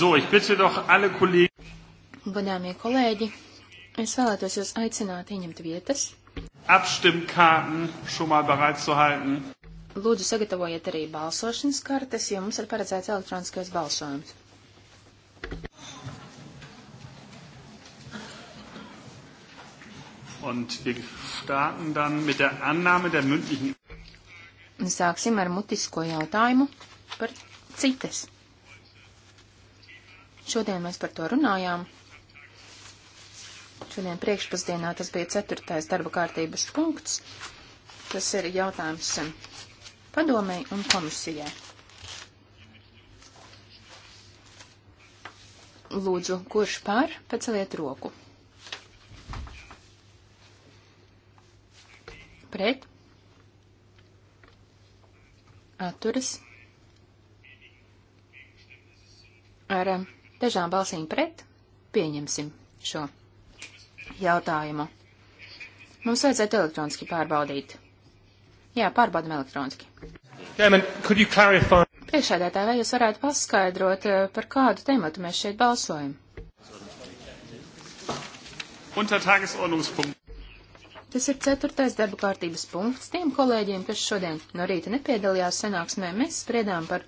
So, ich bitte doch alle kolēģi. Godāmie kolēģi, es vēlētos jūs aicināt ieņemt vietas. Abstimmkarten schon mal bereit zu halten. Lūdzu, sagatavojiet arī balsošanas kartes, jo mums ir paredzēts elektroniskais balsojums. Und wir starten dann mit der Annahme der mündlichen. Sāksim ar mutisko jautājumu par citas. Šodien mēs par to runājām. Šodien priekšpusdienā tas bija ceturtais darba kārtības punkts. Tas ir jautājums padomei un komisijai. Lūdzu, kurš pār, paceliet roku. Pret. Atturas. Ar dažām balsīm pret pieņemsim šo jautājumu. Mums vajadzētu elektroniski pārbaudīt. Jā, pārbaudam elektroniski. Priekšādētāji, vai jūs varētu paskaidrot, eh, par kādu tematu mēs šeit balsojam? Tas ir ceturtais darba kārtības punkts. Tiem kolēģiem, kas šodien no rīta nepiedalījās sanāksmē, mēs spriedām par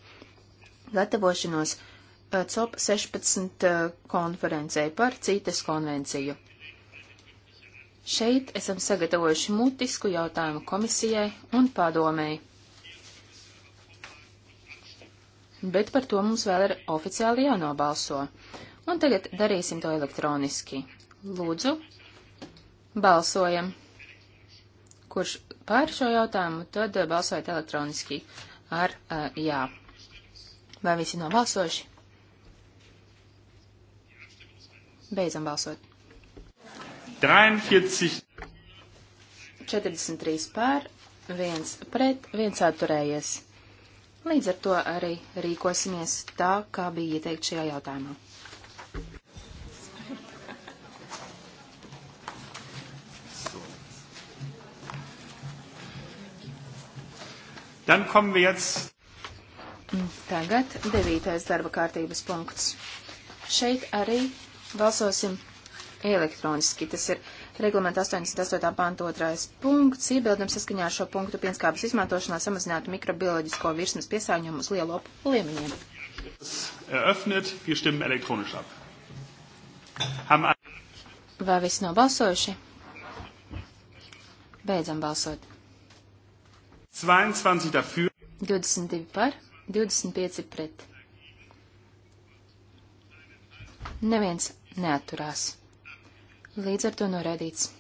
gatavošanos COP 16 eh, konferencei par CITES konvenciju. Šeit esam sagatavojuši mutisku jautājumu komisijai un padomēji. Bet par to mums vēl ir oficiāli jānobalso. Un tagad darīsim to elektroniski. Lūdzu, balsojam. Kurš pār šo jautājumu, tad eh, balsojiet elektroniski ar uh, jā. Vai visi nobalsojuši? Beidzam balsot. 43. 43 pār, 1 pret, 1 atturējies. Līdz ar to arī rīkosimies tā, kā bija ieteikt šajā jautājumā. Dann kommen wir jetzt. Tagad devītais darba kārtības punkts. Šeit arī Balsosim elektroniski. Tas ir reglamenta 88. pānta otrais punkts. Iebildums saskaņā ar šo punktu pienskāpes izmantošanā samazinātu mikrobioloģisko virsmas piesāņojumu uz lielo liemeņiem. Eröffnet, wir stimmen elektronisch ab. Haben... Vai visi nobalsojuši? Beidzam balsot. 22 dafür. 22 par, 25 pret. Neviens neaturās. Līdz ar to norādīts.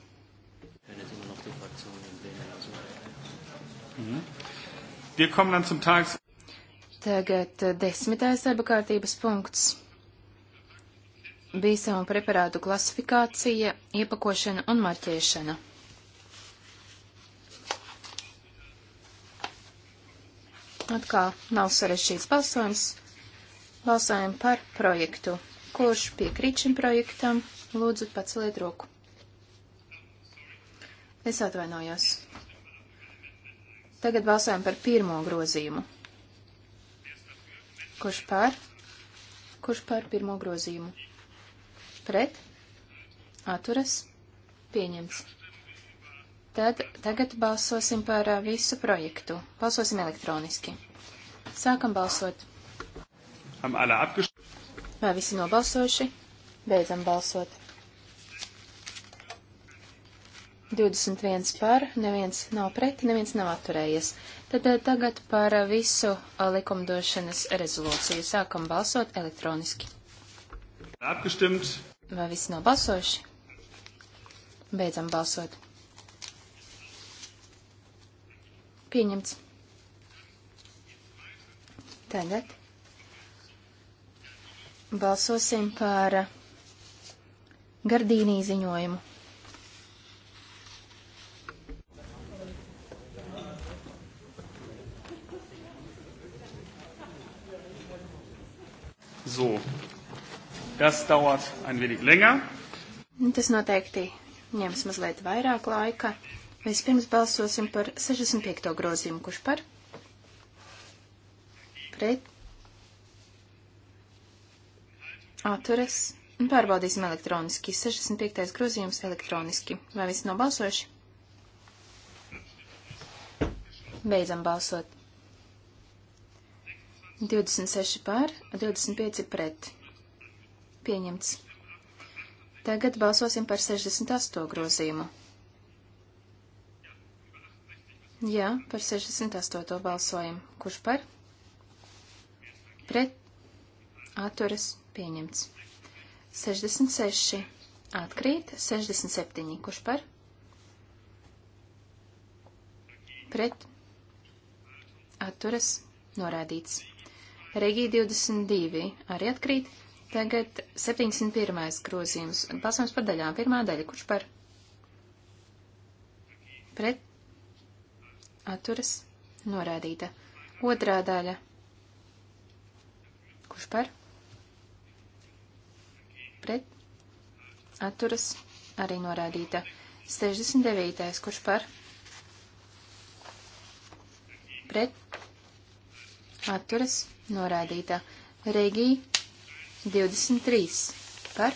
Mhm. Tagad eh, desmitais darba kārtības punkts. Bīstamu preparātu klasifikācija, iepakošana un marķēšana. Atkal nav sarešķīts balsojums. Balsojam par projektu Kurš piekrīt šim projektam, lūdzu paceliet roku. Es atvainojos. Tagad balsojam par pirmo grozījumu. Kurš pār? Kurš pār pirmo grozījumu? Pret? Atturas? Pieņemts. Tad tagad balsosim par visu projektu. Balsosim elektroniski. Sākam balsot. Vai visi nobalsojuši? Beidzam balsot. 21 par, neviens nav pret, neviens nav atturējies. Tad eh, tagad par visu eh, likumdošanas rezolūciju sākam balsot elektroniski. Apgestimt. Vai visi nobalsojuši? Beidzam balsot. Pieņemts. Tagad Balsosim par Gardīnī ziņojumu. So, das dauert ein wenig länger. Tas noteikti ņems mazliet vairāk laika. Vispirms balsosim par 65. grozījumu, kurš par pret atturas, un pārbaudīsim elektroniski. 65. grozījums elektroniski. Vai visi nobalsojuši? Beidzam balsot. 26 pār, 25 pret. Pieņemts. Tagad balsosim par 68 grozījumu. Jā, par 68 balsojumu. Kurš par? Pret. Atturas pieņemts. 66 atkrīt, 67 kurš par? Pret atturas norādīts. Regī 22 arī atkrīt, tagad 71 grozījums. Balsams par daļām, pirmā daļa kurš par? Pret atturas norādīta. Otrā daļa kurš par? pret, atturas, arī norādīta. 69. kurš par, pret, atturas, norādīta. Regī 23. par,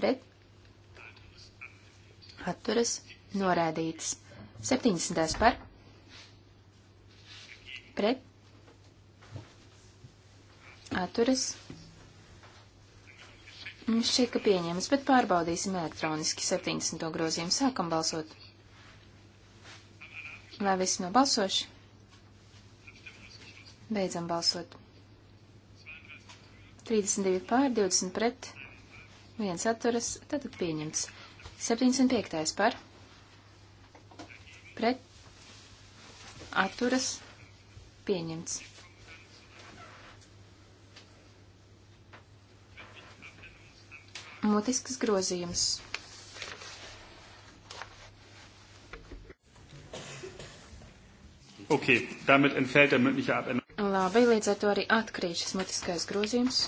pret, atturas, norādīts. 70. par, pret, atturas. Mums šķiet, ka pieņems, bet pārbaudīsim elektroniski 70. grozījumu. Sākam balsot. Vai visi nobalsoši? Beidzam balsot. 32 pār, 20 pret, 1 atturas, tad pieņemts. 75. par, pret, atturas, pieņemts. Mutisks grozījums. Okay, damit entfällt der mündliche Abänderung. Labi, līdz ar to arī atkrīt šis mutiskais grozījums.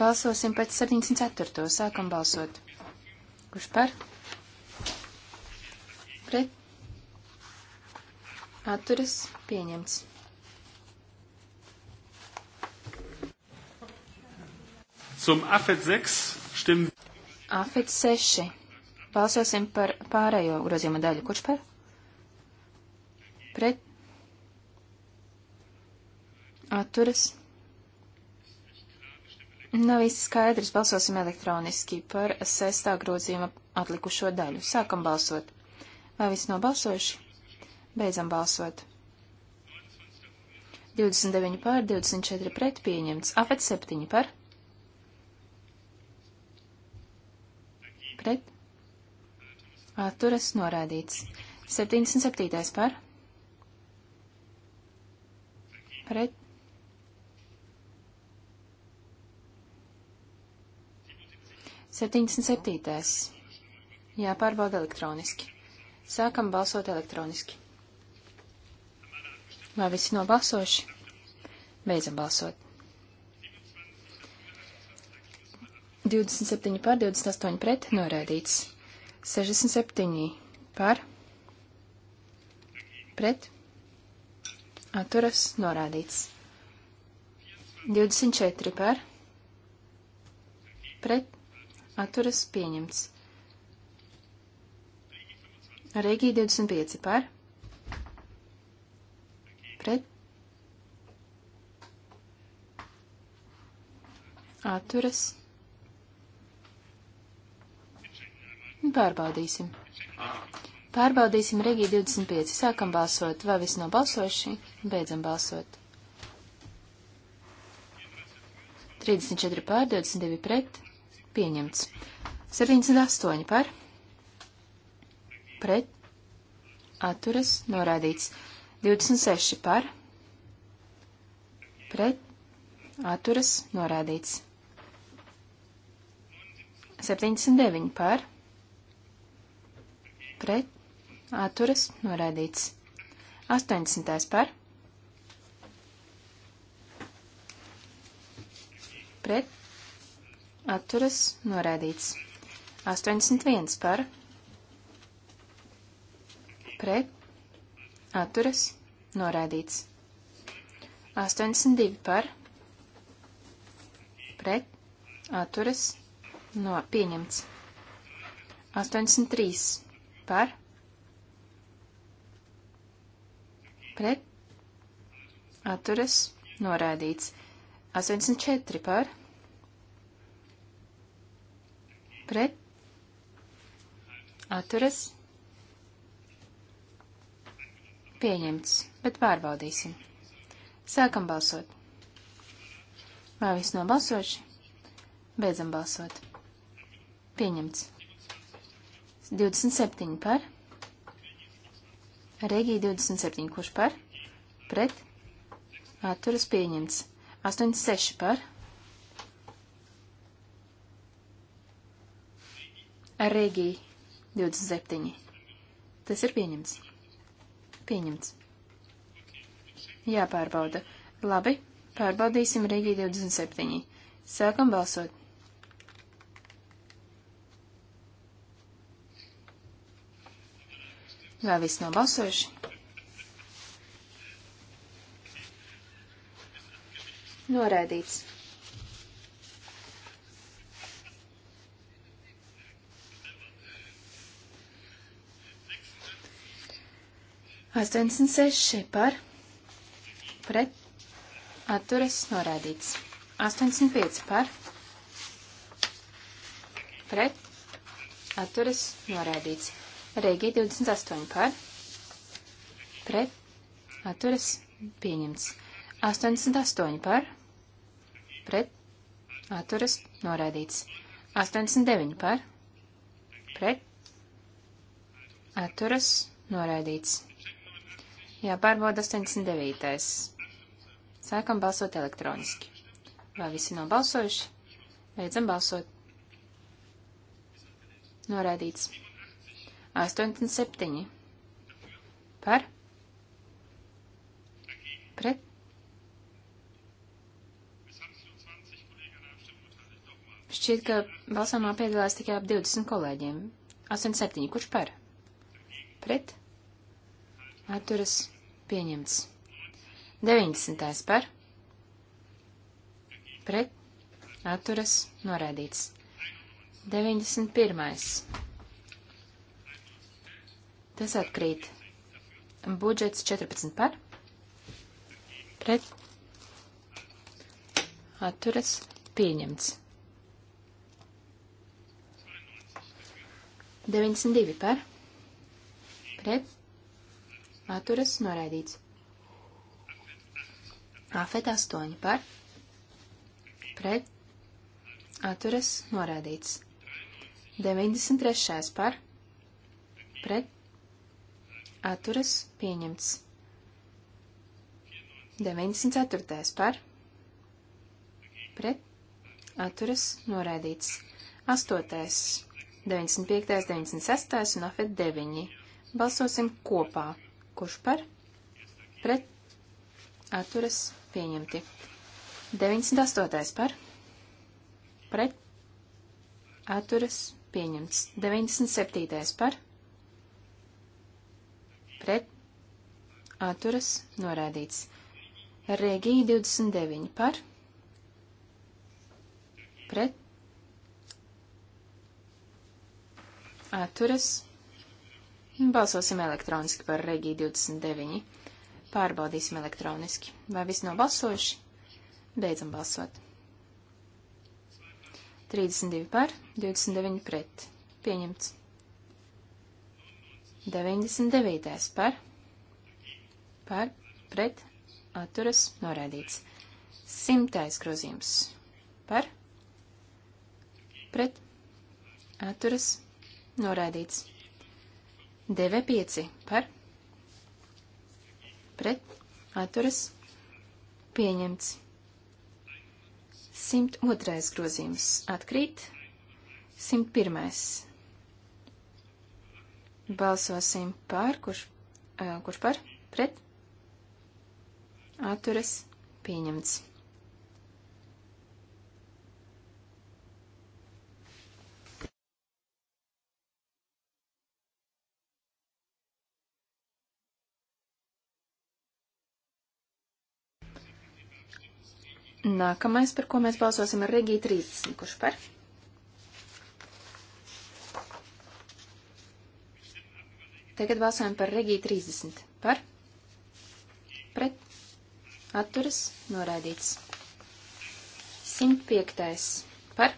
Balsosim pēc 74. Sākam balsot. Kurš par? Pret? Atturas pieņemts. Zum AFET 6 stimmen. AFET 6. Balsosim par pārējo grozījuma daļu. Kurš par? Pret. Atturas. Nav īsti skaidrs. Balsosim elektroniski par sestā grozījuma atlikušo daļu. Sākam balsot. Vai viss nobalsojuši? Beidzam balsot. 29 pār, 24 pret pieņemts. AFET 7 par pret, atturas norādīts. 77. par, pret, Septiņdesmit septītais. Jāpārbauda elektroniski. Sākam balsot elektroniski. Vai visi nobalsoši? Beidzam balsot. 27 pār 28 pret noraidīts. 67 pār pret atturas norādīts. 24 pār pret atturas pieņemts. Rīgī 25 pār pret atturas norādīts. Nu, pārbaudīsim. Pārbaudīsim Regija 25. Sākam balsot. Vai viss nav balsojuši? Beidzam balsot. 34 pār, 22 pret. Pieņemts. 78 par. Pret. Atturas. Norādīts. 26 par. Pret. Atturas. Norādīts. 79 par pret, atturas, noraidīts. 80. par, pret, atturas, noraidīts. 81 par, pret, atturas, noraidīts. 82 par, pret, atturas, no pieņemts. 83 par pret atturas norādīts. 84 par pret atturas pieņemts, bet pārbaudīsim. Sākam balsot. Vai viss nobalsoši? Beidzam balsot. Pieņemts. 27 par. Regija 27, kurš par? Pret. Atturas pieņemts. 86 par. Regija 27. Tas ir pieņemts. Pieņemts. Jāpārbauda. Labi, pārbaudīsim Regija 27. Sākam balsot. Vai viss nav balsojuši? Noraidīts. Astoņdesmit seši par pret atturas noraidīts. Astoņdesmit pieci par pret atturas noraidīts. Rēgī 28 par, pret, atturas, pieņemts. 88 par, pret, atturas, noraidīts. 89 par, pret, atturas, noraidīts. Jāpārbauda 89. Sākam balsot elektroniski. Vai visi nobalsojuši? Beidzam balsot. Noraidīts. 87. Par? Pret? Šķiet, ka balsāmā piedalās tikai ap 20 kolēģiem. 87. Kurš par? Pret? Atturas pieņemts. 90. par? Pret? Atturas norādīts. 91. Tas atkrīt. Budžets 14 par. Pret. Atturas pieņemts. 92 par. Pret. Atturas noraidīts. Afet 8 par. Pret. Atturas norādīts. 93. par. Pret atturas pieņemts. 94. par pret atturas noraidīts. 8. 95. 96. un afet 9. Balsosim kopā. Kurš par? Pret atturas pieņemti. 98. par pret atturas pieņemts. 97. par pret pret, atturas, norādīts. Rēgī 29 par, pret, atturas. Balsosim elektroniski par Rēgī 29. Pārbaudīsim elektroniski. Vai viss nobalsojuši? Beidzam balsot. 32 par, 29 pret. Pieņemts. 99. par, par, pret, atturas, norādīts. 100. grozījums par, pret, atturas, norādīts. 95 par, pret, atturas, pieņemts. 102. grozījums atkrīt, 101. Balsosim par, kurš, uh, kurš par, pret, atturas, pieņemts. Nākamais, par ko mēs balsosim, ir Regija 30, kurš par? Tagad balsojam par Regiju 30. Par? Pret? Atturas? Noraidīts. 105. Par?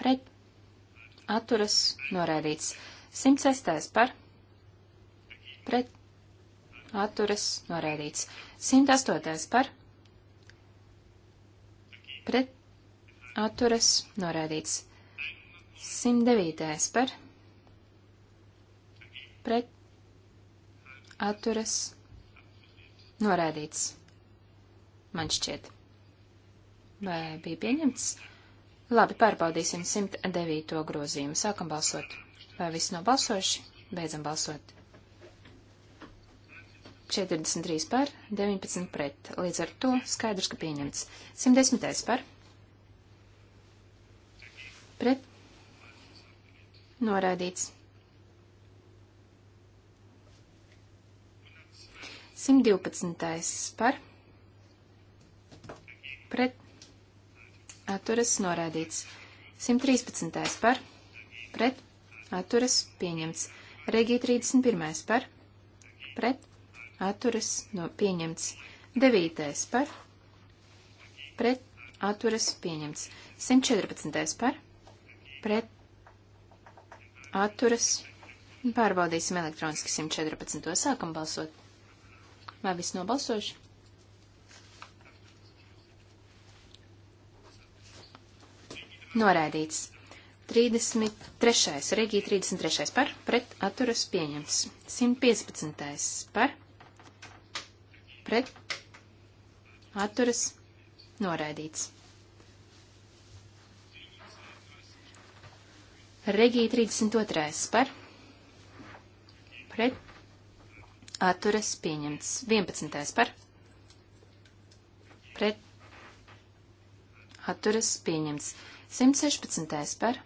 Pret? Atturas? Noraidīts. 106. Par? Pret? Atturas? Noraidīts. 108. Par? Pret? Atturas? Noraidīts. 109. Par? pret, atturas, norādīts. Man šķiet. Vai bija pieņemts? Labi, pārbaudīsim 109. grozījumu. Sākam balsot. Vai viss nav balsojuši? Beidzam balsot. 43 par, 19 pret. Līdz ar to skaidrs, ka pieņemts. 110 par. Pret. Noraidīts. 112. par pret atturas norādīts. 113. par pret atturas pieņemts. Regī 31. par pret atturas no pieņemts. 9. par pret atturas pieņemts. 114. par pret atturas pārbaudīsim elektroniski 114. sākam balsot. Vai viss nobalsojuši? Noraidīts. 33. Regija 33. par, pret atturas pieņemts. 115. par, pret atturas noraidīts. Regija 32. par, pret atturas pieņemts. 11. par pret atturas pieņemts. 116. par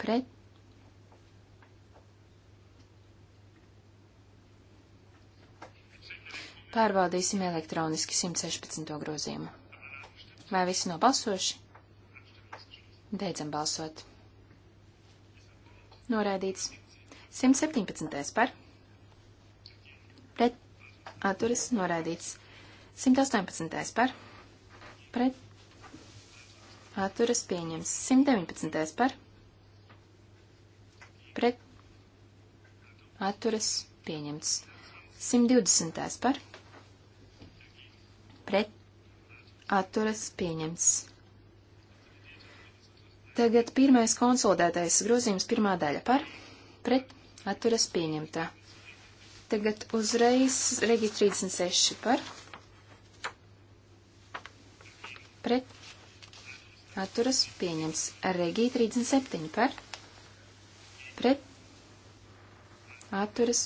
pret Pārbaudīsim elektroniski 116. grozījumu. Vai visi nobalsoši? Beidzam balsot. Noraidīts. 117. par atturas noraidīts. 118. par pret atturas pieņems. 119. par pret atturas pieņemts. 120. par pret atturas pieņemts. Tagad pirmais konsolidētais grozījums pirmā daļa par pret atturas pieņemtā. Tagad uzreiz reģi 36 par. Pret. Atturas pieņems. Reģi 37 par. Pret. Atturas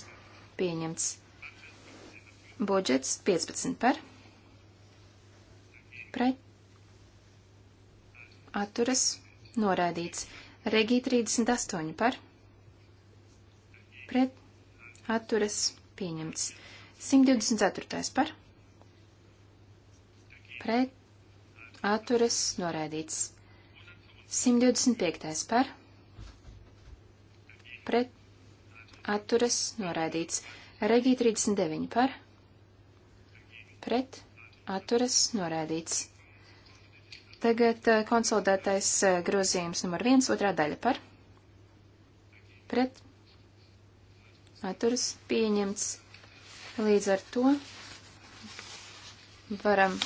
pieņemts. Budžets 15 par. Pret. Atturas noraidīts. Regī 38 par. Pret atturas pieņemts. 124. par pret atturas noraidīts. 125. par pret atturas noraidīts. Regī 39 par pret atturas noraidīts. Tagad eh, konsolidētais eh, grozījums numur 1, otrā daļa par pret atturas pieņemts. Līdz ar to varam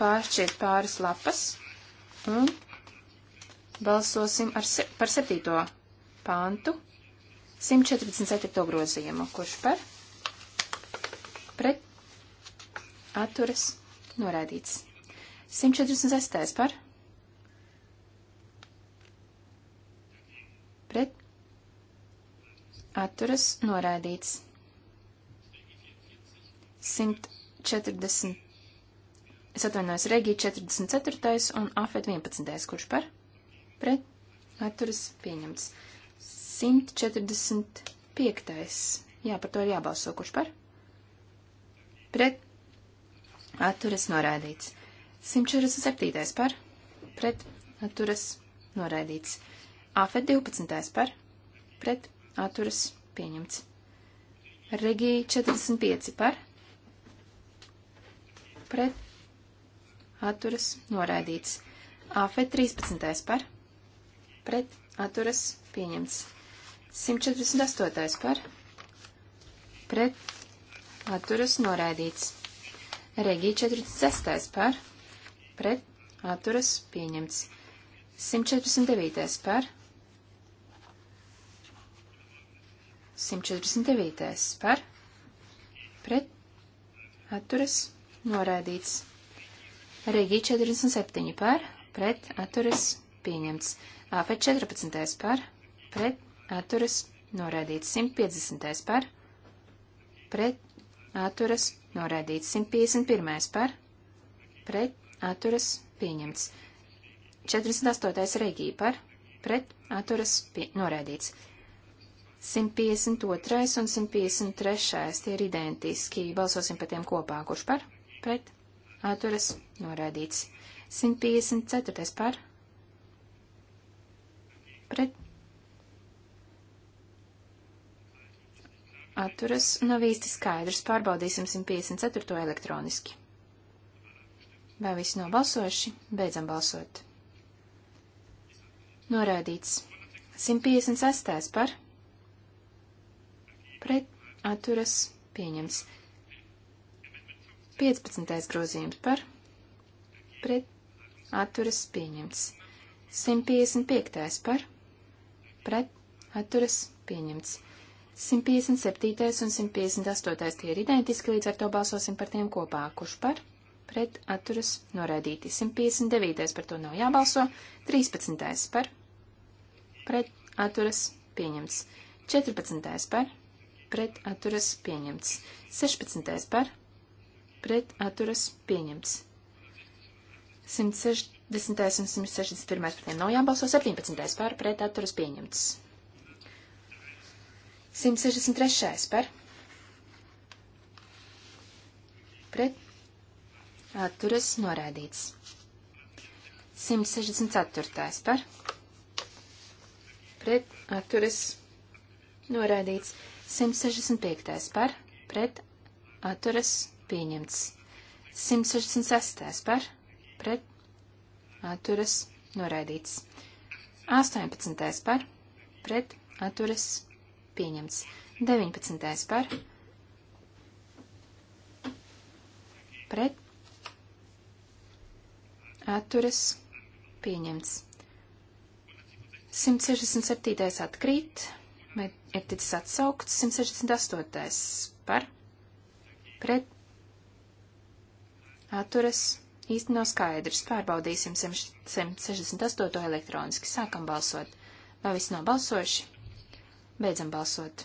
pāršķiet pāris lapas un balsosim ar se par septīto pāntu 147. grozījumu, kurš par pret atturas norādīts. 146. par atturas norādīts. 140. Es atvainojos Regī 44. un Afet 11. kurš par? Pret. Atturas pieņemts. 145. Jā, par to ir jābalso. Kurš par? Pret. Atturas norādīts. 147. par? Pret. Atturas norādīts. Afet 12. par? Pret atturas pieņemts. Regī 45 par, pret, atturas noraidīts. AFE 13 par, pret, atturas pieņemts. 148 par, pret, atturas noraidīts. Regī 46 par, pret, atturas pieņemts. 149 par, 149. par pret atturas noraidīts. Rīgī 47 par pret atturas pieņemts. AF 14. par pret atturas noraidīts. 150. par pret atturas noraidīts. 151. par pret atturas pieņemts. 48. Rīgī par pret atturas noraidīts. 152. un 153. tie ir identiski. Balsosim par tiem kopā. Kurš par? Pret. Atturas. Norādīts. 154. par. Pret. Atturas. Nav īsti skaidrs. Pārbaudīsim 154. elektroniski. Vai visi nobalsojuši? Beidzam balsot. Norādīts. 156. par pret atturas pieņems. 15. grozījums par pret atturas pieņems. 155. par pret atturas pieņemts. 157. un 158. tie ir identiski, līdz ar to balsosim par tiem kopā, kurš par pret atturas noraidīti. 159. par to nav jābalso, 13. par pret atturas pieņemts. 14. par pret atturas pieņemts. 16. par pret atturas pieņemts. 160. un 161. par tiem nav jābalso 17. par pret atturas pieņemts. 163. par pret atturas norādīts. 164. par pret atturas norādīts. 165. par pret atturas pieņemts. 166. par pret atturas noraidīts. 18. par pret atturas pieņemts. 19. par pret atturas pieņemts. 167. atkrīt, Vai ir ticis atsaukts 168. par pret atturas īsti nav skaidrs. Pārbaudīsim 168. elektroniski. Sākam balsot. Vai viss nav balsojuši? Beidzam balsot.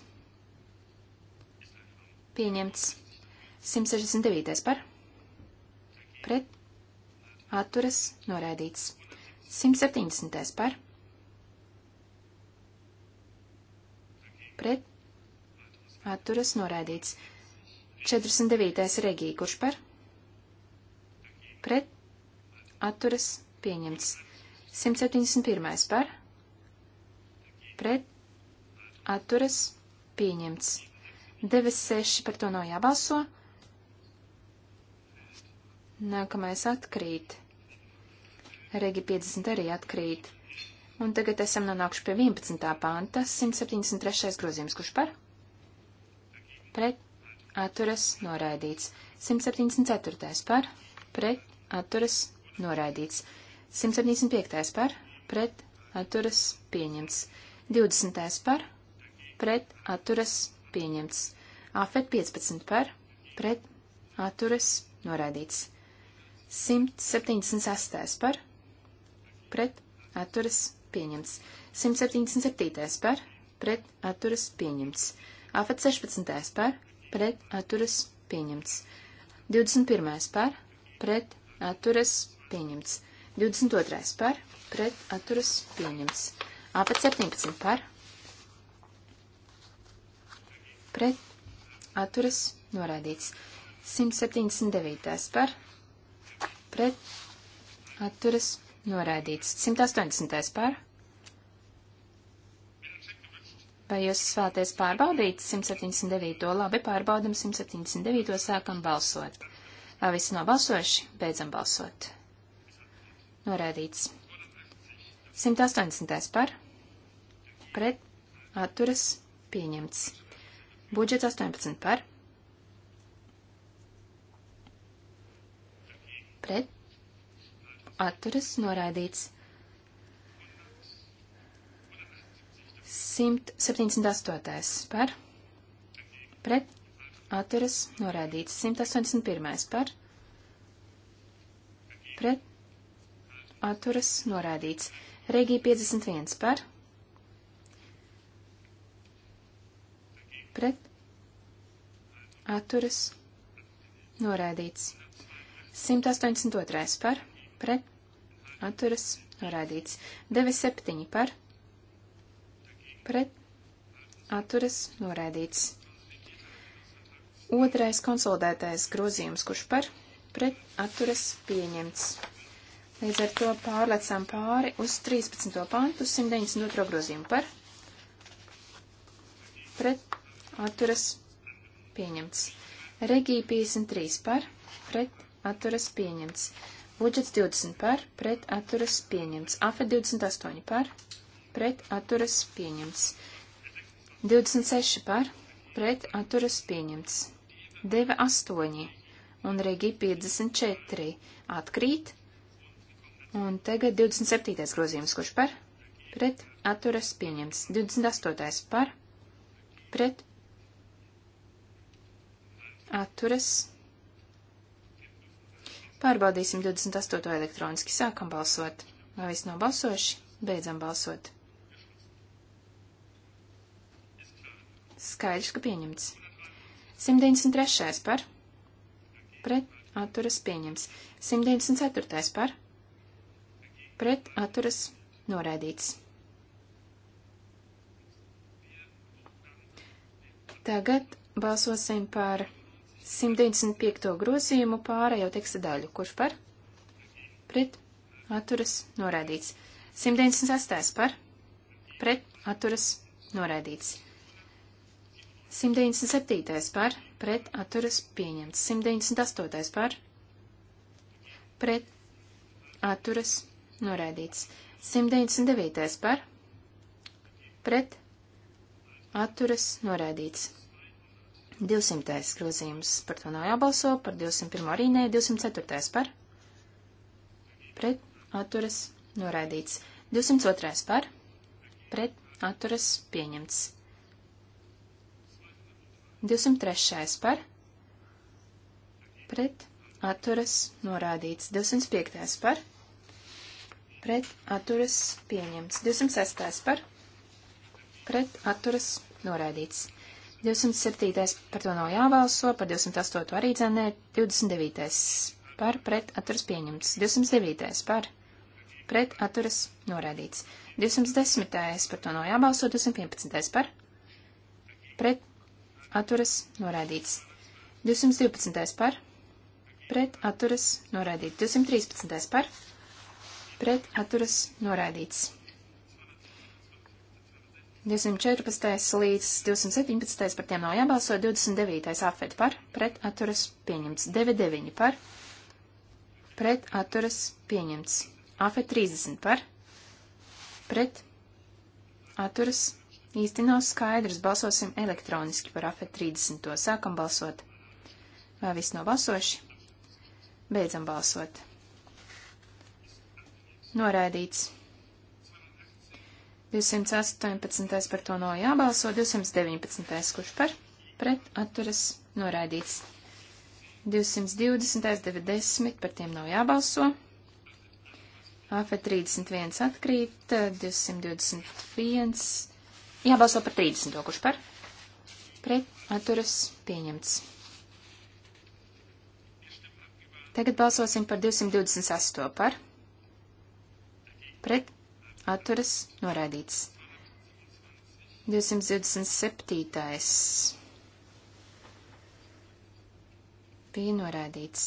Pieņemts 169. par pret atturas noraidīts. 170. par pret, atturas noraidīts. 49. regī, kurš par, pret, atturas pieņemts. 171. par, pret, atturas pieņemts. 96 par to nav jābalso. Nākamais atkrīt. Regi 50 arī atkrīt. Un tagad esam nonākuši pie 11. pānta, 173. grozījums, kurš par? Pret atturas noraidīts. 174. par? Pret atturas noraidīts. 175. par? Pret atturas pieņemts. 20. par? Pret atturas pieņemts. Afet 15 par? Pret atturas noraidīts. 176. par? Pret atturas pieņemts. 177. par pret atturas pieņemts. Afet 16. par pret atturas pieņemts. 21. par pret atturas pieņemts. 22. par pret atturas pieņemts. Afet 17. par pret atturas noraidīts. 179. par pret atturas pieņemts Noraidīts. 180. par. Vai jūs vēlaties pārbaudīt 179. Labi, pārbaudam 179. sākam balsot. Vai visi nobalsojuši? Beidzam balsot. Noraidīts. 180. par. Pret. Atturas. Pieņemts. Budžets 18 par. Pret atturas noraidīts. 178. par pret atturas noraidīts. 181. par pret atturas noraidīts. Regija 51 par pret atturas noraidīts. 182. par pret pret, atturas, norādīts. 97 par, pret, atturas, norādīts. Otrais konsolidētais grozījums, kurš par, pret, atturas, pieņemts. Līdz ar to pārlecām pāri uz 13. pantu 192. grozījumu par, pret, atturas, pieņemts. Regija 53 par, pret, atturas, pieņemts. Budžets 20 par, pret atturas pieņemts. AFE 28 par, pret atturas pieņemts. 26 par, pret atturas pieņemts. 9 8 un Regi 54 atkrīt. Un tagad 27. grozījums, kurš par, pret atturas pieņemts. 28. par, pret atturas pieņemts atturas Pārbaudīsim 28. elektroniski. Sākam balsot. Vai viss nav balsojuši? Beidzam balsot. Skaidrs, ka pieņemts. 193. par. Pret atturas pieņemts. 194. par. Pret atturas noraidīts. Tagad balsosim par 195. grozījumu pārējo teksta daļu. Kurš par? Pret. Atturas. Noraidīts. 198. par? Pret. Atturas. Noraidīts. 197. par? Pret. Atturas. Pieņemts. 198. par? Pret. Atturas. Noraidīts. 199. par? Pret. Atturas. Noraidīts. 200. grozījums par to nav jābalso, par 201. arī nē, 204. par pret atturas noraidīts, 202. par pret atturas pieņemts, 203. par pret atturas norādīts, 205. par pret atturas pieņemts, 206. par pret atturas norādīts. 207. par to nav jābalso, par 208. arī dzēnē, 29. par pret atturas pieņemts, 209. par pret atturas norādīts, 210. par to nav jābalso, 211. par pret atturas norādīts, 212. par pret atturas norādīts, 213. par pret atturas norādīts. 214. līdz 217. par tiem nav jābalso, 29. afet par, pret atturas pieņemts, 99 par, pret atturas pieņemts, afet 30 par, pret atturas īsti nav skaidrs, balsosim elektroniski par afet 30. To sākam balsot. Vai viss nav balsoši? Beidzam balsot. Noraidīts. 218. par to nav jābalso, 219. kurš par pret atturas noraidīts. 220. 90. par tiem nav jābalso. AF 31 atkrīt, 221. Jābalso par 30. kurš par pret atturas pieņemts. Tagad balsosim par 228 par pret atturas noraidīts. 227. Bija noraidīts.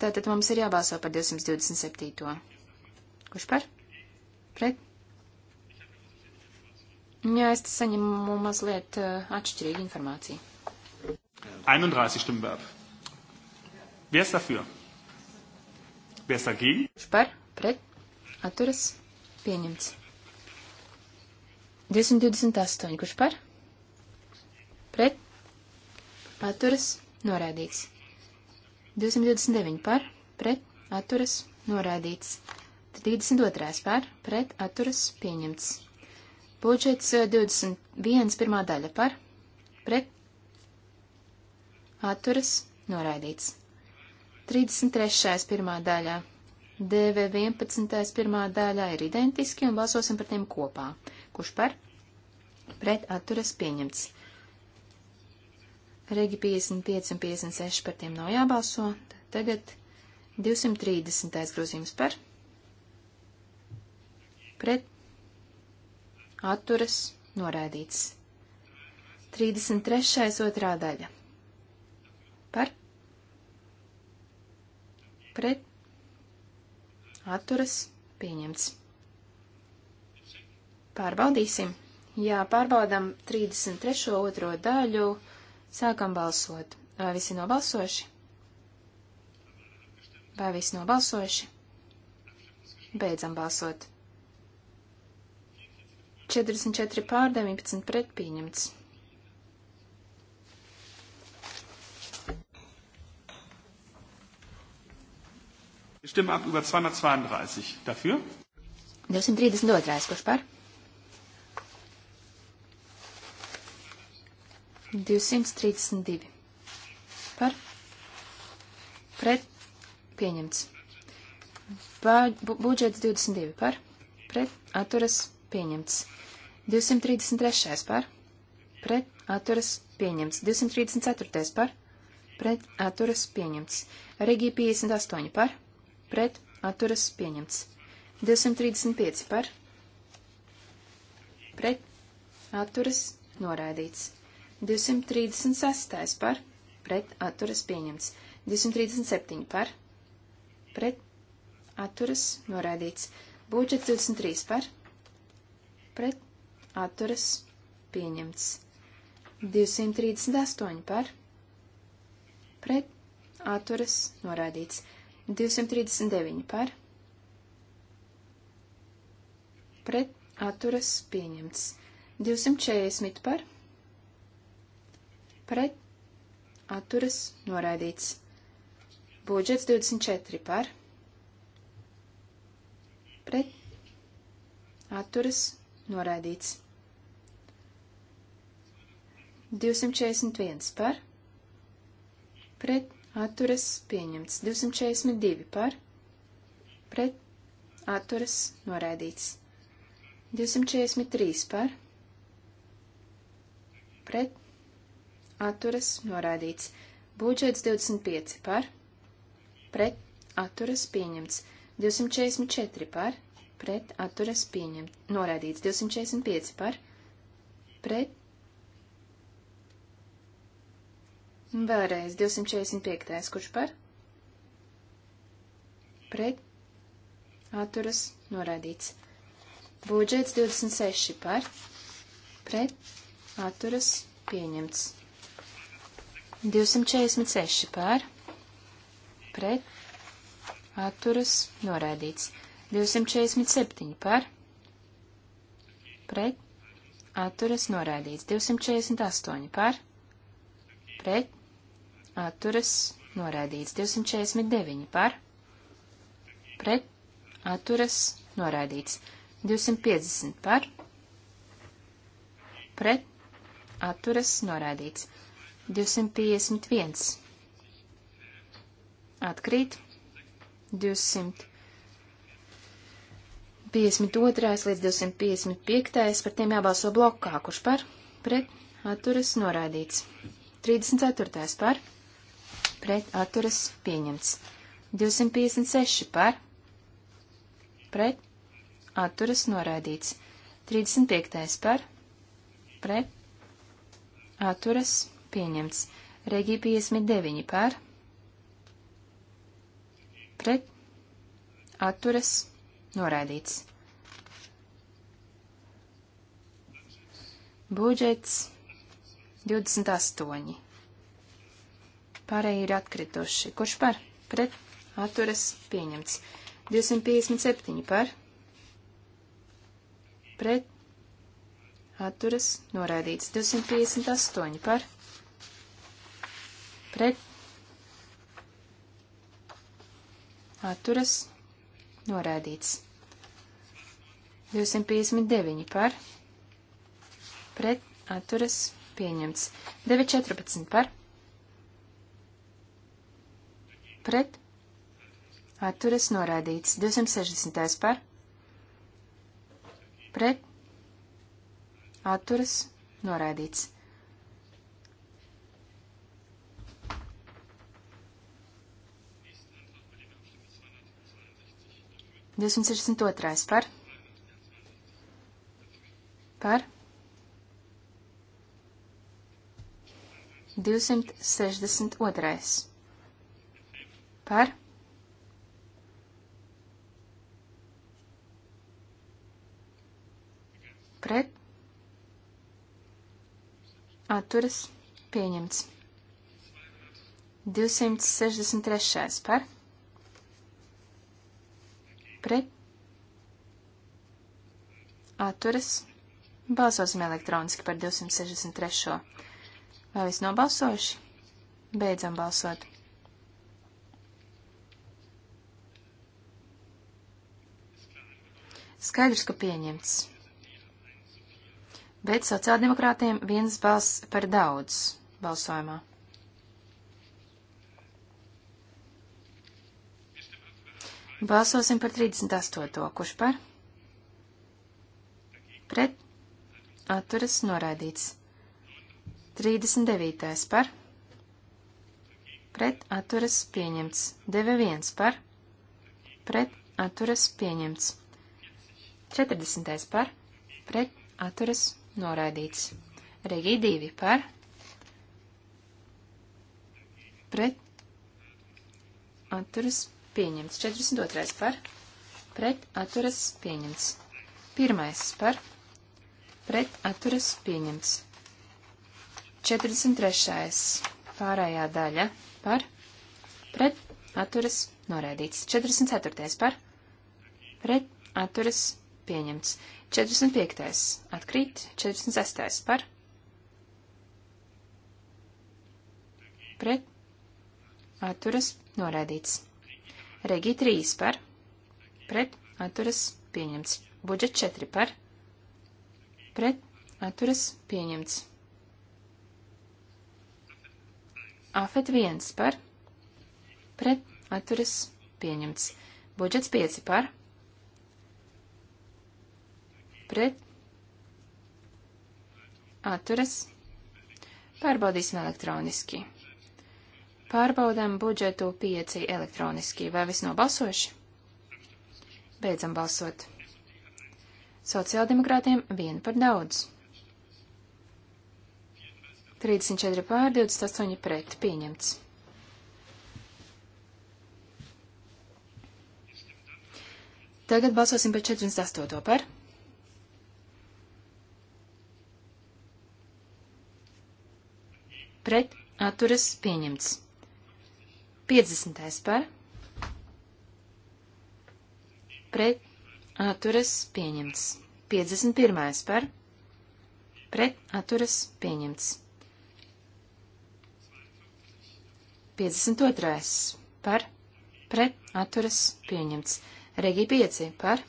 Tātad mums ir jābalso par 227. Kurš par? Pret? Jā, es saņemu mazliet uh, atšķirīgu informāciju. 31 Stimmenwerb. Wer ist dafür? Wer ist dagegen? Spar, pret, atturas, Pieņemts. 228. Kurš par? Pret. Atturas. Norādīts. 229. Par. Pret. Atturas. Norādīts. 32. Par. Pret. Atturas. Pieņemts. Budžets 21. Eh, pirmā daļa. Par. Pret. Atturas. Noraidīts. 33. pirmā daļā DV11. pirmā daļā ir identiski un balsosim par tiem kopā. Kurš par? Pret atturas pieņemts. Regi 55 un 56 par tiem nav jābalso. Tagad 230. grozījums par. Pret atturas noraidīts. 33. otrā daļa. Par. Pret atturas, pieņemts. Pārbaudīsim. Jā, pārbaudam 33. otro daļu, sākam balsot. Vai visi nobalsojuši? Vai visi nobalsojuši? Beidzam balsot. 44 pār 19 pret pieņemts. Wir stimmen ab über 232. Dafür? 232. Kurš par? 232. Par? Pret? Pieņemts. Ba bu budžets 22. Par? Pret? Atturas? Pieņemts. 233. Par? Pret? Atturas? Pieņemts. 234. Par? Pret? Atturas? Pieņemts. Regija 58. Par? pret atturas pieņemts. 235 par pret atturas noraidīts. 236 par pret atturas pieņemts. 237 par pret atturas noraidīts. Budžets 23 par pret atturas pieņemts. 238 par pret atturas noraidīts. 239 par, pret atturas pieņemts. 240 par, pret atturas noraidīts. Budžets 24 par, pret atturas noraidīts. 241 par, pret atturas pieņemts. 242 par, pret, atturas noraidīts. 243 par, pret, atturas noraidīts. Budžets 25 par, pret, atturas pieņemts. 244 par, pret, atturas pieņemts. Noraidīts 245 par, pret, Vēlreiz 245. kurš par? Pret. Atturas noraidīts. Budžets 26 par. Pret. Atturas pieņemts. 246 par. Pret. Atturas noraidīts. 247 par. Pret. Atturas noraidīts. 248 par. Pret atturas noraidīts. 249 par, pret, atturas noraidīts. 250 par, pret, atturas noraidīts. 251 atkrīt. 200. 52. līdz 255. par tiem jābalso blokā, kurš par pret atturas noraidīts. 34. par pret atturas pieņemts. 256 par pret atturas noraidīts. 35. par pret atturas pieņemts. Regī 59 par pret atturas noraidīts. Budžets 28. Pārējie ir atkrituši. Kurš par? Pret. Atturas pieņemts. 257 par. Pret. Atturas noraidīts. 258 par. Pret. Atturas noraidīts. 259 par. Pret. Atturas pieņemts. 914 par pret atturas noraidīts. 260. par pret atturas noraidīts. Divsimt sešdesmit otrais par par 262 par pret atturas pieņemts. 263. par pret atturas balsosim elektroniski par 263. Vai viss nobalsojuši? Beidzam balsot. Skaidrs, ka pieņemts. Bet sociāldemokrātiem viens balss par daudz balsojumā. Balsosim par 38. Kurš par? Pret? Atturas noraidīts. 39. par? Pret atturas pieņemts. 91 par? Pret atturas pieņemts. 40. par, pret, atturas, noraidīts. Regī 2 par, pret, atturas, pieņemts. 42. par, pret, atturas, pieņemts. 1. par, pret, atturas, pieņemts. 43. pārējā daļa par, pret, atturas, noraidīts. 44. par, pret, atturas, pieņemts pieņemts. 45. atkrīt, 46. par, pret, atturas, noraidīts. Regi 3 par, pret, atturas, pieņemts. Budžet 4 par, pret, atturas, pieņemts. Afet 1 par, pret, atturas, pieņemts. Budžets 5 par, pret, atturas, pārbaudīsim elektroniski. Pārbaudām budžetu 5 elektroniski. Vai viss nobalsoši? Beidzam balsot. Sociāldemokrātiem vienu par daudz. 34 pār 28 pret pieņemts. Tagad balsosim par 48 par. pret atturas pieņemts. 50. par pret atturas pieņemts. 51. par pret atturas pieņemts. 52. par pret atturas pieņemts. Regi 5 par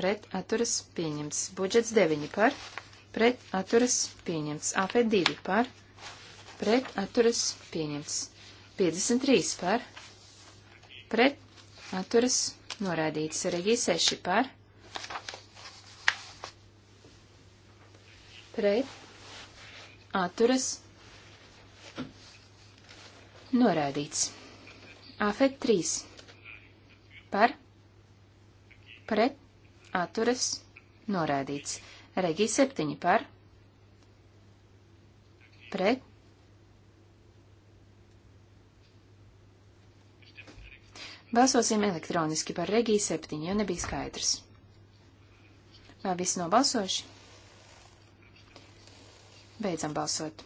pret atturas pieņemts. Budžets 9 par pret atturas pieņemts. AP 2 par pret pret atturas pieņemts. 53 par pret atturas norādīts. Regī 6 par pret atturas norādīts. Afet 3 par pret atturas norādīts. Regī 7 par pret Balsosim elektroniski par Regiju 7, jo nebija skaidrs. Vai visi nobalsojuši? Beidzam balsot.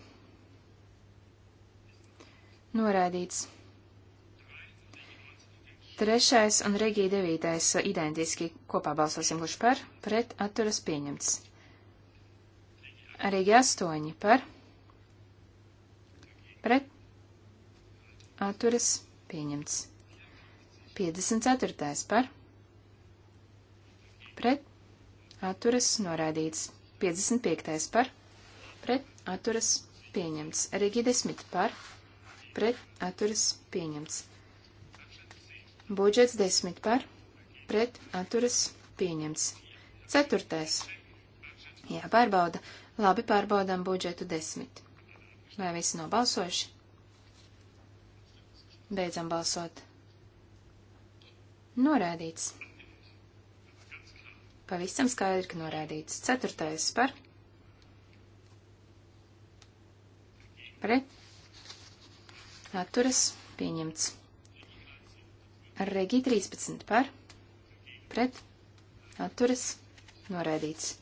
Noraidīts. Trešais un Regija 9. identiski kopā balsosim kurš par, pret atturas pieņemts. Regija 8 par, pret atturas pieņemts. 54. par pret atturas norādīts. 55. par pret atturas pieņemts. Regi 10 par pret atturas pieņemts. Budžets 10 par pret atturas pieņemts. 4. Jāpārbauda. Labi, pārbaudām budžetu 10. Vai visi nobalsojuši? Beidzam balsot. Norādīts. Pavisam skaidri, ka norādīts. Ceturtais par. Pret. Atturas. Pieņemts. Regi 13 par. Pret. Atturas. Norādīts.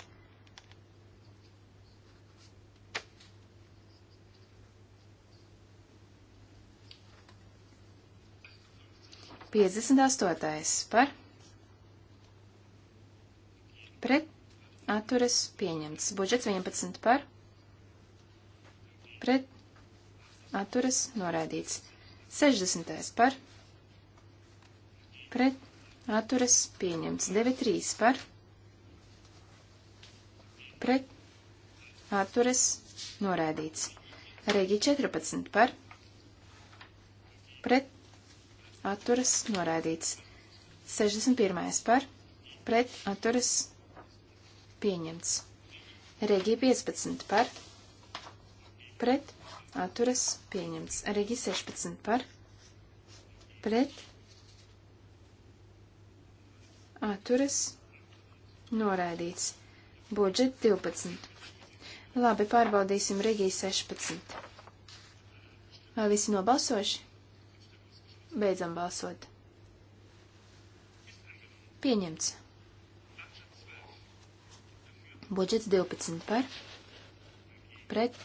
58. par pret atturas pieņemts. Budžets 11 par pret atturas noraidīts. 60. par pret atturas pieņemts. 93 par pret atturas noraidīts. Regi 14 par pret atturas noraidīts. 61. par pret atturas pieņemts. Regi 15 par pret atturas pieņemts. Regi 16 par pret atturas noraidīts. Budžet 12. Labi, pārbaudīsim Regiju 16. Vai visi nobalsoši? Beidzam balsot. Pieņemts. Budžets 12 par. Pret.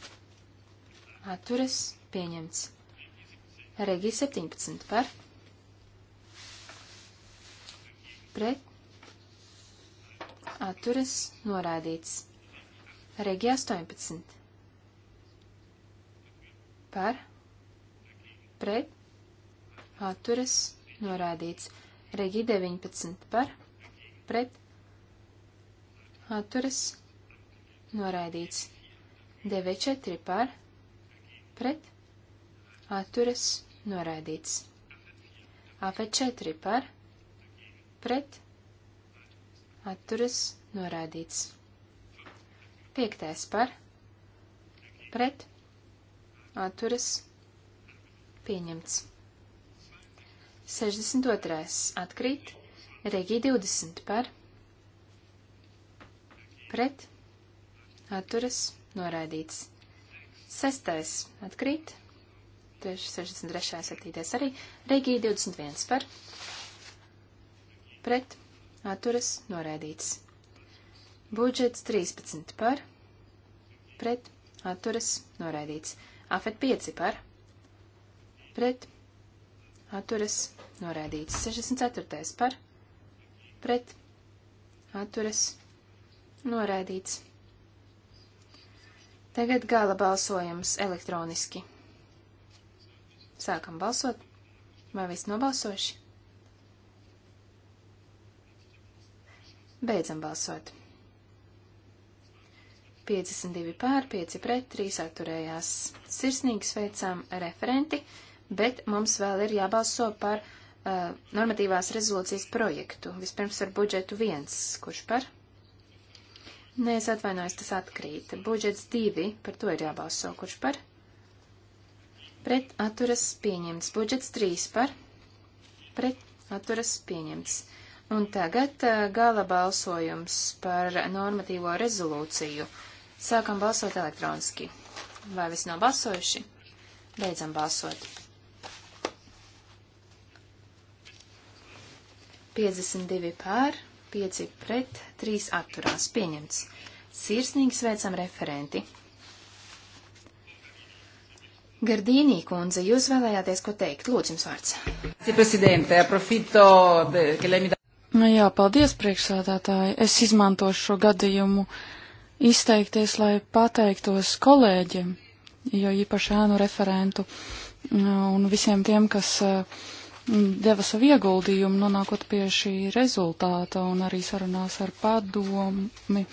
Atturas. Pieņemts. Regi 17 par. Pret. Atturas. Norādīts. Regi 18. Par. Pret atturas norādīts. Regi 19 par pret atturas norādīts. DV 4 par pret atturas norādīts. AF 4 par pret atturas norādīts. 5 par pret atturas norādīts pieņemts. 62. atkrīt, Regī 20 par, pret, atturas, noraidīts. 6. atkrīt, tieši 63. 7. arī, Regī 21 par, pret, atturas, noraidīts. Budžets 13 par, pret, atturas, noraidīts. Afet 5 par, pret, atturas norādīts. 64. par pret atturas norādīts. Tagad gala balsojums elektroniski. Sākam balsot. Vai viss nobalsoši? Beidzam balsot. 52 pār, 5 pret, 3 atturējās. Sirsnīgi sveicām referenti bet mums vēl ir jābalso par uh, normatīvās rezolūcijas projektu. Vispirms ar budžetu viens, kurš par? Nē, es atvainojos, tas atkrīt. Budžets divi, par to ir jābalso, kurš par? Pret atturas pieņemts. Budžets trīs par? Pret atturas pieņemts. Un tagad uh, gala balsojums par normatīvo rezolūciju. Sākam balsot elektroniski. Vai visi nav balsojuši? Beidzam balsot. 52 pār, 5 pret, 3 atturās. Pieņemts. Sirsnīgi sveicam referenti. Gardīnī kundze, jūs vēlējāties ko teikt? Lūdzu, jums vārds. Nu jā, paldies, priekšsādātāji. Es izmantošu šo gadījumu izteikties, lai pateiktos kolēģiem, jo īpaši ēnu referentu un visiem tiem, kas uh, deva savu ieguldījumu nonākot pie šī rezultāta un arī sarunās ar padomi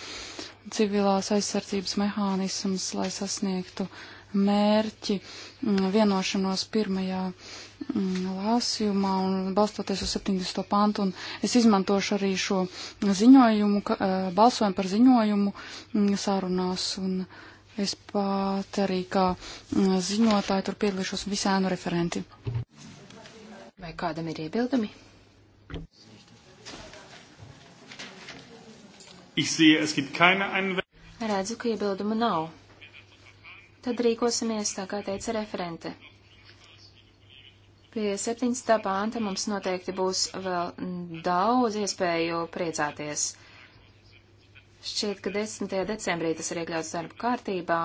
civilās aizsardzības mehānisms, lai sasniegtu mērķi mm, vienošanos pirmajā mm, lāsījumā un balstoties uz 70. pantu, un es izmantošu arī šo ziņojumu, ka, eh, balsojumu par ziņojumu mm, sārunās, un es pat arī kā ziņotāji tur piedalīšos visēnu referenti. Vai kādam ir iebildumi? Redzu, ka iebildumu nav. Tad rīkosimies tā, kā teica referente. Pie 17. pānta mums noteikti būs vēl daudz iespēju priecāties. Šķiet, ka 10. decembrī tas ir iekļauts darba kārtībā.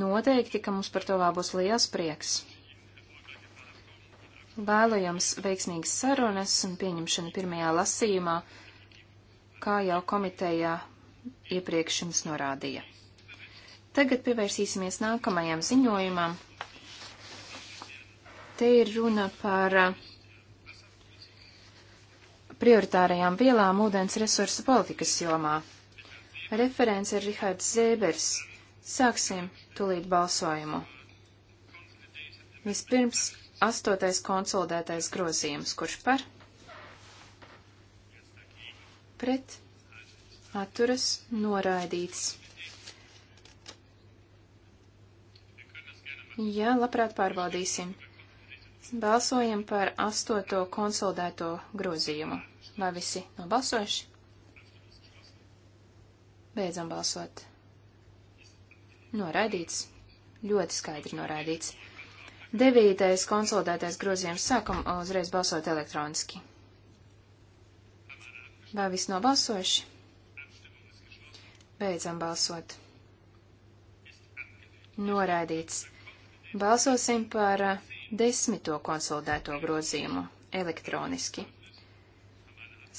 Noteikti, ka mums par to vēl būs liels prieks. Vēlu jums veiksmīgas sarunas un pieņemšanu pirmajā lasījumā, kā jau komitejā iepriekš jums norādīja. Tagad pievērsīsimies nākamajam ziņojumam. Te ir runa par uh, prioritārajām vielām ūdens resursu politikas jomā. Referents ir Rihards Zēbers. Sāksim tulīt balsojumu. Vispirms Astotais konsolidētais grozījums, kurš par pret atturas noraidīts. Jā, labprāt pārbaudīsim. Balsojam par astoto konsolidēto grozījumu. Vai visi nobalsojuši? Beidzam balsot. Noraidīts. Ļoti skaidri noraidīts. Devītais konsolidētais grozījums sākam uzreiz balsot elektroniski. Vai viss nobalsojuši? Beidzam balsot. Noraidīts. Balsosim par desmito konsolidēto grozījumu elektroniski.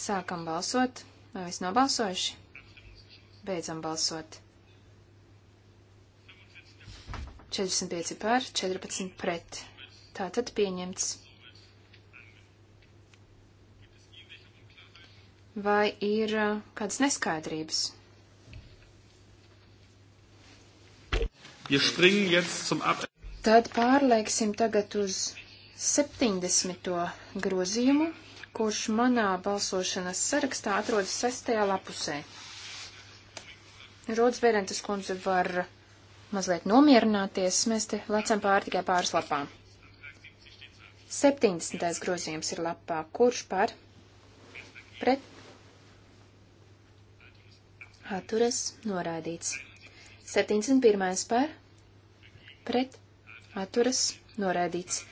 Sākam balsot. Vai viss nobalsojuši? Beidzam balsot. 45 par, 14 pret. Tātad pieņemts. Vai ir uh, kādas neskaidrības? Tad pārlieksim tagad uz 70. grozījumu, kurš manā balsošanas sarakstā atrodas 6. lapusē. Rods Bērentas kundze var mazliet nomierināties, mēs te lecam pāri tikai pāris lapām. 70. grozījums ir lapā. Kurš par? Pret? Atturas norādīts. 71. par? Pret? Atturas norādīts.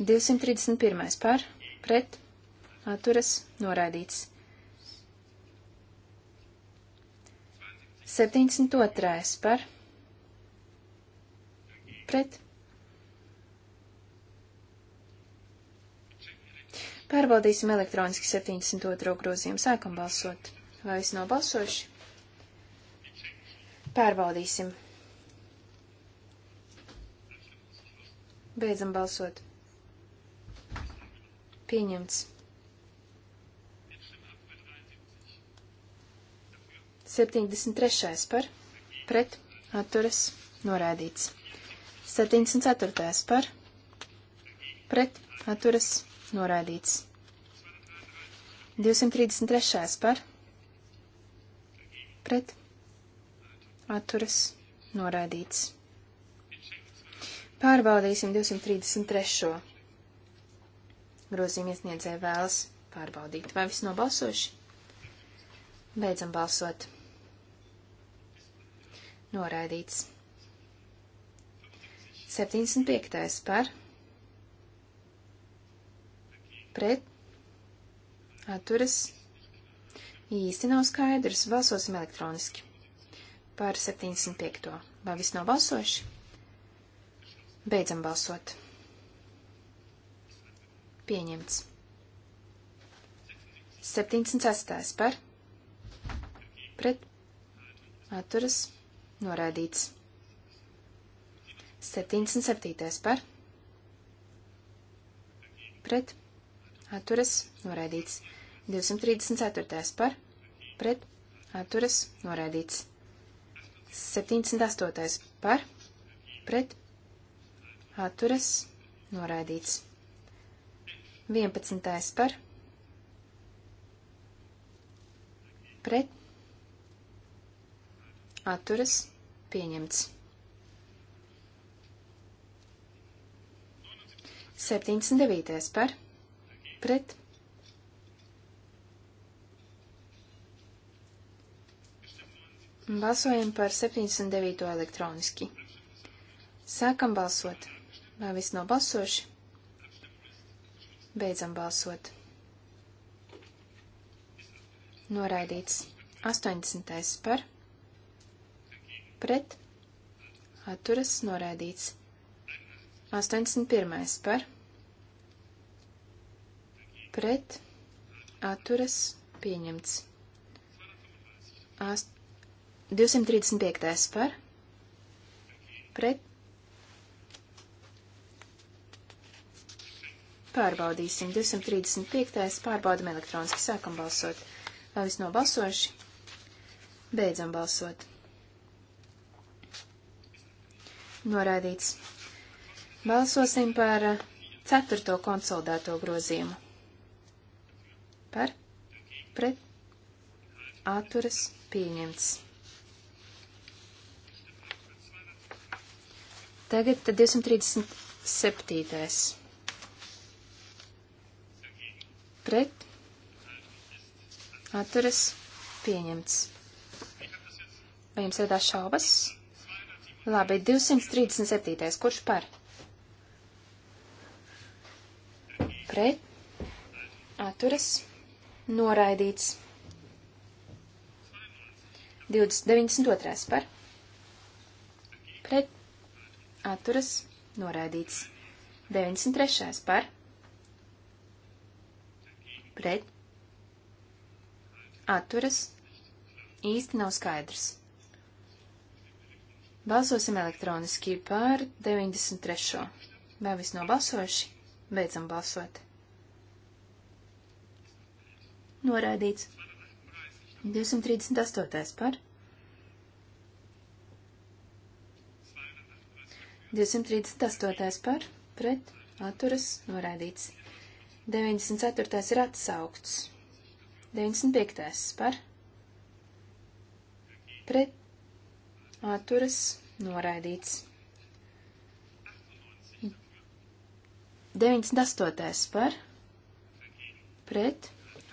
231. par? Pret? Atturas norādīts. 72. par? pret. Pārbaudīsim elektroniski 72. grozījumu. Sākam balsot. Vai visi nobalsojuši? Pārbaudīsim. Beidzam balsot. Pieņemts. 73. par pret atturas norādīts. 74. par pret atturas noraidīts. 233. par pret atturas noraidīts. Pārbaudīsim 233. Grozījuma iesniedzēja vēlas pārbaudīt, vai viss nobalsoši. Beidzam balsot. Noraidīts. 75. par pret atturas īsti nav skaidrs. Balsosim elektroniski par 75. Vai viss nav balsojuši? Beidzam balsot. Pieņemts. 76. par pret atturas noraidīts. 77. par pret atturas noraidīts. 234. par pret atturas noraidīts. 78. par pret atturas noraidīts. 11. par pret atturas pieņemts. 79. par pret. Balsojam par 79. elektroniski. Sākam balsot. Vai viss nav balsoši? Beidzam balsot. Noraidīts 80. par pret. Atturas noraidīts 79. 81. par pret atturas pieņemts. 235. par pret pārbaudīsim. 235. pārbaudam elektroniski. Sākam balsot. Vēl viss nobalsojuši. Beidzam balsot. Noraidīts. Balsosim par eh, ceturto konsolidēto grozījumu. Par, pret, atturas pieņemts. Tagad 237. Pret, atturas pieņemts. Vai jums radās šaubas? Labi, 237. Kurš par? pret, atturas, noraidīts. 92. par, pret, atturas, noraidīts. 93. par, pret, atturas, īsti nav skaidrs. Balsosim elektroniski par 93. Vai viss nobalsojuši? Beidzam balsot. Noraidīts. 238. par. 238. par. Pret. Atturas. Noraidīts. 94. ir atsaukts. 95. par. Pret. Atturas. Noraidīts. 98. par pret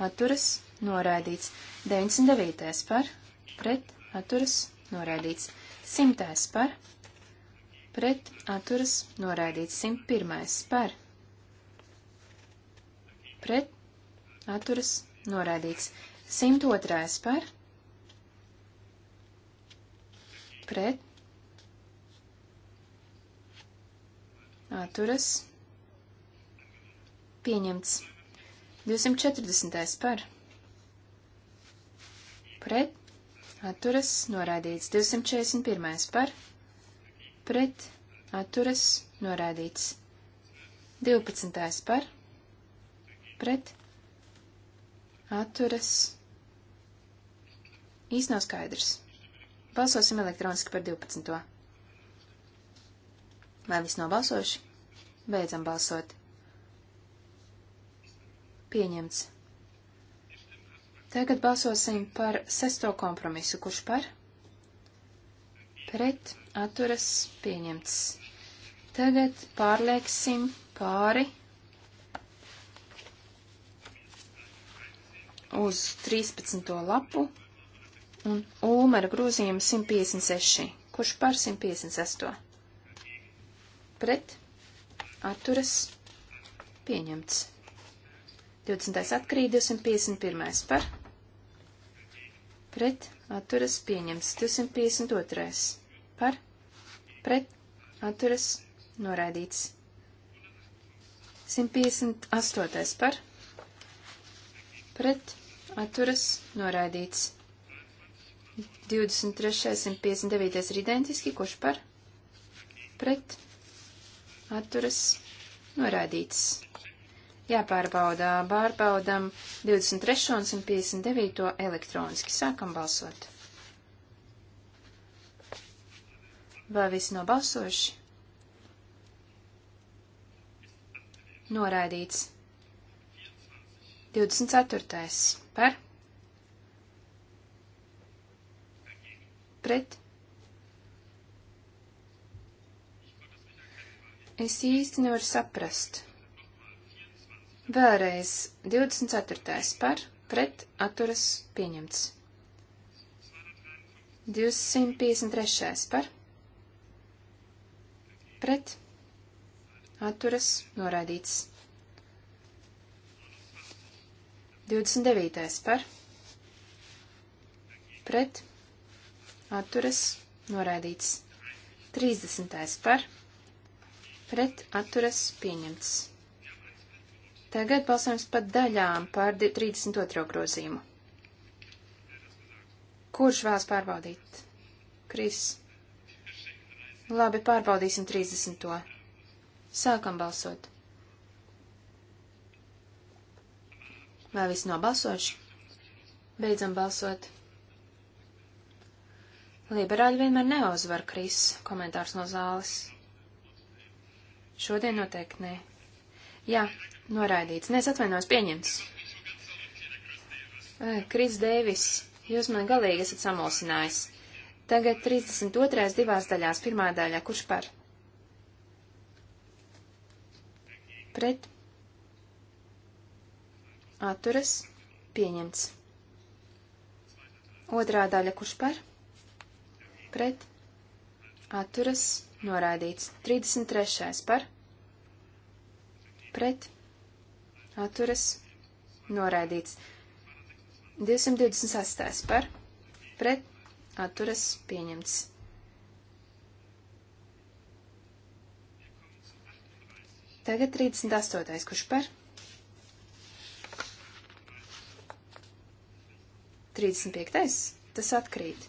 atturas, noraidīts. 99. par, pret, atturas, noraidīts. 100. par, pret, atturas, noraidīts. 101. par, pret, atturas, noraidīts. 102. par, pret, atturas, pieņemts. 240. par pret atturas norādīts 241. par pret atturas norādīts 12. par pret atturas īsti nav skaidrs. Balsosim elektroniski par 12. Vai viss nobalsojuši? Beidzam balsot. Pieņemts. Tagad balsosim par sesto kompromisu. Kurš par? Pret atturas pieņemts. Tagad pārlieksim pāri uz 13. lapu un Ulmera grozījuma 156. Kurš par 156? Pret atturas pieņemts. 20. atkrīt, 251. par, pret, atturas pieņemts, 252. par, pret, atturas noraidīts. 158. par, pret, atturas noraidīts. 23. 159. ir identiski, kurš par, pret, atturas noraidīts. Jāpārbaudā, pārbaudam 23 un 159 elektroniski. Sākam balsot. Vai visi nobalsojuši? Noraidīts. 24. Par? Pret? Es īsti nevaru saprast. Vēlreiz 24. par pret atturas pieņemts. 253. par pret atturas noraidīts. 29. par pret atturas noraidīts. 30. par pret atturas pieņemts. Tagad balsojums par daļām par 32. grozījumu. Kurš vēlas pārbaudīt? Kris. Labi, pārbaudīsim 30. Sākam balsot. Vai viss nobalsoši? Beidzam balsot. Liberāļi vienmēr neuzvar, Kris, komentārs no zāles. Šodien noteikti nē. Jā, Noraidīts. Nē, es atvainojos, pieņemts. Kris Dēvis, jūs man galīgi esat samulsinājis. Tagad 32. divās daļās, pirmā daļā, kurš par? Pret. Atturas. Pieņemts. Otrā daļa, kurš par? Pret. Atturas. Noraidīts. 33. par? Pret atturas, noraidīts. 228. par, pret, atturas, pieņemts. 38. Tagad 38. kurš par? 35. tas atkrīt.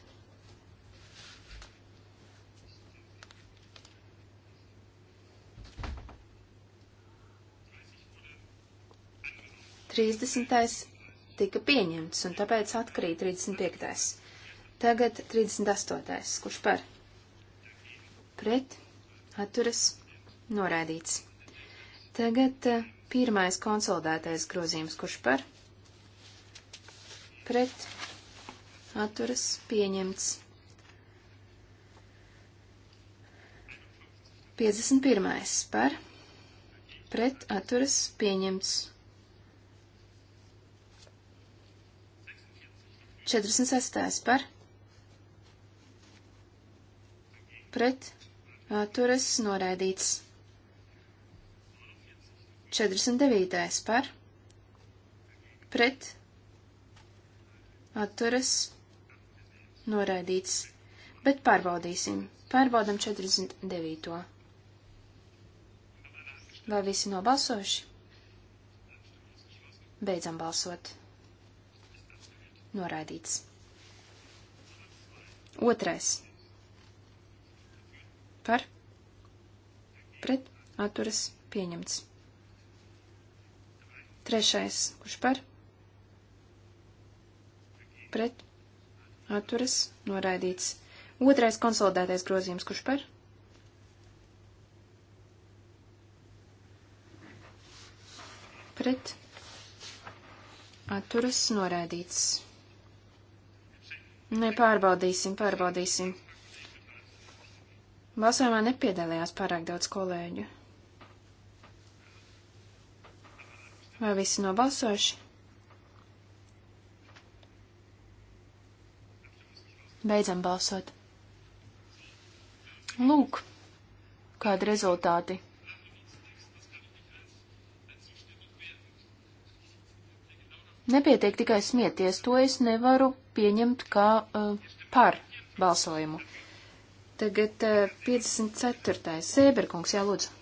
30. tika pieņemts, un tāpēc atkrīt 35. Tagad 38. Kurš par? Pret, atturas, noraidīts. Tagad eh, pirmais konsolidētais grozījums, kurš par? Pret, atturas, pieņemts. 51. par pret atturas pieņemts. 46. par pret atturas noraidīts. 49. par pret atturas noraidīts, bet pārbaudīsim. Pārbaudam 49. Vai visi nobalsojuši? Beidzam balsot. Noraidīts. Otrais. Par. Pret. Atturas. Pieņemts. Trešais. Kurš par? Pret. Atturas. Noraidīts. Otrais konsolidētais grozījums. Kurš par? Pret. Atturas. Noraidīts. Nē, pārbaudīsim, pārbaudīsim. Balsojumā nepiedalījās pārāk daudz kolēģu. Vai visi nobalsojuši? Beidzam balsot. Lūk, kādi rezultāti. Nepietiek tikai smieties, to es nevaru pieņemt kā uh, par balsojumu. Tagad uh, eh, 54. Sēberkungs, jālūdzu.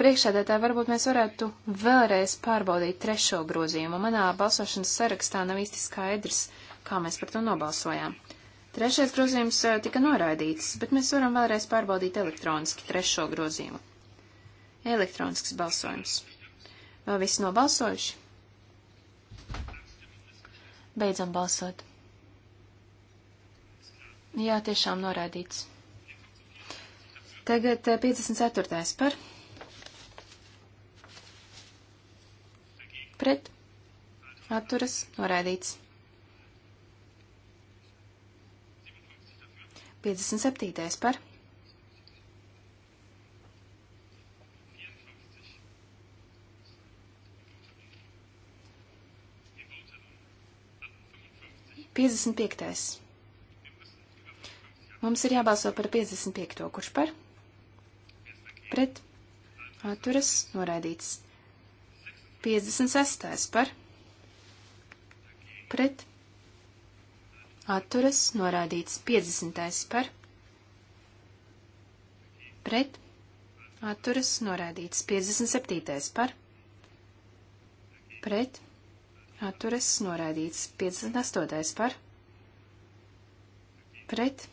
Priekšsēdētāji, varbūt mēs varētu vēlreiz pārbaudīt trešo grozījumu. Manā balsošanas sarakstā nav īsti skaidrs, kā mēs par to nobalsojām. Trešais grozījums eh, tika noraidīts, bet mēs varam vēlreiz pārbaudīt elektroniski trešo grozījumu. Elektronisks balsojums. Vai visi nobalsojuši? Beidzam balsot. Jā, tiešām norādīts. Tagad 54. Eh, par. Pret. Atturas. Norādīts. 57. par 55. Mums ir jābalso par 55. Kurš par? Pret. Atturas. Noraidīts. 56. Par. Pret. Atturas. Noraidīts. 50. Par. Pret. Atturas. Noraidīts. 57. Par. Pret atturas noraidīts 58. par pret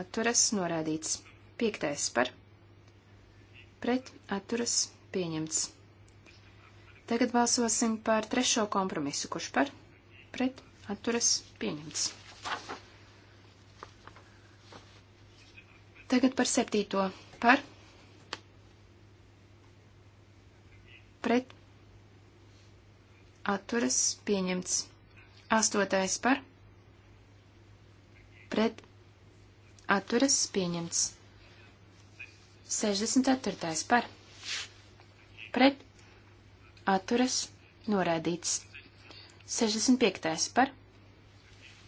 atturas noraidīts 5. par pret atturas pieņemts. Tagad balsosim par trešo kompromisu, kurš par pret atturas pieņemts. Tagad par septīto par pret atturas pieņemts. Astotais par pret atturas pieņemts. 64. par pret atturas norādīts. 65. par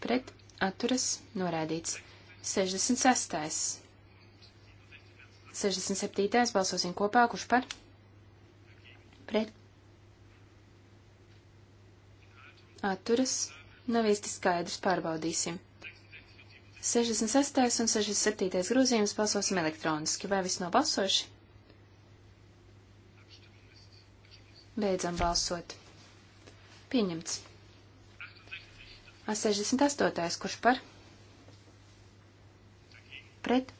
pret atturas norādīts. 66. 67. balsosim kopā, kurš par pret atturas, nav īsti skaidrs, pārbaudīsim. 66. un 67. grozījums balsosim elektroniski. Vai viss nav balsojuši? Beidzam balsot. Pieņemts. A 68. kurš par? Pret.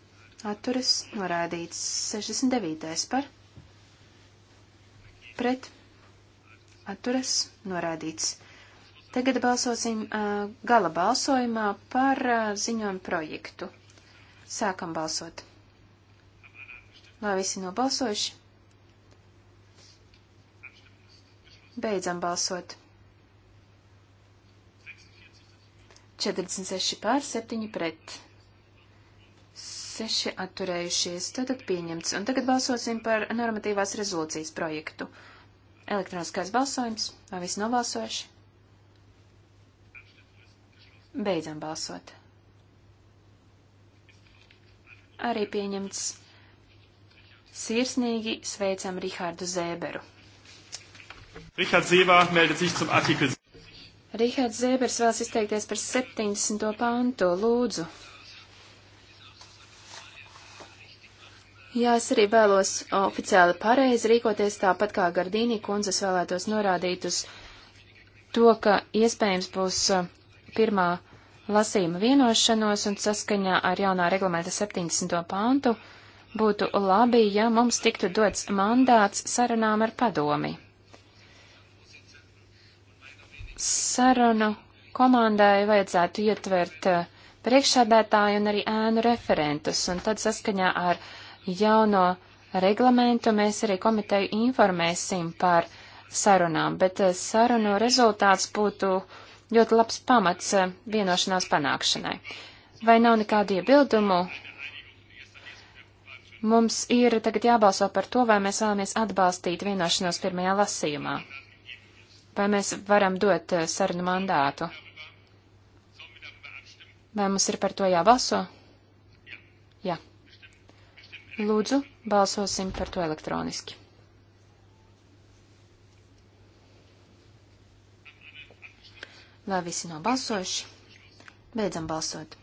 Atturas norādīts. 69. par? Pret. Atturas norādīts. Tagad balsosim uh, gala balsojumā par uh, ziņojumu projektu. Sākam balsot. Lai visi nobalsojuši. Beidzam balsot. 46 pār 7 pret. 6 atturējušies. Tātad pieņemts. Un tagad balsosim par normatīvās rezolūcijas projektu. Elektroniskais balsojums. Vai visi nobalsojuši? Beidzam balsot. Arī pieņemts. Sirsnīgi sveicam Rihārdu Zēberu. Rihards Zēber meldet sich zum Artikel. Rihards Zēbers vēlas izteikties par 70. pāntu. Lūdzu. Jā, es arī vēlos oficiāli pareizi rīkoties tāpat kā Gardīnī kundze, es vēlētos norādīt uz to, ka iespējams būs pirmā lasījuma vienošanos un saskaņā ar jaunā reglamenta 70. pantu būtu labi, ja mums tiktu dots mandāts sarunām ar padomi. Sarunu komandai vajadzētu ietvert eh, priekšsādētāju un arī ēnu referentus, un tad saskaņā ar jauno reglamentu mēs arī komiteju informēsim par sarunām, bet eh, sarunu rezultāts būtu uh, ļoti labs pamats eh, vienošanās panākšanai. Vai nav nekādu iebildumu? Mums ir tagad jābalso par to, vai mēs vēlamies atbalstīt vienošanos pirmajā lasījumā. Vai mēs varam dot eh, sarunu mandātu? Vai mums ir par to jābalso? Jā. Lūdzu, balsosim par to elektroniski. Vai visi nobalsojuši? Beidzam balsot.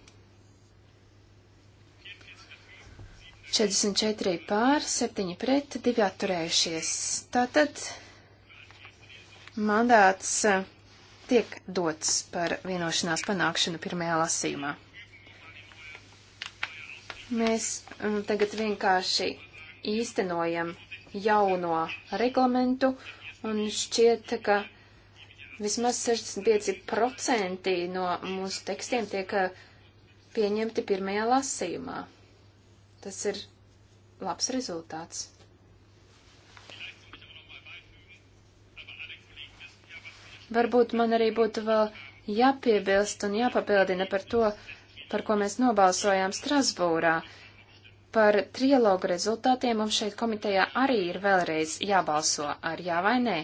44 pār, 7 pret, 2 atturējušies. Tātad mandāts eh, tiek dots par vienošanās panākšanu pirmajā lasījumā. Mēs mm, tagad vienkārši īstenojam jauno reglamentu un šķiet, ka Vismaz 65% no mūsu tekstiem tiek eh, pieņemti pirmajā lasījumā. Tas ir labs rezultāts. Varbūt man arī būtu vēl jāpiebilst un jāpapildina par to, par ko mēs nobalsojām Strasbūrā. Par trilogu rezultātiem mums šeit komitejā arī ir vēlreiz jābalso ar jā vai nē.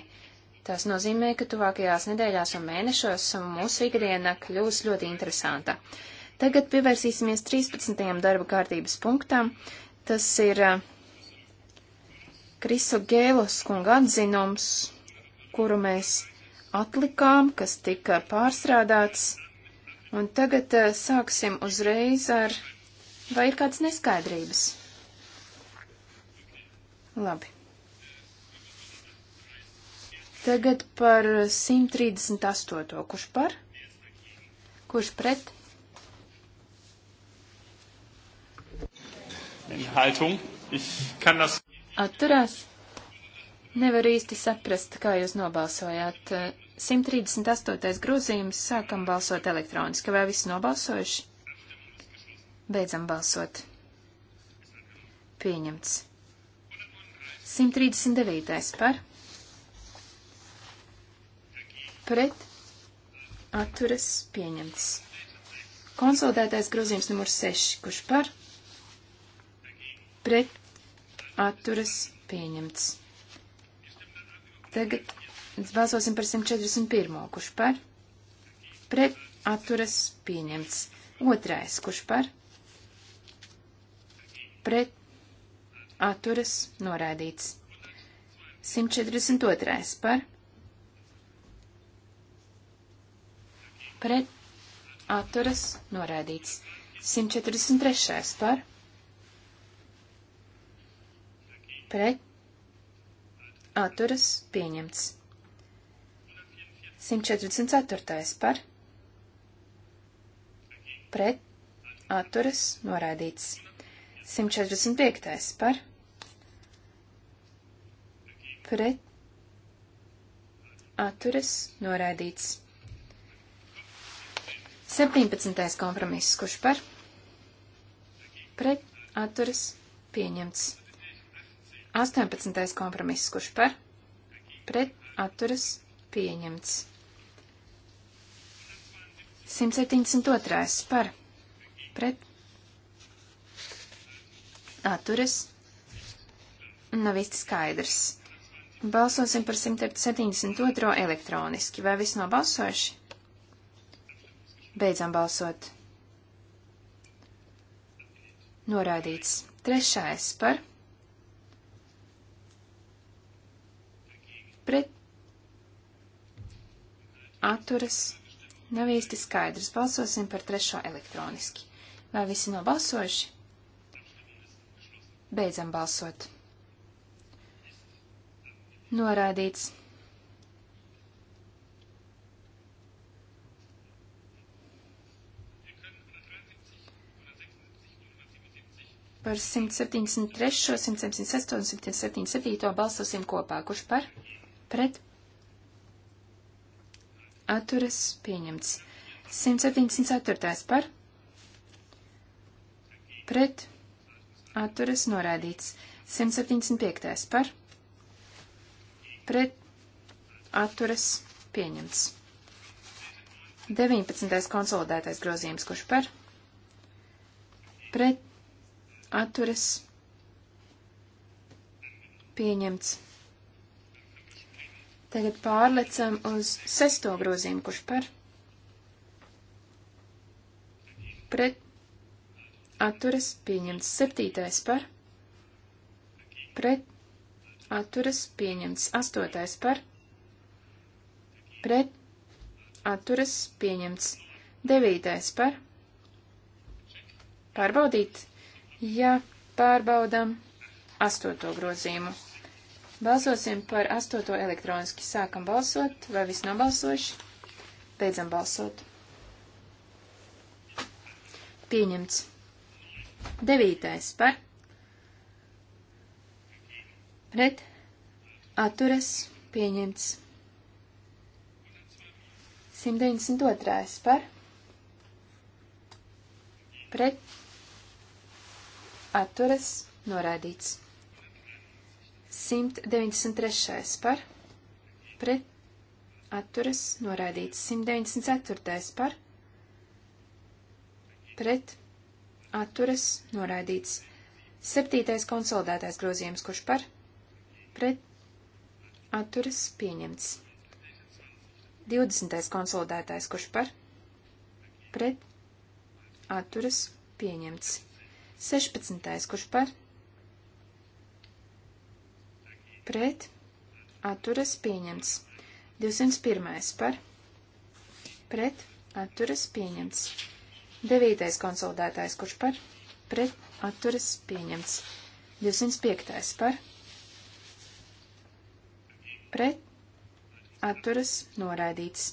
Tas nozīmē, ka tuvākajās nedēļās un mēnešos mūsu ikdiena kļūs ļoti interesanta. Tagad pievērsīsimies 13. darba kārtības punktam. Tas ir eh, Kriso Gēlos kunga atzinums, kuru mēs atlikām, kas tika pārstrādāts. Un tagad eh, sāksim uzreiz ar, vai ir kāds neskaidrības? Labi. Tagad par 138. Kurš par? Kurš pret? Enthaltung. Ich kann das. Atturās. Nevar īsti saprast, kā jūs nobalsojāt. 138. grozījums sākam balsot elektroniski. Vai visi nobalsojuši? Beidzam balsot. Pieņemts. 139. par pret atturas pieņemts. Konsolidētais grozījums numur 6, kurš par pret atturas pieņemts. Tagad balsosim par 141, kurš par pret atturas pieņemts. Otrais, kurš par pret atturas noraidīts. 142 par pret atturas noraidīts. 143. par pret atturas pieņemts. 144. par pret atturas noraidīts. 145. par pret atturas noraidīts. 17. kompromiss, kurš par pret atturas pieņemts. 18. kompromiss, kurš par pret atturas pieņemts. 172. par pret atturas nav īsti skaidrs. Balsosim par 172. elektroniski. Vai viss nav balsojuši? Beidzam balsot. Norādīts. Trešais par. Pret. Atturas. Nav īsti skaidrs. Balsosim par trešo elektroniski. Vai visi nobalsojuši? Beidzam balsot. Norādīts. Par 173, 176 un 177 balsosim kopā. Kurš par? Pret? Atturas pieņemts. 174 par? Pret? Atturas norādīts. 175 par? Pret? Atturas pieņemts. 19. konsolidētais grozījums, kurš par? Pret? atturas pieņemts. Tagad pārlecam uz sesto grozījumu, kurš par pret atturas pieņemts. Septītais par pret atturas pieņemts. Astotais par pret atturas pieņemts. Devītais par pārbaudīt ja pārbaudam astoto grozījumu. Balsosim par astoto elektroniski. Sākam balsot, vai viss nobalsoši? Beidzam balsot. Pieņemts. Devītais par. Pret. Atturas. Pieņemts. 192. par. Pret atturas noraidīts. 193. par pret atturas noraidīts. 194. par pret atturas noraidīts. 7. konsolidētais grozījums, kurš par pret atturas pieņemts. 20. konsolidētājs, kurš par pret atturas pieņemts. 16. kurš par pret atturas pieņemts. 201. par pret atturas pieņemts. 9. konsolidētājs, kurš par pret atturas pieņemts. 205. par pret atturas noraidīts.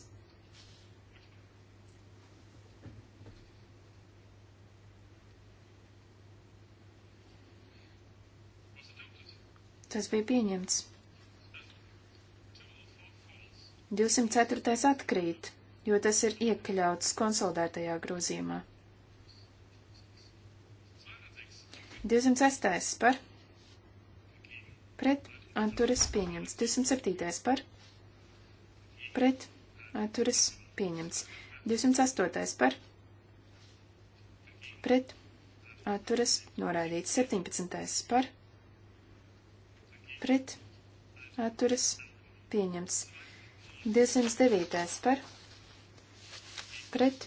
Tas bija pieņemts. 204. atkrīt, jo tas ir iekļauts konsolidētajā grozījumā. 206. par pret atturas pieņemts. 207. par pret atturas pieņemts. 208. par pret atturas noraidīts. 17. par pret atturas pieņemts. 209. par pret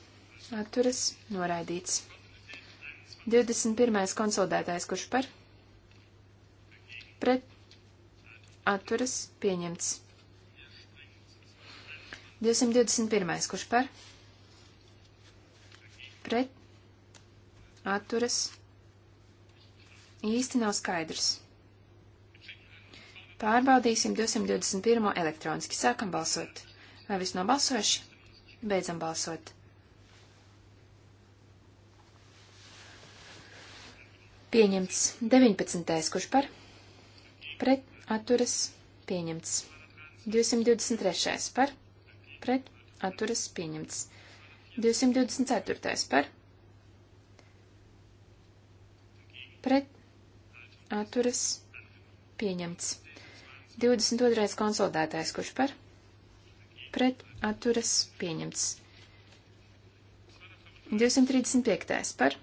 atturas noraidīts. 21. konsolidētājs, kurš par pret atturas pieņemts. 221. kurš par pret atturas īsti nav skaidrs. Pārbaudīsim 221. elektroniski. Sākam balsot. Vai viss nobalsojuši? Beidzam balsot. Pieņemts 19. Kurš par? Pret atturas pieņemts. 223. par? Pret atturas pieņemts. 224. par? Pret atturas pieņemts. 22. konsolidētais, kurš par pret atturas pieņemts. 235. par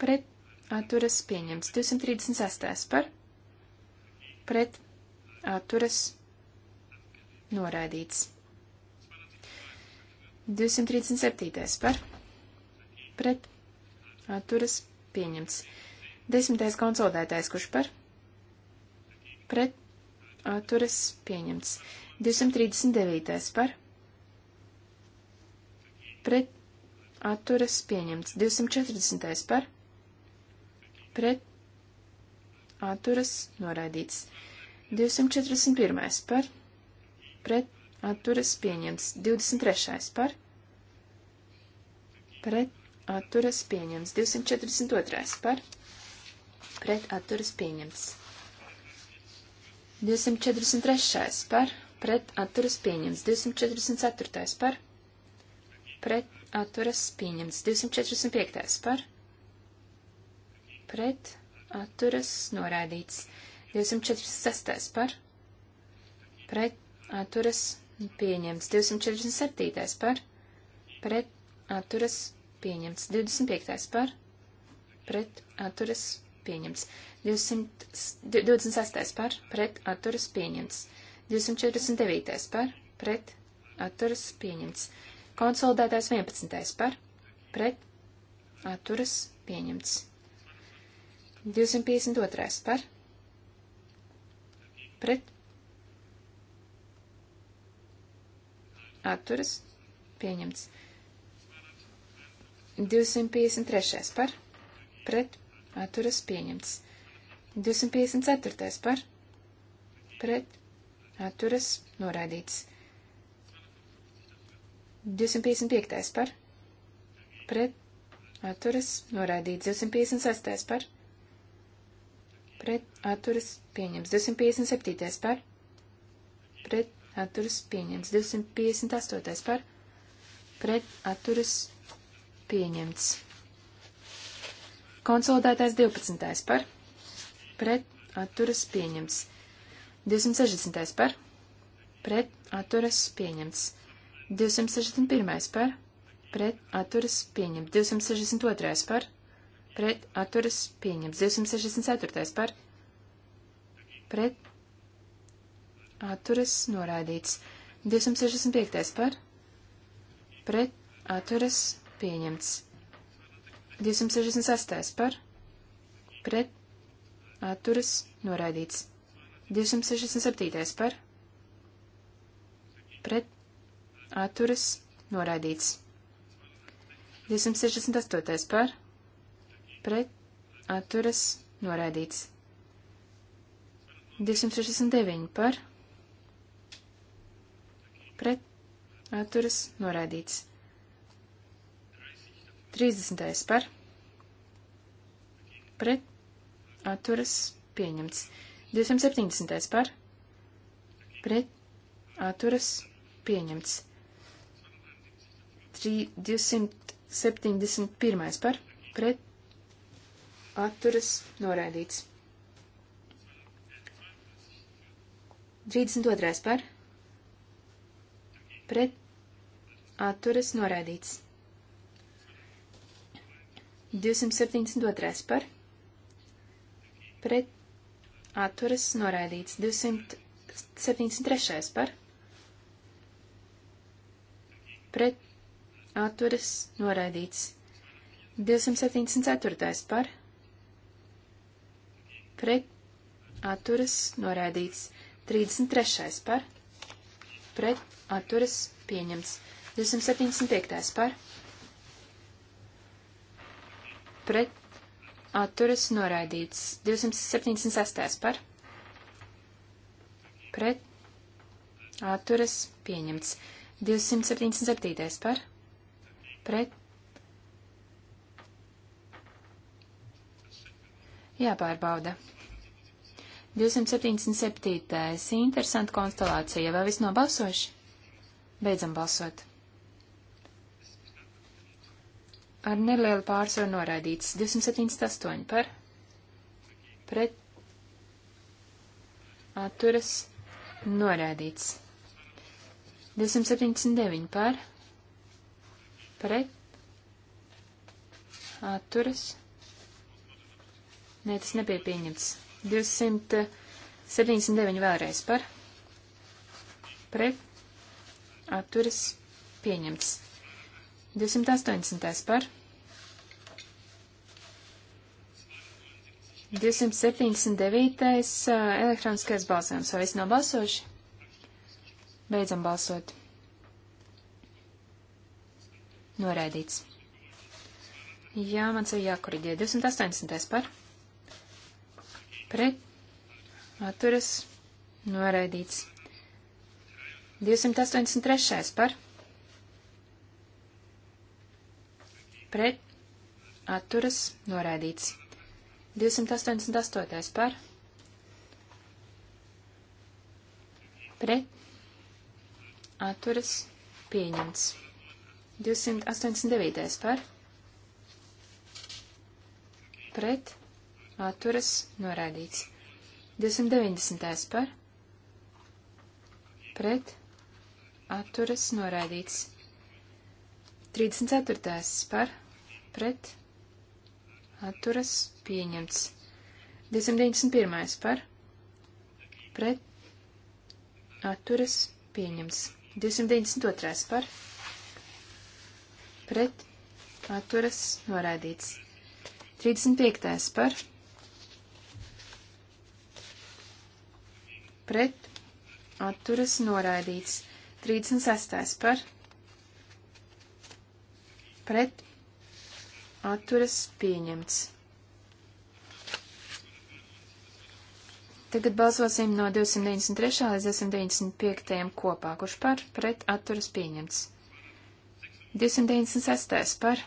pret atturas pieņemts. 236. par pret atturas noraidīts. 237. par pret atturas pieņemts. 10. konsolidētais, kurš par pret pret atturas pieņemts. 239. par pret atturas pieņemts. 240. par pret atturas noraidīts. 241. par pret atturas pieņemts. 23. par pret atturas pieņemts. 242. par pret atturas pieņemts. 243. par pret atturas pieņemts. 244. par pret atturas pieņemts. 245. par pret atturas noraidīts. 246. par pret atturas pieņemts. 247. par pret atturas pieņemts. 25. par pret atturas pieņemts pieņemts. 226. par pret atturas pieņemts. 249. par pret atturas pieņemts. Konsolidētais 11. par pret atturas pieņemts. 252. par pret atturas pieņemts. 253. par pret atturas pieņemts. 254. par pret atturas noraidīts. 255. par pret atturas noraidīts. 256. par pret atturas pieņemts. 257. par pret atturas pieņemts. 258. par pret atturas pieņemts. Konsolidētais 12. par pret atturas pieņemts. 260. par pret atturas pieņemts. 261. par pret atturas pieņemts. 262. par pret atturas pieņemts. 264. par pret atturas noraidīts. 265. par pret atturas pieņemts. 266. par pret atturas noraidīts. 267. par pret atturas noraidīts. 268. par pret atturas noraidīts. 269 par pret atturas noraidīts. 30. par pret atturas pieņemts. 270. par pret atturas pieņemts. 3, 271. par pret atturas noraidīts. 32. par pret atturas noraidīts. 272. par pret atturas noraidīts 273. par pret atturas noraidīts 274. par pret atturas noraidīts 33. par pret atturas pieņemts 275. par pret atturas noraidīts. 276. par pret atturas pieņemts. 277. par pret jāpārbauda. 277. Interesanta konstelācija. Vai viss nobalsoši? Beidzam balsot. ar nelielu pārsvaru noraidīts. 278 par pret atturas noraidīts. 279 par pret atturas. Nē, tas nebija pieņemts. 279 vēlreiz par pret atturas pieņemts. 280. par 279. elektroniskais balsojums. Vai visi nav balsojuši? Beidzam balsot. Noraidīts. Jā, man sev jākoriģē. 280. par. Pret. Atturas. Noraidīts. 283. par. pret, atturas, noraidīts. 288. par, pret, atturas, pieņemts. 289. par, pret, atturas, noraidīts. 290. par, pret, atturas, noraidīts. 34. par pret atturas pieņemts. 291. par pret atturas pieņemts. 292. par pret atturas noraidīts. 35. par pret atturas noraidīts. 36. par pret atturas pieņemts. Tagad balsosim no 293. līdz 295. kopā, kurš par pret atturas pieņemts. 296. par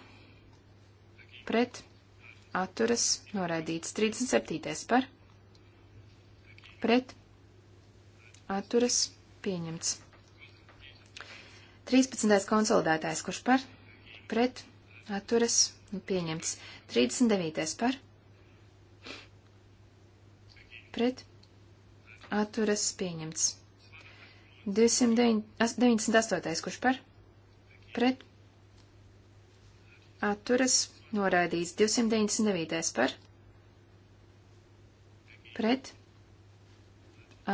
pret atturas noraidīts. 37. par pret atturas pieņemts. 13. konsolidētājs, kurš par pret atturas pieņemts Pieņemts. 39. par. Pret. Atturas pieņemts. 298. kurš par. Pret. Atturas noraidīts. 299. par. Pret.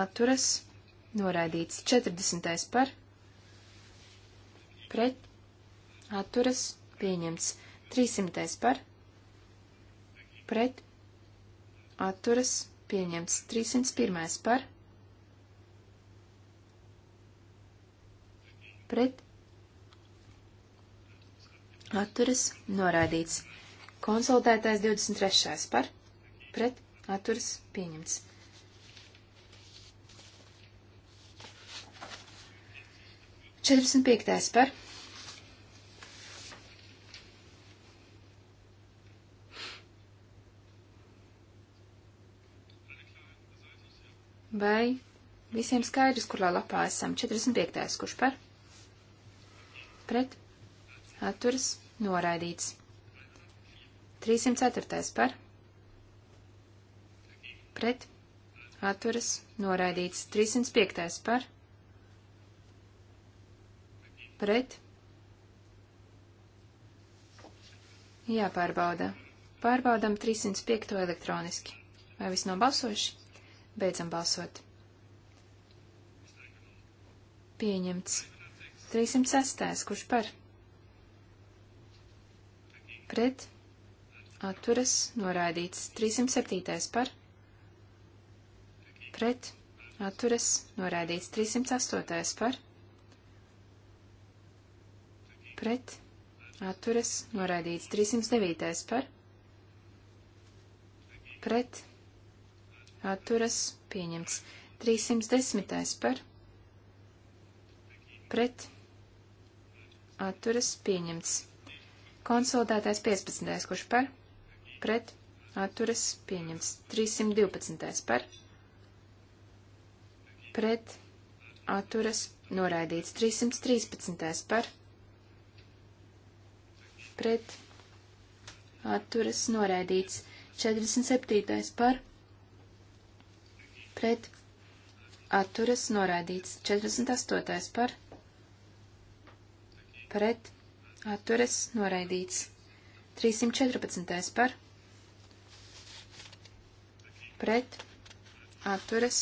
Atturas noraidīts. 40. par. Pret. Atturas pieņemts. 300. par pret atturas pieņemts. 301. par pret atturas noraidīts. Konsultētājs 23. par pret atturas pieņemts. 45. par Vai visiem skaidrs, kurā lapā esam? 45. kurš par? Pret? Atturas? Noraidīts. 304. par? Pret? Atturas? Noraidīts. 305. par? Pret? Jāpārbauda. Pārbaudam 305. elektroniski. Vai viss nav balsojuši? Beidzam balsot. Pieņemts. 306. Kurš par? Pret. Atturas. Noraidīts. 307. Par. Pret. Atturas. Noraidīts. 308. Par. Pret. Atturas. Noraidīts. 309. Par. Pret atturas pieņemts. 310. par pret atturas pieņemts. Konsolidētais 15. kurš par pret atturas pieņemts. 312. par pret atturas noraidīts. 313. par pret atturas noraidīts. 47. par pret pret atturas noraidīts. 48. par pret atturas noraidīts. 314. par pret atturas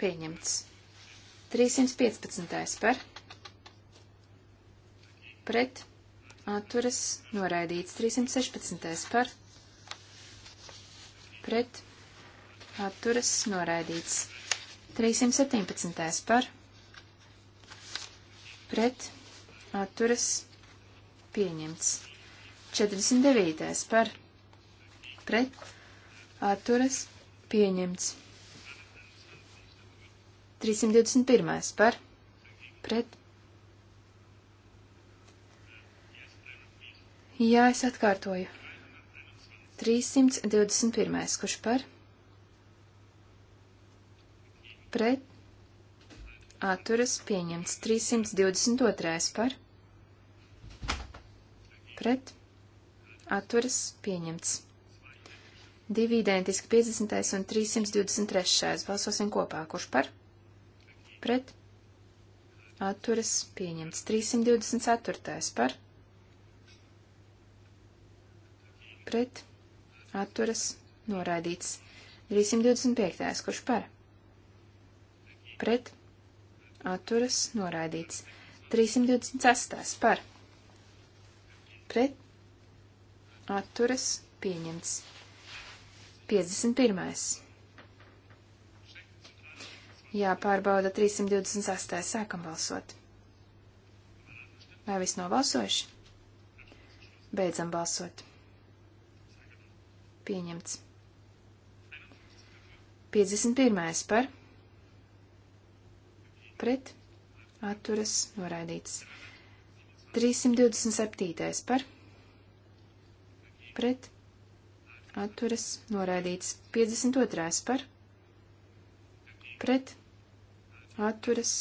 pieņemts. 315. par pret atturas noraidīts. 316. par pret atturas noraidīts. 317. par pret atturas pieņemts. 49. par pret atturas pieņemts. 321. par pret. Jā, es atkārtoju. 321. Kurš par? Pret. Atturas pieņemts. 322. par? Pret. Atturas pieņemts. Divi identiski 50. un 323. Balsosim kopā. Kurš par? Pret. Atturas pieņemts. 324. par? Pret atturas, noraidīts. 325. kurš par? Pret, atturas, noraidīts. 326. par? Pret, atturas, pieņemts. 51. Jāpārbauda 328. sākam balsot. Vai viss nobalsojuši? Beidzam balsot. Pieņemts. 51. par. Pret. Atturas. Noraidīts. 327. par. Pret. Atturas. Noraidīts. 52. par. Pret. Atturas.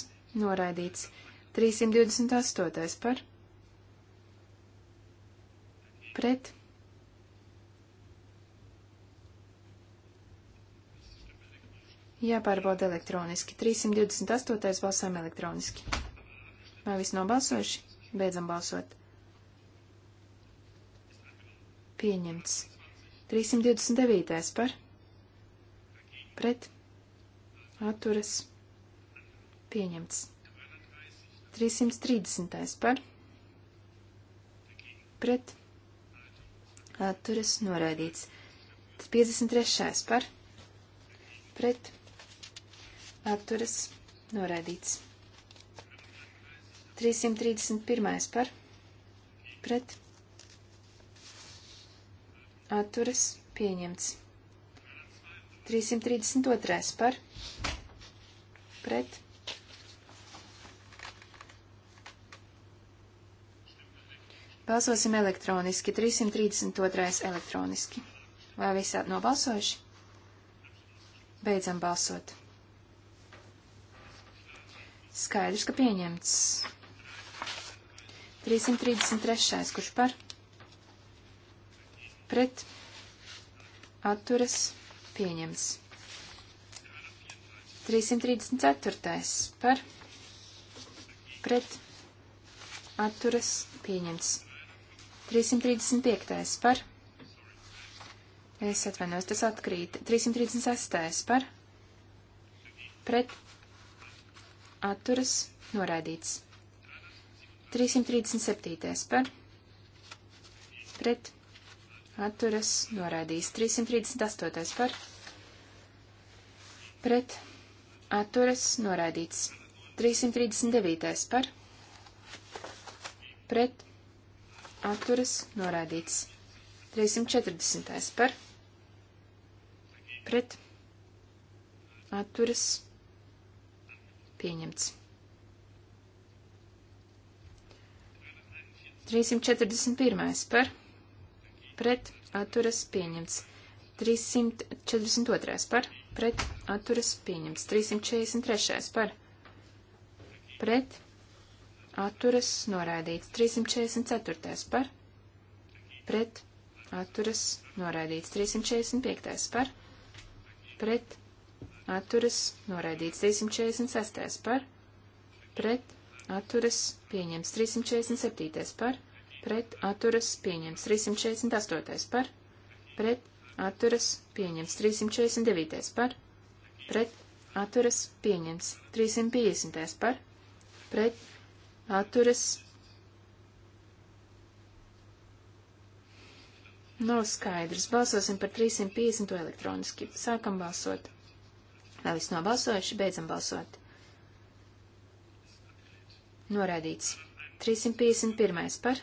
Noraidīts. 328. par. Pret Jāpārbauda elektroniski. 328. balsām elektroniski. Vai viss nobalsojuši? Beidzam balsot. Pieņemts. 329. par. Pret. Atturas. Pieņemts. 330. par. Pret. Atturas. Noraidīts. 53. par. Pret atturas noraidīts. 331. par pret atturas pieņemts. 332. par pret Balsosim elektroniski. 332. elektroniski. Vai visi nobalsojuši? Beidzam balsot. Skaidrs, ka pieņemts. 333. Kurš par? Pret. Atturas. Pieņems. 334. Par. Pret. Atturas. Pieņems. 335. Par. Es atvainojos, tas atkrīt. 336. Par. Pret atturas noraidīts. 337. par pret atturas noraidīts. 338. par pret atturas noraidīts. 339. par pret atturas noraidīts. 340. par pret atturas noraidīts Pieņemts. 341. par pret atturas pieņemts. 342. par pret atturas pieņemts. 343. par pret atturas noraidīts. 344. par pret atturas noraidīts. 345. par pret atturas noraidīts 346. par pret atturas pieņems 347. par pret atturas pieņems 348. par pret atturas pieņems 349. par pret atturas pieņems 350. par pret atturas Nav skaidrs. Balsosim par 350 elektroniski. Sākam balsot. Vai viss nobalsojuši? Beidzam balsot. Norādīts. 351. par.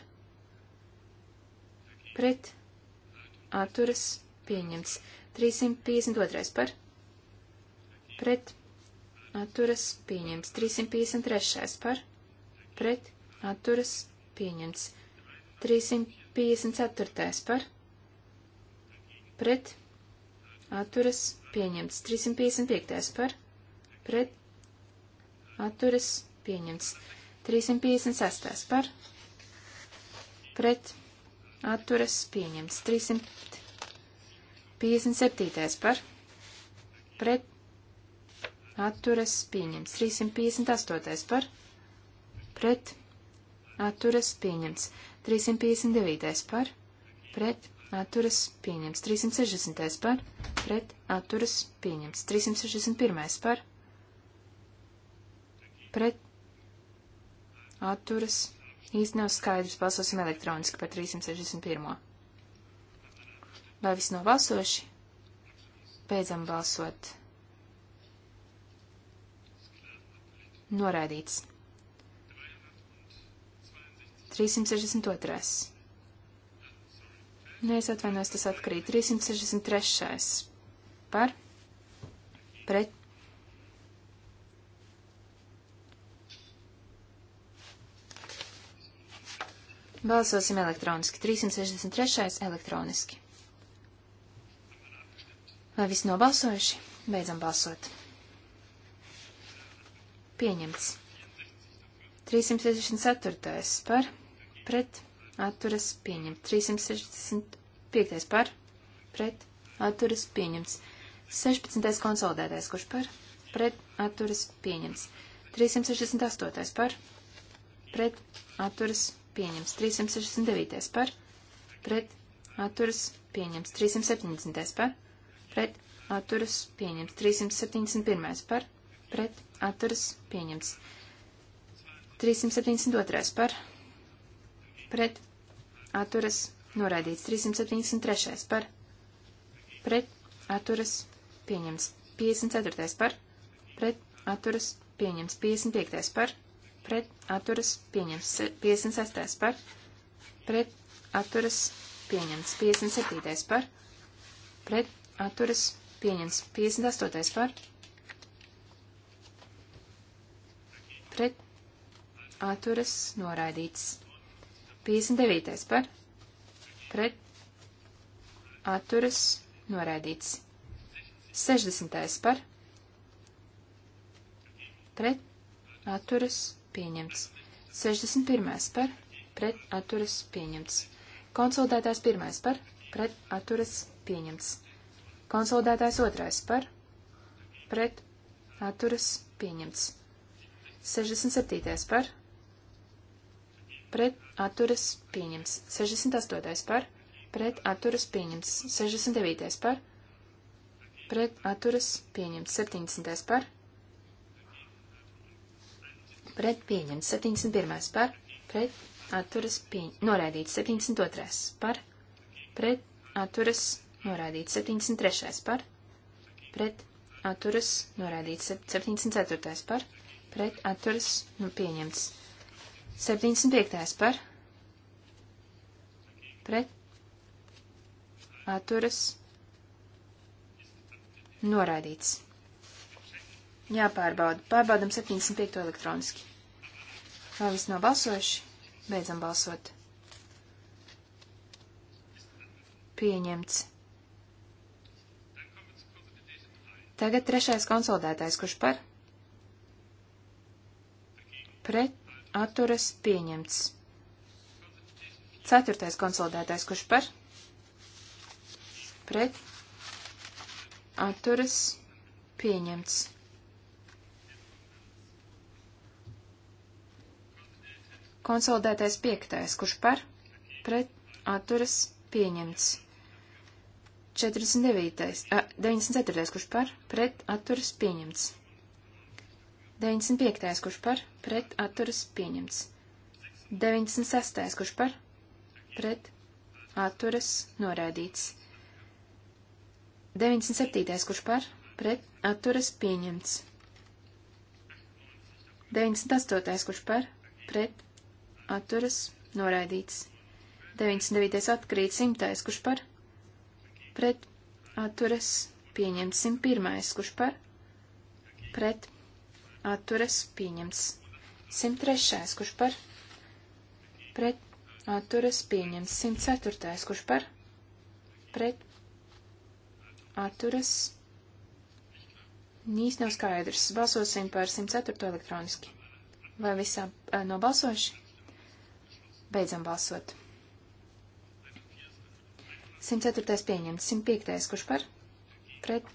Pret. Atturas. Pieņemts. 352. par. Pret. Atturas. Pieņemts. 353. par. Pret. Atturas. Pieņemts. 354. par. Pret. Atturas. Pieņemts pieņemts. 355. par pret atturas pieņemts. 356. par pret atturas pieņemts. 357. par pret atturas pieņemts. 358. par pret atturas pieņemts. 359. par pret atturas pieņemts. 360. par pret atturas pieņemts. 361. par pret atturas īsti nav skaidrs. Balsosim elektroniski par 361. Vai viss nav balsoši? Beidzam balsot. Noraidīts. 362. Nē, es atvainojos, tas atkrīt. 363. Par? Pret? Balsosim elektroniski. 363. elektroniski. Vai visi nobalsojuši? Beidzam balsot. Pieņemts. 364. par pret atturas pieņemts. 365. par, pret, atturas pieņemts. 16. konsolidētais, kurš par, pret, atturas pieņemts. 368. par, pret, atturas pieņemts. 369. par, pret, atturas pieņemts. 370. par, pret, atturas pieņemts. 371. par, pret, atturas pieņemts. 372. par, pret, atturas noraidīts. 373. par pret atturas pieņemts. 54. par pret atturas pieņemts. 55. par pret atturas pieņemts. 56. par pret atturas pieņemts. 57. par pret atturas pieņemts. 58. par pret atturas noraidīts. 59. par pret atturas noraidīts. 60. par pret atturas pieņemts. 61. par pret atturas pieņemts. Konsultētājs pirmais par pret atturas pieņemts. Konsultētājs otrais par pret atturas pieņemts. 67. par pret atturas pieņems. 68. par pret atturas pieņems. 69. par pret atturas pieņems. 70. par pret pieņems. 71. par pret atturas pieņems. Noraidīts 72. par pret atturas noraidīts 73. par pret atturas noraidīts 74. par pret atturas nu, pieņemts. 75. par pret atturas noraidīts. Jāpārbauda. Pārbaudam 75. elektroniski. Vai viss nav balsojuši? Beidzam balsot. Pieņemts. Tagad trešais konsultētājs, kurš par? Pret atturas pieņemts. Ceturtais konsolidētais, kurš par pret atturas pieņemts. Konsolidētais piektais, kurš par pret atturas pieņemts. 49. A, 94. kurš par pret atturas pieņemts. 95. kurš par pret atturas pieņemts. 96. kurš par pret atturas noraidīts. 97. kurš par pret atturas pieņemts. 98. kurš par pret atturas noraidīts. 99. atkrīt 100. kurš par pret atturas pieņemts. 101. kurš par pret atturas atturas pieņemts. 103. kurš par pret atturas pieņemts. 104. kurš par pret atturas nīs nav skaidrs. Balsosim par 104. elektroniski. Vai visā nobalsoši? Beidzam balsot. 104. pieņemts. 105. kurš par pret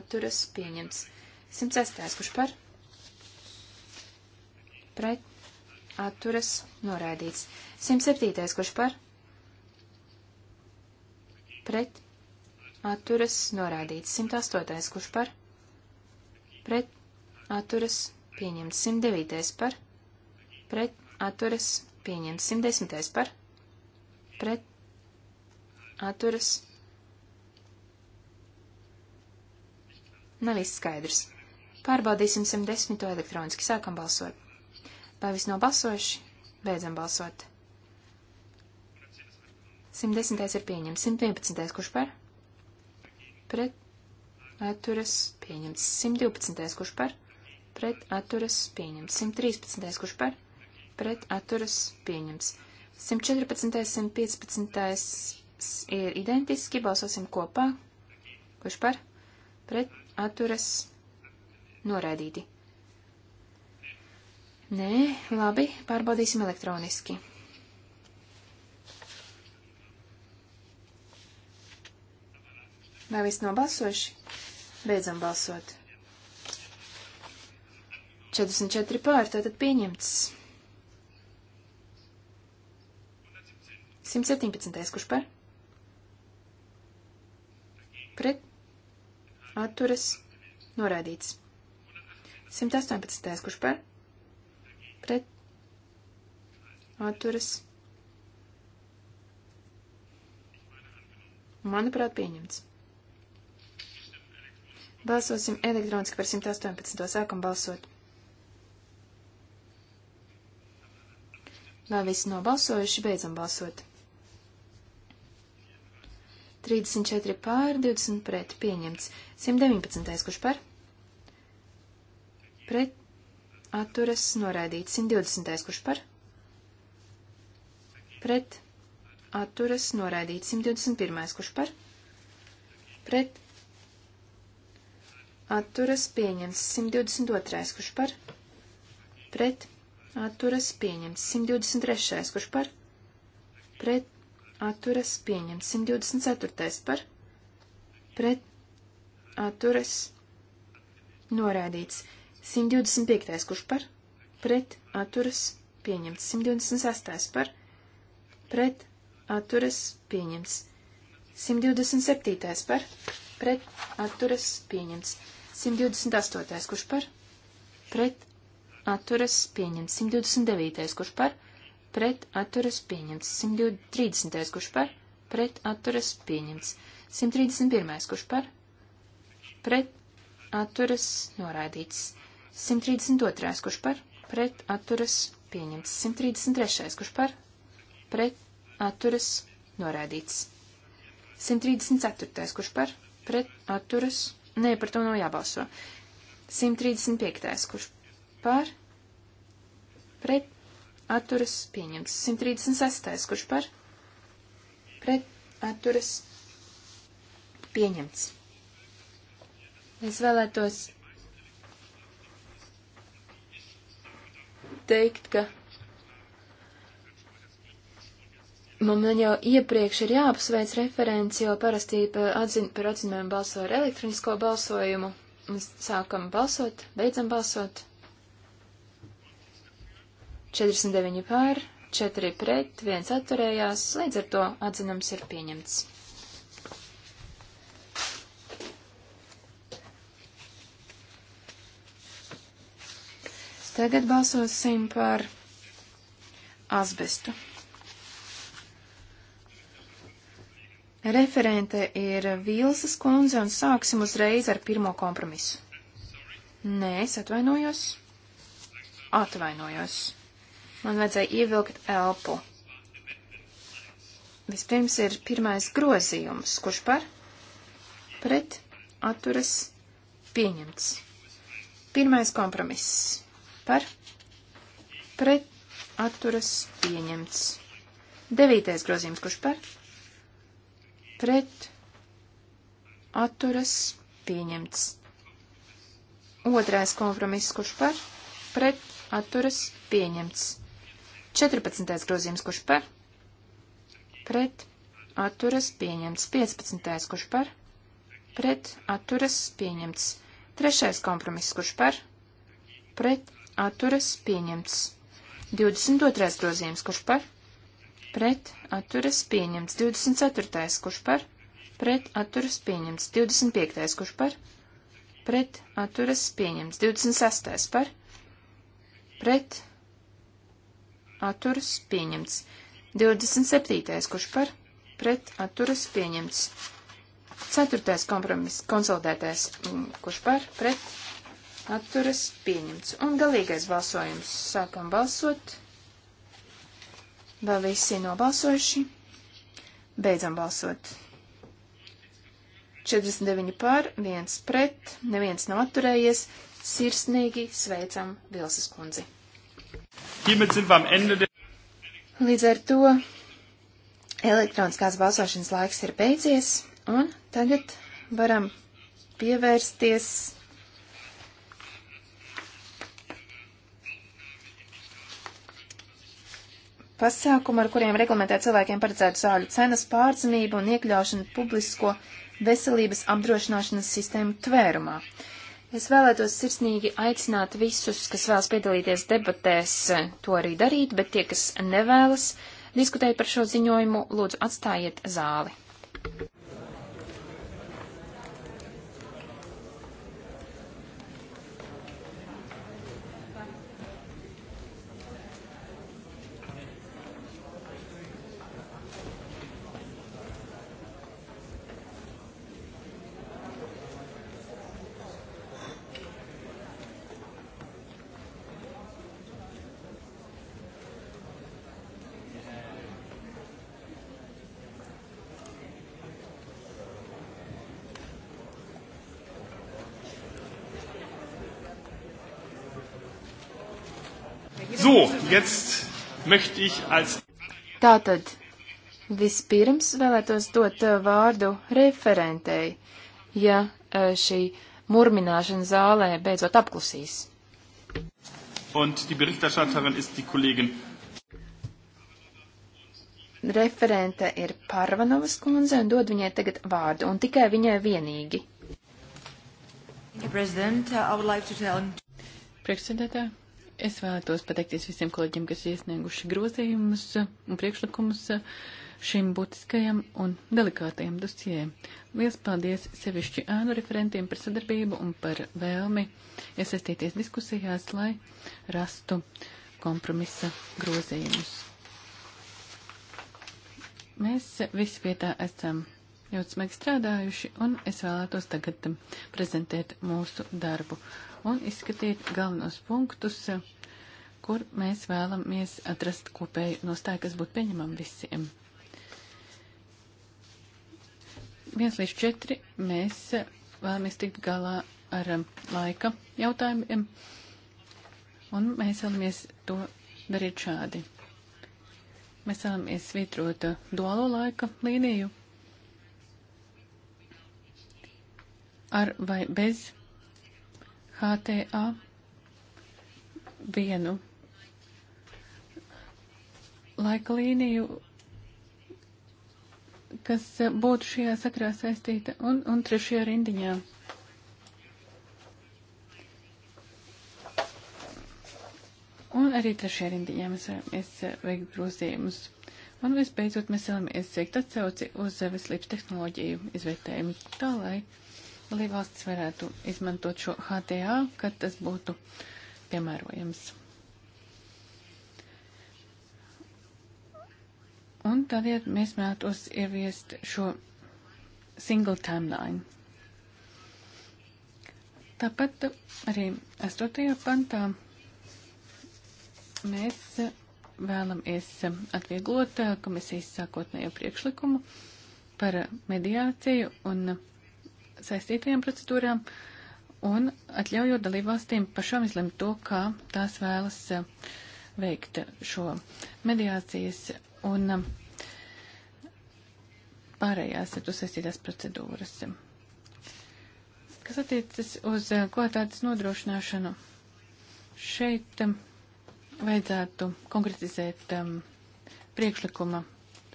atturas pieņemts. 106. kurš par pret pret, atturas, noraidīts. 107. kurš par, pret, atturas, noraidīts. 108. kurš par, pret, atturas, pieņemts. 109. par, pret, atturas, pieņemts. 110. par, pret, atturas. Nav viss skaidrs. Pārbaudīsim 110. elektroniski. Sākam balsot. Vai viss nobalsojuši? Beidzam balsot. 110. ir pieņemts. 111. kurš par? Pret atturas pieņemts. 112. kurš par? Pret atturas pieņemts. 113. kurš par? Pret atturas pieņemts. 114. 115. ir identiski. Balsosim kopā. Kurš par? Pret atturas noraidīti. Nē, labi, pārbaudīsim elektroniski. Vai viss nobalsojuši? Beidzam balsot. 44 pār, tātad pieņemts. 117. Kurš par? Pret. Atturas. Noraidīts. 118. Kurš par? pret atturas. Manuprāt, pieņemts. Balsosim elektroniski par 118. sākam balsot. Vēl visi nobalsojuši, beidzam balsot. 34 pār, 20 pret, pieņemts. 119. kurš par? Pret, atturas noraidīts 120. kurš par pret atturas noraidīts 121. kurš par pret atturas pieņems 122. kurš par pret atturas pieņems 123. kurš par pret atturas pieņems 124. par pret atturas noraidīts 123. 125. kurš par pret atturas pieņemts. 126. par pret atturas pieņemts. 127. par pret atturas pieņemts. 128. kurš par pret atturas pieņemts. 129. kurš par pret atturas pieņemts. 130. kurš par pret atturas pieņemts. 131. kurš par pret atturas noraidīts. 132. kurš par pret atturas pieņemts. 133. kurš par pret atturas norādīts. 134. kurš par pret atturas. Nē, par to nav jābalso. 135. kurš par pret atturas pieņemts. 136. kurš par pret atturas pieņemts. Es vēlētos teikt, ka man jau iepriekš ir jāapsveic referenci, jo parasti atzin, par atzinumiem balso ar elektronisko balsojumu. Mēs sākam balsot, beidzam balsot. 49 pār, 4 pret, 1 atturējās, līdz ar to atzinums ir pieņemts. Tagad balsosim par asbestu. Referente ir Vīlsas kundze un sāksim uzreiz ar pirmo kompromisu. Nē, es atvainojos. Atvainojos. Man vajadzēja ievilkt elpu. Vispirms ir pirmais grozījums, kurš par pret atturas pieņemts. Pirmais kompromiss par pret atturas pieņemts. Devītais grozījums, kurš par pret atturas pieņemts. Otrais kompromiss, kurš par pret atturas pieņemts. 14. grozījums, kurš par pret atturas pieņemts. 15. kurš par pret atturas pieņemts. Trešais kompromiss, kurš par pret atturas pieņemts. 22. grozījums, kurš par, pret, atturas pieņemts. 24. kurš par, pret, atturas pieņemts. 25. kurš par, pret, atturas pieņemts. 26. par, pret, atturas pieņemts. 27. kurš par, pret, atturas pieņemts. 4. kompromiss konsolidētais, mm, kurš par, pret, atturas pieņemts. Un galīgais balsojums. Sākam balsot. Vēl visi nobalsojuši. Beidzam balsot. 49 pār, 1 pret, neviens nav atturējies. Sirsnīgi sveicam Vilsas kundzi. Līdz ar to elektroniskās balsošanas laiks ir beidzies, un tagad varam pievērsties pasākumu, ar kuriem reglamentē cilvēkiem paredzētu zāļu cenas, pārdzimību un iekļaušanu publisko veselības apdrošināšanas sistēmu tvērumā. Es vēlētos sirsnīgi aicināt visus, kas vēlas piedalīties debatēs, to arī darīt, bet tie, kas nevēlas diskutēt par šo ziņojumu, lūdzu atstājiet zāli. jetzt möchte ich als. Tātad, vispirms vēlētos dot uh, vārdu referentei, ja uh, šī murmināšana zālē beidzot apklusīs. Und die Berichterstatterin ist die Kollegin. Referente ir Parvanovas kundze un dod viņai tagad vārdu, un tikai viņai vienīgi. Priekšsēdētāji, Es vēlētos pateikties visiem kolēģiem, kas iesnieguši grozījumus un priekšlikumus šim būtiskajam un delikātajam dosijai. Lielas paldies sevišķi ēnu referentiem par sadarbību un par vēlmi iesaistīties diskusijās, lai rastu kompromisa grozījumus. Mēs visi pie tā esam ļoti smagi strādājuši, un es vēlētos tagad prezentēt mūsu darbu un izskatīt galvenos punktus, kur mēs vēlamies atrast kopēju nostāju, kas būtu pieņemama visiem. 1 līdz 4 mēs vēlamies tikt galā ar um, laika jautājumiem, un mēs vēlamies to darīt šādi. Mēs vēlamies svītrot uh, duālo laika līniju ar vai bez HTA vienu laika līniju, kas būtu šajā sakrā saistīta, un, un trešajā rindiņā. Un arī trešajā rindiņā mēs vēlamies veikt grozījumus. Un visbeidzot mēs vēlamies veikt atsauci uz veselības tehnoloģiju izvērtējumu tā, lai Dalībvalstis varētu izmantot šo HTA, kad tas būtu piemērojams. Un tādēļ mēs mētos ieviest šo single timeline. Tāpat arī 8. pantā mēs vēlamies atvieglot komisijas sākotnējo priekšlikumu par mediāciju un mediāciju saistītajām procedūrām un atļaujot dalībvalstīm pašām izlemt to, kā tās vēlas eh, veikt šo mediācijas un eh, pārējās ar to saistītās procedūras. Kas attiecas uz eh, kvalitātes nodrošināšanu, šeit vajadzētu konkretizēt um, priekšlikuma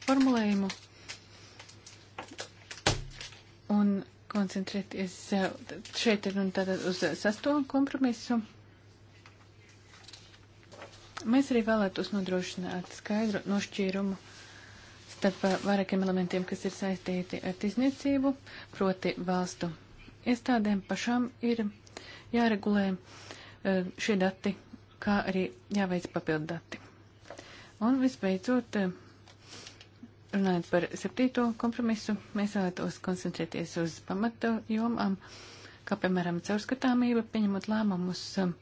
formulējumu un koncentrēties. Eh, šeit ir runa tātad uz sasto kompromisu. Mēs arī vēlētos nodrošināt skaidru nošķīrumu starp vairākiem elementiem, kas ir saistīti ar tirzniecību, proti valstu iestādēm pašām ir jāregulē eh, šie dati, kā arī jāveic papildu dati. Un visbeidzot, eh, Runājot par septīto kompromisu, mēs vēlētos koncentrēties uz pamatu jomām, kā piemēram caurskatāmība, pieņemot lēmumus um,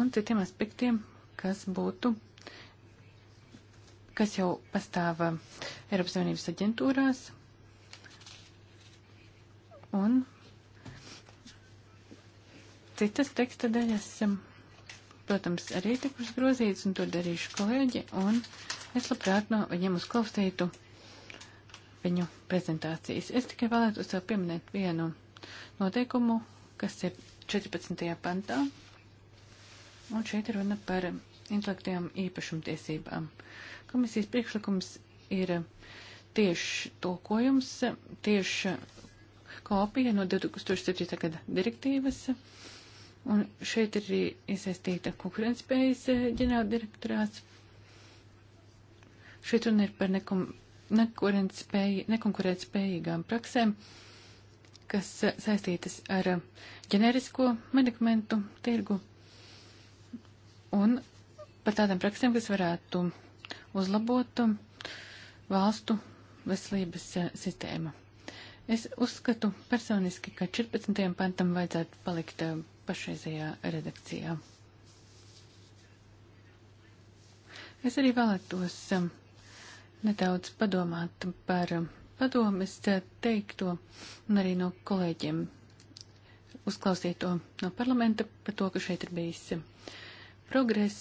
un citiem aspektiem, kas būtu, kas jau pastāv um, Eiropas Savienības aģentūrās. Un citas teksta daļas, um, protams, arī tikus grozīts, un to darīšu kolēģi, un es labprāt no viņiem uzklausītu viņu prezentācijas. Es tikai vēlētos vēl pieminēt vienu noteikumu, kas ir 14. pantā. Un šeit ir runa par intelektuālām īpašumtiesībām. Komisijas priekšlikums ir tieši tulkojums, tieši kopija no 2007. gada direktīvas. Un šeit ir arī iesaistīta konkurentspējas ģenerāldirektorāts. Šeit runa ir par nekom nekonkurēt spējīgām praksēm, kas saistītas ar ģenerisko medikamentu tirgu un par tādām praksēm, kas varētu uzlabot valstu veselības sistēmu. Es uzskatu personiski, ka 14. pantam vajadzētu palikt pašreizajā redakcijā. Es arī vēlētos nedaudz padomāt par padomes teikto un arī no kolēģiem uzklausīto no parlamenta par to, ka šeit ir bijis progress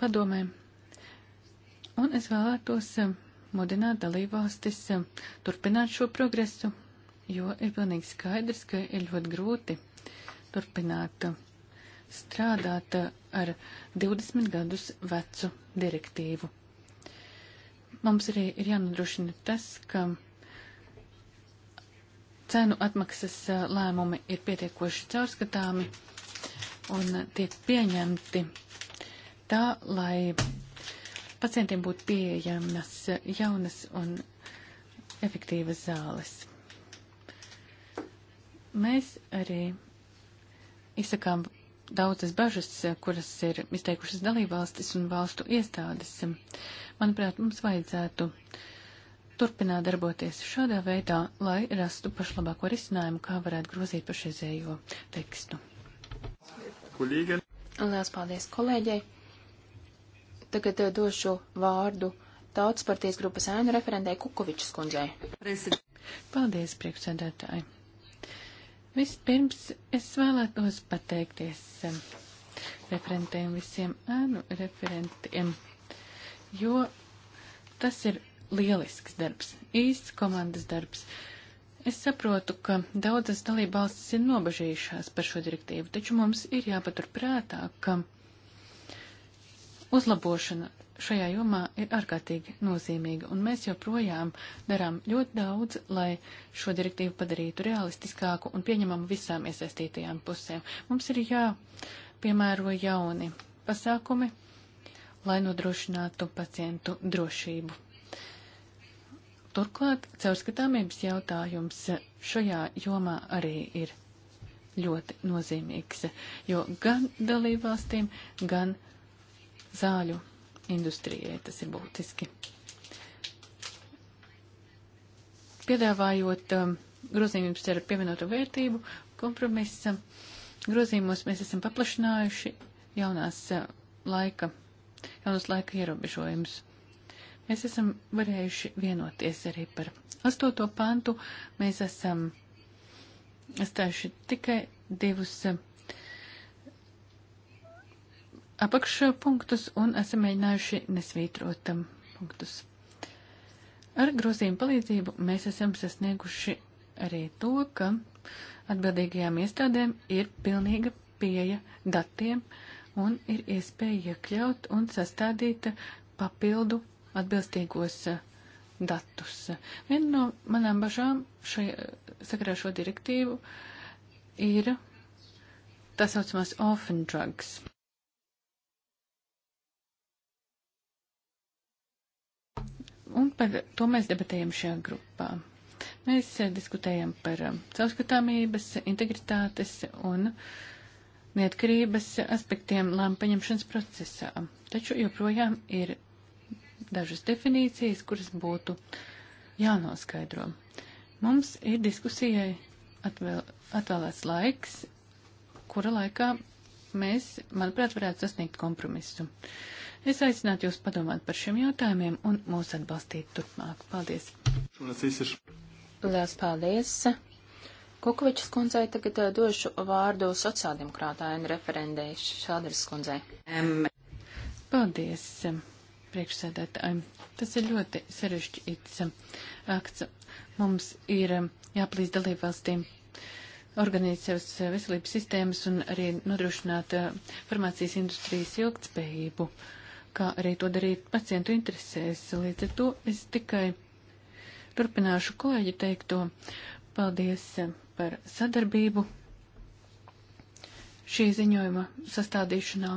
padomē. Un es vēlētos mudināt dalībvalstis turpināt šo progresu, jo ir pilnīgi skaidrs, ka ir ļoti grūti turpināt strādāt ar 20 gadus vecu direktīvu. Mums arī ir jānodrošina tas, ka cenu atmaksas eh, lēmumi ir pietiekoši caurskatāmi un eh, tiek pieņemti tā, lai pacientiem būtu pieejamas eh, jaunas un efektīvas zāles. Mēs arī izsakām daudzas bažas, kuras ir izteikušas dalībvalstis un valstu iestādes. Uh, Manuprāt, mums vajadzētu turpināt darboties šādā veidā, lai rastu pašlabāko risinājumu, kā varētu grozīt pašreizējo tekstu. Kolīga. Lielas paldies kolēģei. Tagad eh, došu vārdu Tautas partijas grupas ēnu referentei Kukovičs kundzei. Paldies, priekšsēdētāji. Vispirms es vēlētos pateikties eh, referentiem visiem ēnu referentiem jo tas ir lielisks darbs, īsts komandas darbs. Es saprotu, ka daudzas dalībvalstis ir nobežījušās par šo direktīvu, taču mums ir jāpatur prātā, ka uzlabošana šajā jomā ir ārkārtīgi nozīmīga, un mēs joprojām darām ļoti daudz, lai šo direktīvu padarītu realistiskāku un pieņemamu visām iesaistītajām pusēm. Mums ir jāpiemēro jauni pasākumi, lai nodrošinātu pacientu drošību. Turklāt caurskatāmības jautājums šajā jomā arī ir ļoti nozīmīgs, jo gan dalībvalstīm, gan zāļu industrijai tas ir būtiski. Piedāvājot um, grozījumus ar pievienotu vērtību, kompromisam, grozījumos mēs esam paplašinājuši jaunās uh, laika savus laika ierobežojumus. Mēs esam varējuši vienoties arī par astoto pantu. Mēs esam atstājuši tikai divus eh, apakšpunktus un esam mēģinājuši nesvītrot eh, punktus. Ar grozījumu palīdzību mēs esam sasnieguši arī to, ka atbildīgajām iestādēm ir pilnīga pieeja datiem, uh, un ir iespēja iekļaut un sastādīt papildu atbilstīgos eh, datus. Viena no manām bažām šajā eh, sakarā šo direktīvu ir tā saucamās orphan drugs. Un par to mēs debatējam šajā grupā. Mēs eh, diskutējam par caurskatāmības, integritātes un uh, neatkarības aspektiem lēmu paņemšanas procesā. Taču joprojām ir dažas definīcijas, kuras būtu jānoskaidro. Mums ir diskusijai atvēl, atvēlēts laiks, kura laikā mēs, manuprāt, varētu sasniegt kompromisu. Es aicinātu jūs padomāt par šiem jautājumiem un mūs atbalstīt turpmāk. Paldies! Lielas paldies! Kukovičs kundzei tagad došu vārdu sociāldemokrātājiem referendēju Šādras kundzei. Paldies, priekšsēdētājiem. Tas ir ļoti sarežģīts akts. Mums ir jāplīst dalībvalstīm organizēt savas veselības sistēmas un arī nodrošināt farmācijas industrijas ilgtspējību, kā arī to darīt pacientu interesēs. Līdz ar to es tikai turpināšu kolēģi teikto Paldies eh, par sadarbību šī ziņojuma sastādīšanā.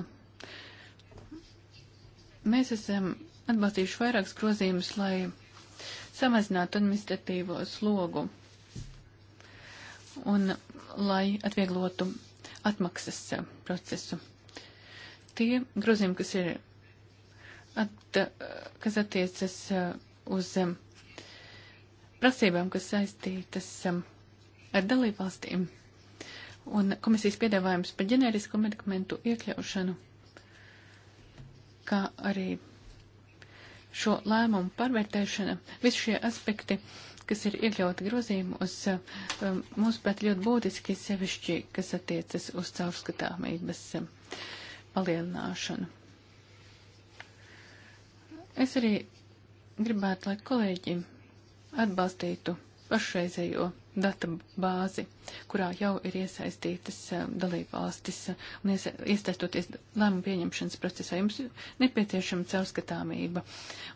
Mēs esam atbalstījuši vairākas grozījumus, lai samazinātu administratīvo slogu un lai atvieglotu atmaksas eh, procesu. Tie grozījumi, kas ir, at, eh, kas attiecas uz prasībām, kas saistītas um, ar dalībvalstīm un komisijas piedāvājums par ģenerisko medikamentu iekļaušanu, kā arī šo lēmumu pārvērtēšana, visi šie aspekti, kas ir iekļauti grozījumos, um, mūsuprāt, ļoti būtiski sevišķi, kas attiecas uz caurskatāmības um, palielināšanu. Es arī gribētu, lai kolēģi atbalstītu pašreizējo datu bāzi, kurā jau ir iesaistītas eh, dalībvalstis eh, un iesa iesaistoties lēmumu pieņemšanas procesā. Jums nepieciešama caurskatāmība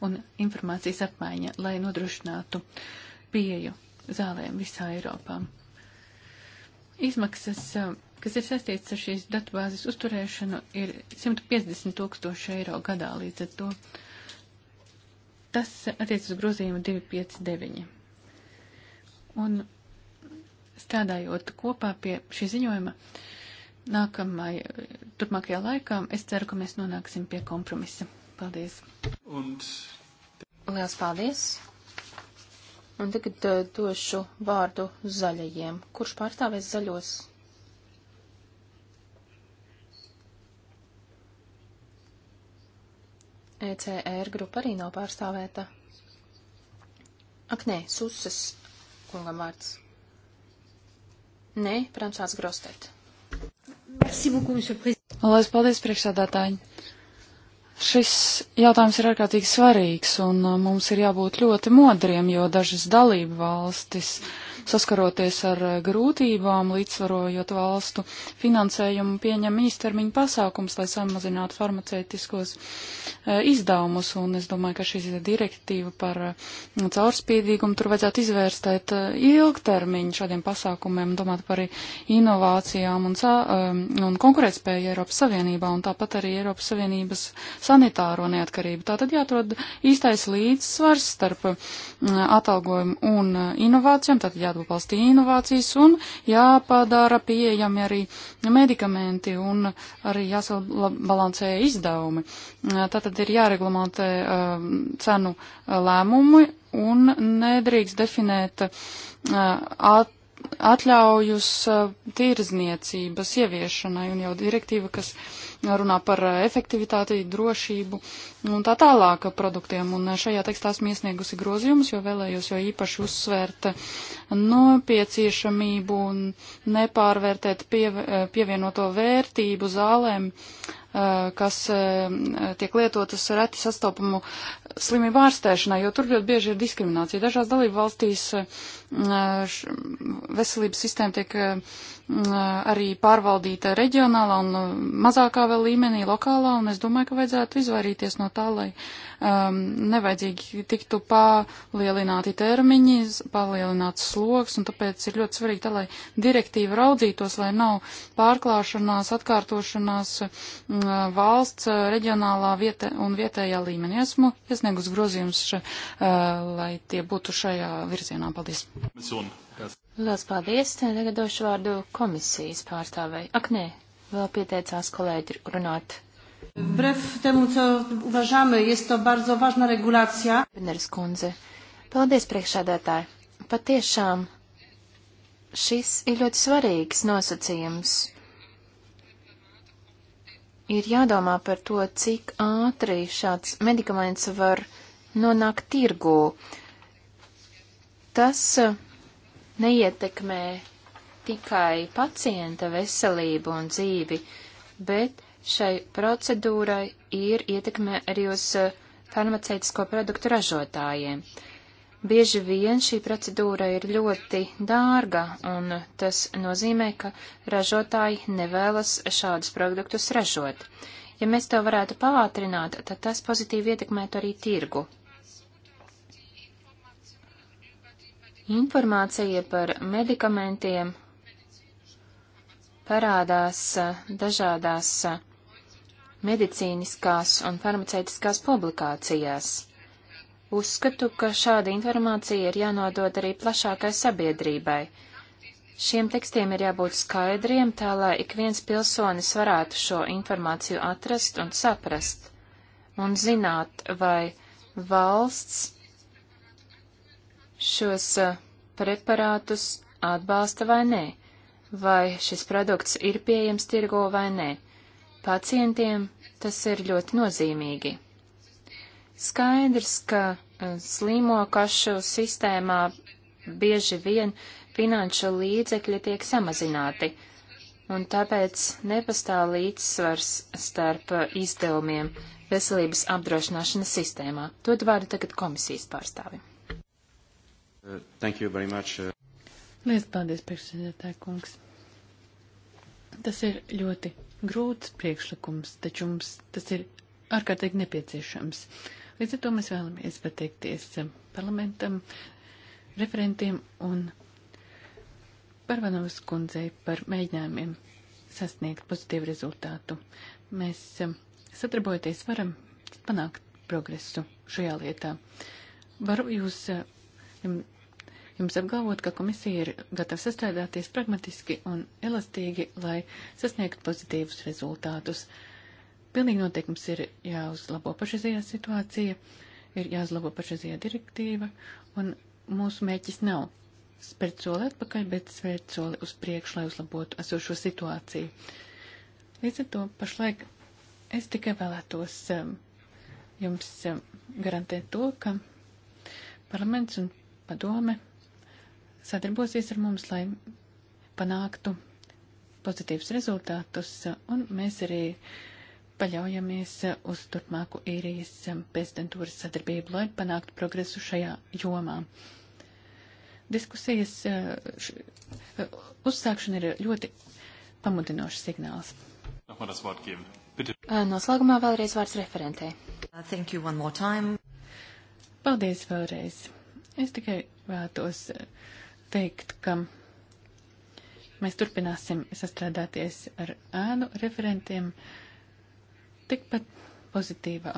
un informācijas apmaiņa, lai nodrošinātu pieju zālēm visā Eiropā. Izmaksas, eh, kas ir saistīts ar šīs datubāzes uzturēšanu, ir 150 tūkstoši eiro gadā līdz ar to. Uh, Tas attiec uz grozījumu 259. Un strādājot kopā pie šī ziņojuma, nākamai, turpmākajā laikā, es ceru, ka mēs nonāksim pie kompromisa. Paldies! Un... Liels paldies! Un tagad uh, došu vārdu zaļajiem. Kurš pārstāvēs zaļos? ECR grupa arī nav pārstāvēta. Ak, nē, Susas kungam vārds. Nē, Frančāns Grostet. Lielas paldies, priekšsādātāji. Šis jautājums ir ārkārtīgi svarīgs, un uh, mums ir jābūt ļoti modriem, jo dažas dalību valstis uh, saskaroties ar eh, grūtībām, līdzsvarojot valstu finansējumu, pieņem īstermiņu pasākums, lai samazinātu farmaceitiskos eh, izdevumus. Un es domāju, ka šī direktīva par eh, caurspīdīgumu tur vajadzētu izvērstēt ilgtermiņu šādiem pasākumiem, domāt par inovācijām un, un konkurētspēju Eiropas Savienībā un tāpat arī Eiropas Savienības sanitāro neatkarību. Tātad jāatrod īstais līdzsvars starp atalgojumu un inovācijām, tātad jā jāatbalsta inovācijas un jāpadara pieejami arī medikamenti un arī jāsabalansē izdevumi. Tātad ir jāreglamentē um, cenu uh, lēmumi un nedrīkst definēt uh, at atļaujus uh, tirzniecības ieviešanai un jau direktīva, kas uh, runā par eh, efektivitāti, drošību un tā tālāk produktiem. Un eh, šajā tekstā esmu iesniegusi grozījumus, jo vēlējos jau īpaši uzsvērt eh, nopieciešamību un nepārvērtēt piev pievienoto vērtību zālēm kas tiek lietotas reti sastopamu slimību ārstēšanai, jo tur ļoti bieži ir diskriminācija. Dažās dalību valstīs uh, veselības sistēma tiek arī pārvaldīta reģionālā un mazākā vēl līmenī, lokālā, un es domāju, ka vajadzētu izvairīties no tā, lai um, nevajadzīgi tiktu palielināti termiņi, palielināts sloks, un tāpēc ir ļoti svarīgi tā, lai direktīva raudzītos, lai nav pārklāšanās, atkārtošanās um, valsts, reģionālā vieta un vietējā līmenī. Esmu iesniegus grozījums, uh, lai tie būtu šajā virzienā. Paldies! Lielas paldies. Tagad došu vārdu komisijas pārstāvei. Ak, nē, vēl pieteicās kolēģi runāt. Brev temu, co uvažāme, jest to bardzo važna regulācija. Beneris kundze. Paldies, priekšādātāji. Patiešām šis ir ļoti svarīgs nosacījums ir jādomā par to, cik ātri šāds medikaments var nonākt tirgū. Tas eh, neietekmē tikai pacienta veselību un dzīvi, bet šai procedūrai ir ietekme arī uz eh, farmaceitisko produktu ražotājiem. Bieži vien šī procedūra ir ļoti dārga, un tas nozīmē, ka ražotāji nevēlas šādus produktus ražot. Ja mēs to varētu pātrināt, tad tas pozitīvi ietekmētu arī tirgu. Informācija par medikamentiem parādās eh, dažādās eh, medicīniskās un farmaceitiskās publikācijās. Uzskatu, ka šāda informācija ir jānodod arī plašākai sabiedrībai. Šiem tekstiem ir jābūt skaidriem, tā lai ik viens pilsonis varētu šo informāciju atrast un saprast, un zināt, vai valsts šos uh, preparātus atbalsta vai nē, vai šis produkts ir pieejams tirgo vai nē. Pacientiem tas ir ļoti nozīmīgi. Skaidrs, ka uh, slīmo kašu sistēmā bieži vien finanšu līdzekļi tiek samazināti, un tāpēc nepastāv līdzsvars starp uh, izdevumiem veselības apdrošināšanas sistēmā. Dod vārdu tagad komisijas pārstāvim. Thank you very much. Uh, Liels paldies, priekšsēdētāji kungs. Tas ir ļoti grūts priekšlikums, taču mums tas ir ārkārtīgi nepieciešams. Līdz ar to mēs vēlamies pateikties parlamentam, referentiem un Parvanovas kundzei par mēģinājumiem sasniegt pozitīvu rezultātu. Mēs um, sadarbojoties varam panākt progresu šajā lietā. Varu jūs um, jums apgalvot, ka komisija ir gatava sastrādāties pragmatiski un elastīgi, lai sasniegtu pozitīvus rezultātus. Pilnīgi noteikti mums ir jāuzlabo pašreizējā situācija, ir jāuzlabo pašreizējā direktīva, un mūsu mērķis nav spērt soli atpakaļ, bet spērt soli uz priekšu, lai uzlabotu esošo situāciju. Līdz ar to pašlaik es tikai vēlētos um, jums um, garantēt to, ka parlaments un padome sadarbosies ar mums, lai panāktu pozitīvus rezultātus, un mēs arī paļaujamies uz turpmāku īrijas prezidentūras sadarbību, lai panāktu progresu šajā jomā. Diskusijas š, uzsākšana ir ļoti pamudinošs signāls. Noslēgumā vēlreiz vārds referentē. Uh, Paldies vēlreiz. Es tikai vētos uh, teikt, ka mēs turpināsim sastrādāties ar ēnu referentiem tikpat pozitīvā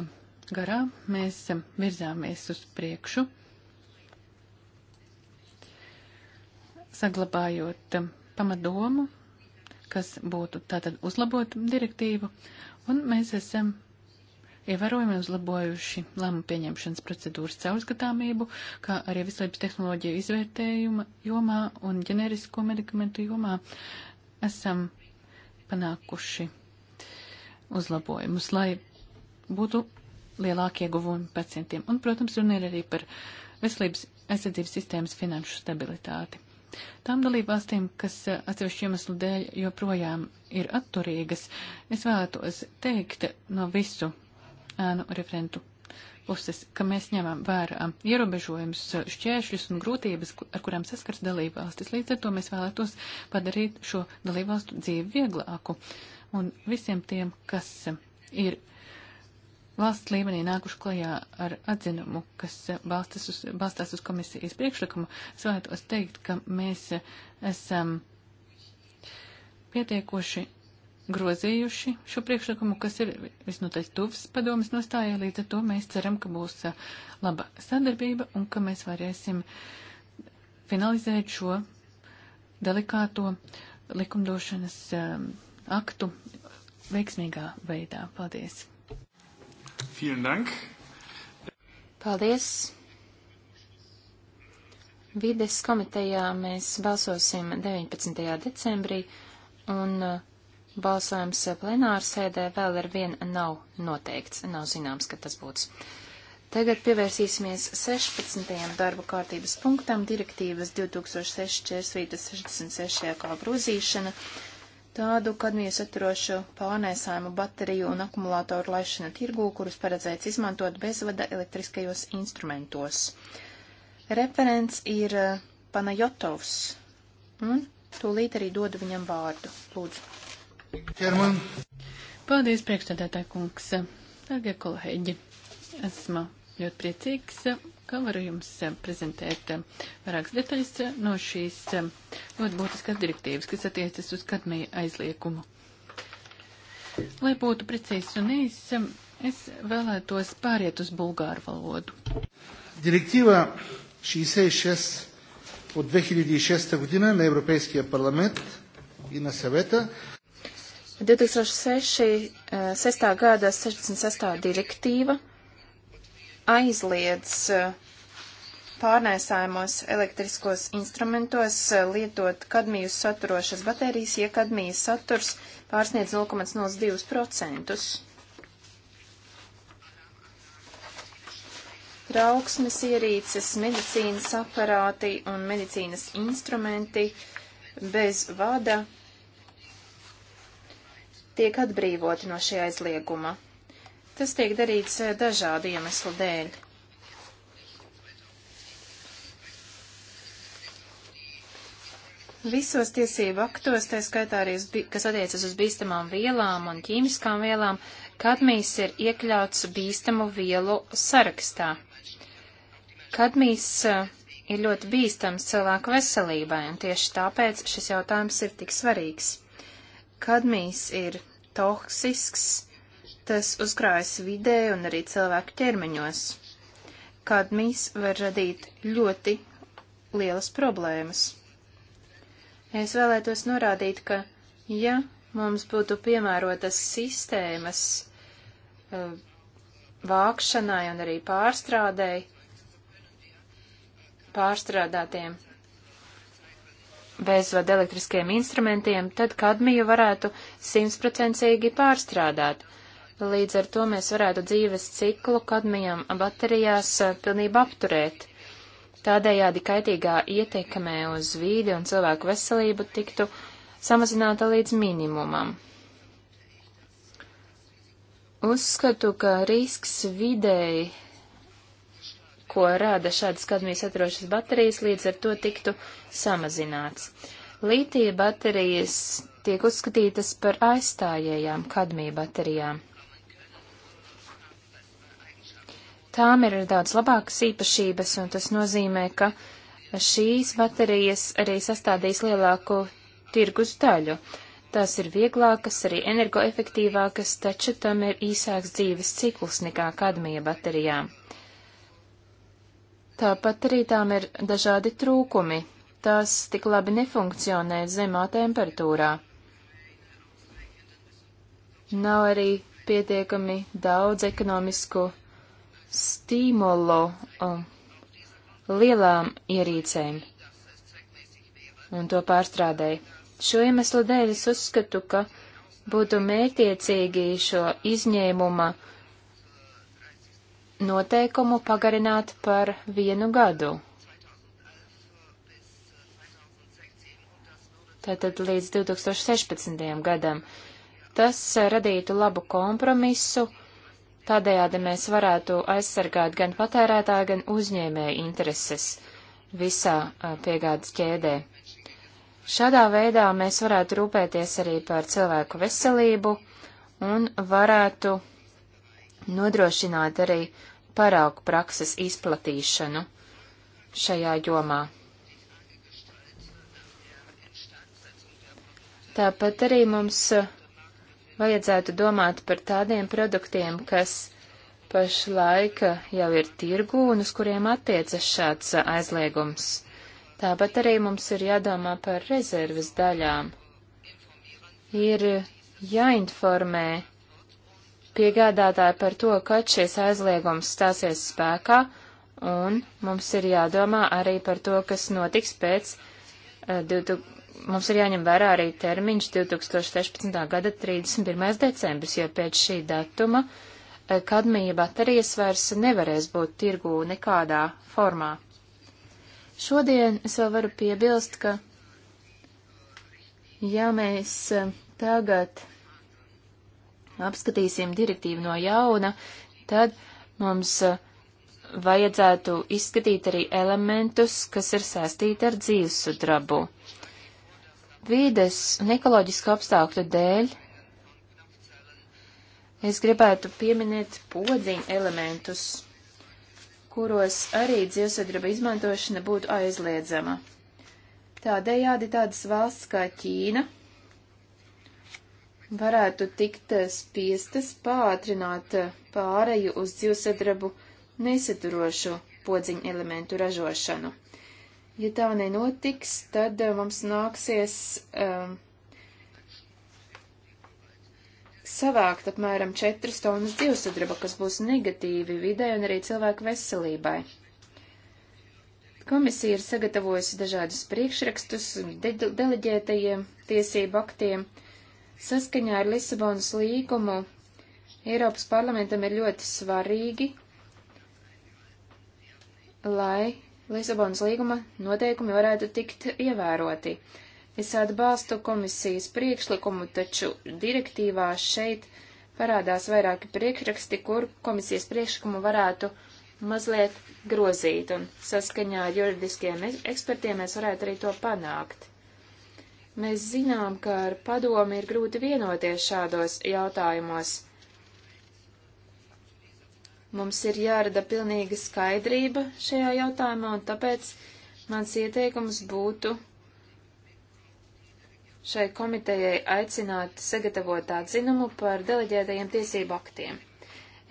garā. Mēs virzāmies uz priekšu, saglabājot pamatdomu, kas būtu tātad uzlabot direktīvu, un mēs esam ievērojami uzlabojuši lēmumu pieņemšanas procedūras caurskatāmību, kā arī veselības tehnoloģiju izvērtējuma jomā un ģenerisko medikamentu jomā esam panākuši uzlabojumus, lai būtu lielāki ieguvumi pacientiem. Un, protams, runa ir arī par veselības aizsardzības sistēmas finanšu stabilitāti. Tām dalībvalstīm, kas eh, atsevišķu iemeslu dēļ joprojām ir atturīgas, es vēlētos teikt no visu ēnu referentu puses, ka mēs ņemam vērā um, ierobežojumus, uh, šķēršļus un grūtības, ar kurām saskars dalībvalstis. Līdz ar to mēs vēlētos padarīt šo dalībvalstu dzīvi vieglāku. Un visiem tiem, kas um, ir valsts līmenī nākuši klajā ar atzinumu, kas uh, balstās uz, balstās uz komisijas priekšlikumu, es vēlētos teikt, ka mēs uh, esam pietiekoši grozījuši šo priekšlikumu, kas ir visnotaļ tuvs padomas nostājai, līdz ar to mēs ceram, ka būs laba sadarbība un ka mēs varēsim finalizēt šo delikāto likumdošanas aktu veiksmīgā veidā. Paldies! Paldies! Vides komitejā mēs balsosim 19. decembrī un uh, Balsojums plenāra sēdē vēl ar vien nav noteikts, nav zināms, ka tas būs. Tagad pievērsīsimies 16. darba kārtības punktam direktīvas 2006-66 kā grūzīšana, tādu kadmiju saturošu pārnēsājumu bateriju un akumulātoru laišanu tirgū, kurus paredzēts izmantot bezvada elektriskajos instrumentos. Referents ir eh, Panajotovs, un tūlīt arī dodu viņam vārdu. Lūdzu. Čerman. Paldies, priekšstādātāja kungs. Dargie kolēģi, esmu ļoti priecīgs, ka varu jums prezentēt vairākas detaļas no šīs ļoti būtiskas direktīvas, kas attiecas uz kadmija aizliekumu. Lai būtu precīzs un īss, es vēlētos pāriet uz bulgāru valodu. Direktīva 66 от 2006 година на Европейския парламент и на съвета 2006. Eh, gada 66. direktīva aizliedz eh, pārnēsājumos elektriskos instrumentos eh, lietot kadmiju saturošas baterijas, ja kadmijas saturs pārsniedz 0,02%. Trauksmes ierīces, medicīnas aparāti un medicīnas instrumenti bez vada tiek atbrīvoti no šī aizlieguma. Tas tiek darīts eh, dažādu iemeslu dēļ. Visos tiesību aktos, tā skaitā arī, uz, kas attiecas uz bīstamām vielām un ķīmiskām vielām, kadmijs ir iekļauts bīstamu vielu sarakstā. Kadmijs eh, ir ļoti bīstams cilvēku veselībai, un tieši tāpēc šis jautājums ir tik svarīgs. Kadmijs ir toksisks, tas uzkrājas vidē un arī cilvēku ķermeņos. Kadmijs var radīt ļoti lielas problēmas. Es vēlētos norādīt, ka ja mums būtu piemērotas sistēmas eh, vākšanai un arī pārstrādēji pārstrādātiem bezvada elektriskiem instrumentiem, tad kadmiju varētu simtprocentīgi pārstrādāt. Līdz ar to mēs varētu dzīves ciklu kadmijam baterijās eh, pilnībā apturēt. Tādējādi kaitīgā ietekmē uz vīdi un cilvēku veselību tiktu samazināta līdz minimumam. Uzskatu, ka risks videi ko rada šādas kadmijas atrošas baterijas, līdz ar to tiktu samazināts. Lītija baterijas tiek uzskatītas par aizstājējām kadmija baterijām. Tām ir daudz labākas īpašības, un tas nozīmē, ka šīs baterijas arī sastādīs lielāku tirgus daļu. Tās ir vieglākas, arī energoefektīvākas, taču tam ir īsāks dzīves cikls nekā kadmija baterijām. Uh, Tāpat arī tām ir dažādi trūkumi. Tās tik labi nefunkcionē zemā temperatūrā. Nav arī pietiekami daudz ekonomisku stimulu um, lielām ierīcēm un to pārstrādēji. Šo iemeslu dēļ es uzskatu, ka būtu mērķiecīgi šo izņēmuma uh, noteikumu pagarināt par vienu gadu. Tātad līdz 2016. gadam. Tas eh, radītu labu kompromisu, tādējādi mēs varētu aizsargāt gan patērētāju, gan uzņēmēju intereses visā eh, piegādes ķēdē. Šādā veidā mēs varētu rūpēties arī par cilvēku veselību un varētu nodrošināt arī paraugu prakses izplatīšanu šajā jomā. Tāpat arī mums uh, vajadzētu domāt par tādiem produktiem, kas pašlaik uh, jau ir tirgū un uz kuriem attiecas šāds uh, aizliegums. Tāpat arī mums ir jādomā par rezerves daļām. Ir jāinformē piegādātāji par to, kad šis aizliegums stāsies spēkā, un mums ir jādomā arī par to, kas notiks pēc, uh, eh, 2000, mums ir jāņem vērā arī termiņš 2016. gada 31. decembris, jo pēc šī datuma uh, kadmija baterijas vairs nevarēs būt tirgū nekādā formā. Šodien es vēl varu piebilst, ka ja mēs eh, tagad apskatīsim direktīvu no jauna, tad mums eh, vajadzētu izskatīt arī elementus, kas ir saistīti ar dzīvesudrabu. Vīdes un ekoloģisku apstākļu dēļ es gribētu pieminēt podziņu elementus, kuros arī dzīvesudraba izmantošana būtu aizliedzama. Tādējādi tādas valsts kā Ķīna, varētu tikt spiestas pātrināt pāreju uz dzīvesadrabu nesaturošu podziņu elementu ražošanu. Ja tā nenotiks, tad mums nāksies um, savākt apmēram 4 tonnas dzīvesudraba, kas būs negatīvi vidē un arī cilvēku veselībai. Komisija ir sagatavojusi dažādus priekšrakstus deleģētajiem tiesību aktiem, uh, Saskaņā ar Lisabonas līgumu Eiropas parlamentam ir ļoti svarīgi, lai Lisabonas līguma noteikumi varētu tikt ievēroti. Es atbalstu komisijas priekšlikumu, taču direktīvā šeit parādās vairāki priekšraksti, kur komisijas priekšlikumu varētu mazliet grozīt, un saskaņā ar juridiskajiem ekspertiem mēs varētu arī to panākt. Mēs zinām, ka ar padomi ir grūti vienoties šādos jautājumos. Mums ir jārada pilnīga skaidrība šajā jautājumā, un tāpēc mans ieteikums būtu šai komitejai aicināt sagatavot atzinumu par deleģētajiem tiesību aktiem.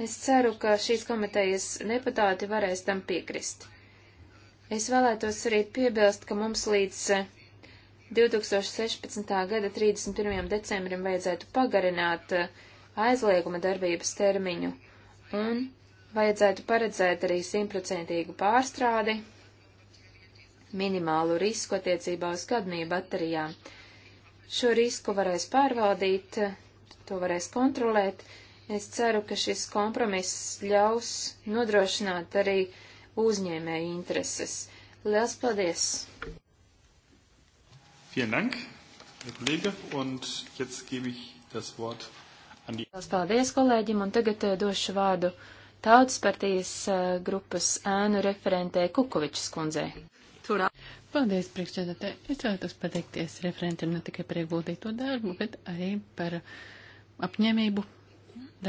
Es ceru, ka šīs komitejas deputāti varēs tam piekrist. Es vēlētos arī piebilst, ka mums līdz 2016. gada 31. decembrim vajadzētu pagarināt eh, aizlieguma darbības termiņu un vajadzētu paredzēt arī simtprocentīgu pārstrādi, minimālu risku attiecībā uz kadmiju baterijām. Šo risku varēs pārvaldīt, to varēs kontrolēt. Es ceru, ka šis kompromiss ļaus nodrošināt arī uzņēmēju intereses. Lielas paldies! Vielen Dank, Herr Kollege. Und jetzt gebe ich das Wort an die. Paldies, kolēģim, un tagad eh, došu vārdu Tautas partijas eh, grupas ēnu referentē Kukovičs kundzei. Turā. Paldies, priekšsēdētāji. Es vēlētos pateikties referentiem ne tikai par ieguldīto darbu, bet arī par apņēmību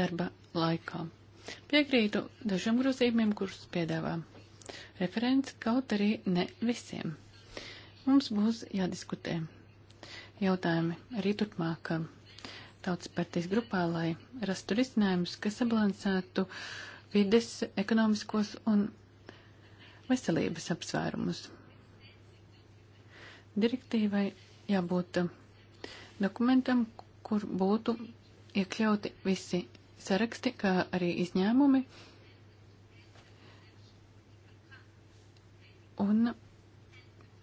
darba laikā. Piekrītu dažiem grozījumiem, kurus piedāvā referents, kaut arī ne visiem. Mums būs jādiskutē jautājumi arī turpmāk tautas partijas grupā, lai rastu risinājumus, kas sabalansētu vides, ekonomiskos un veselības apsvērumus. Direktīvai jābūt dokumentam, kur būtu iekļauti visi saraksti, kā arī izņēmumi. Un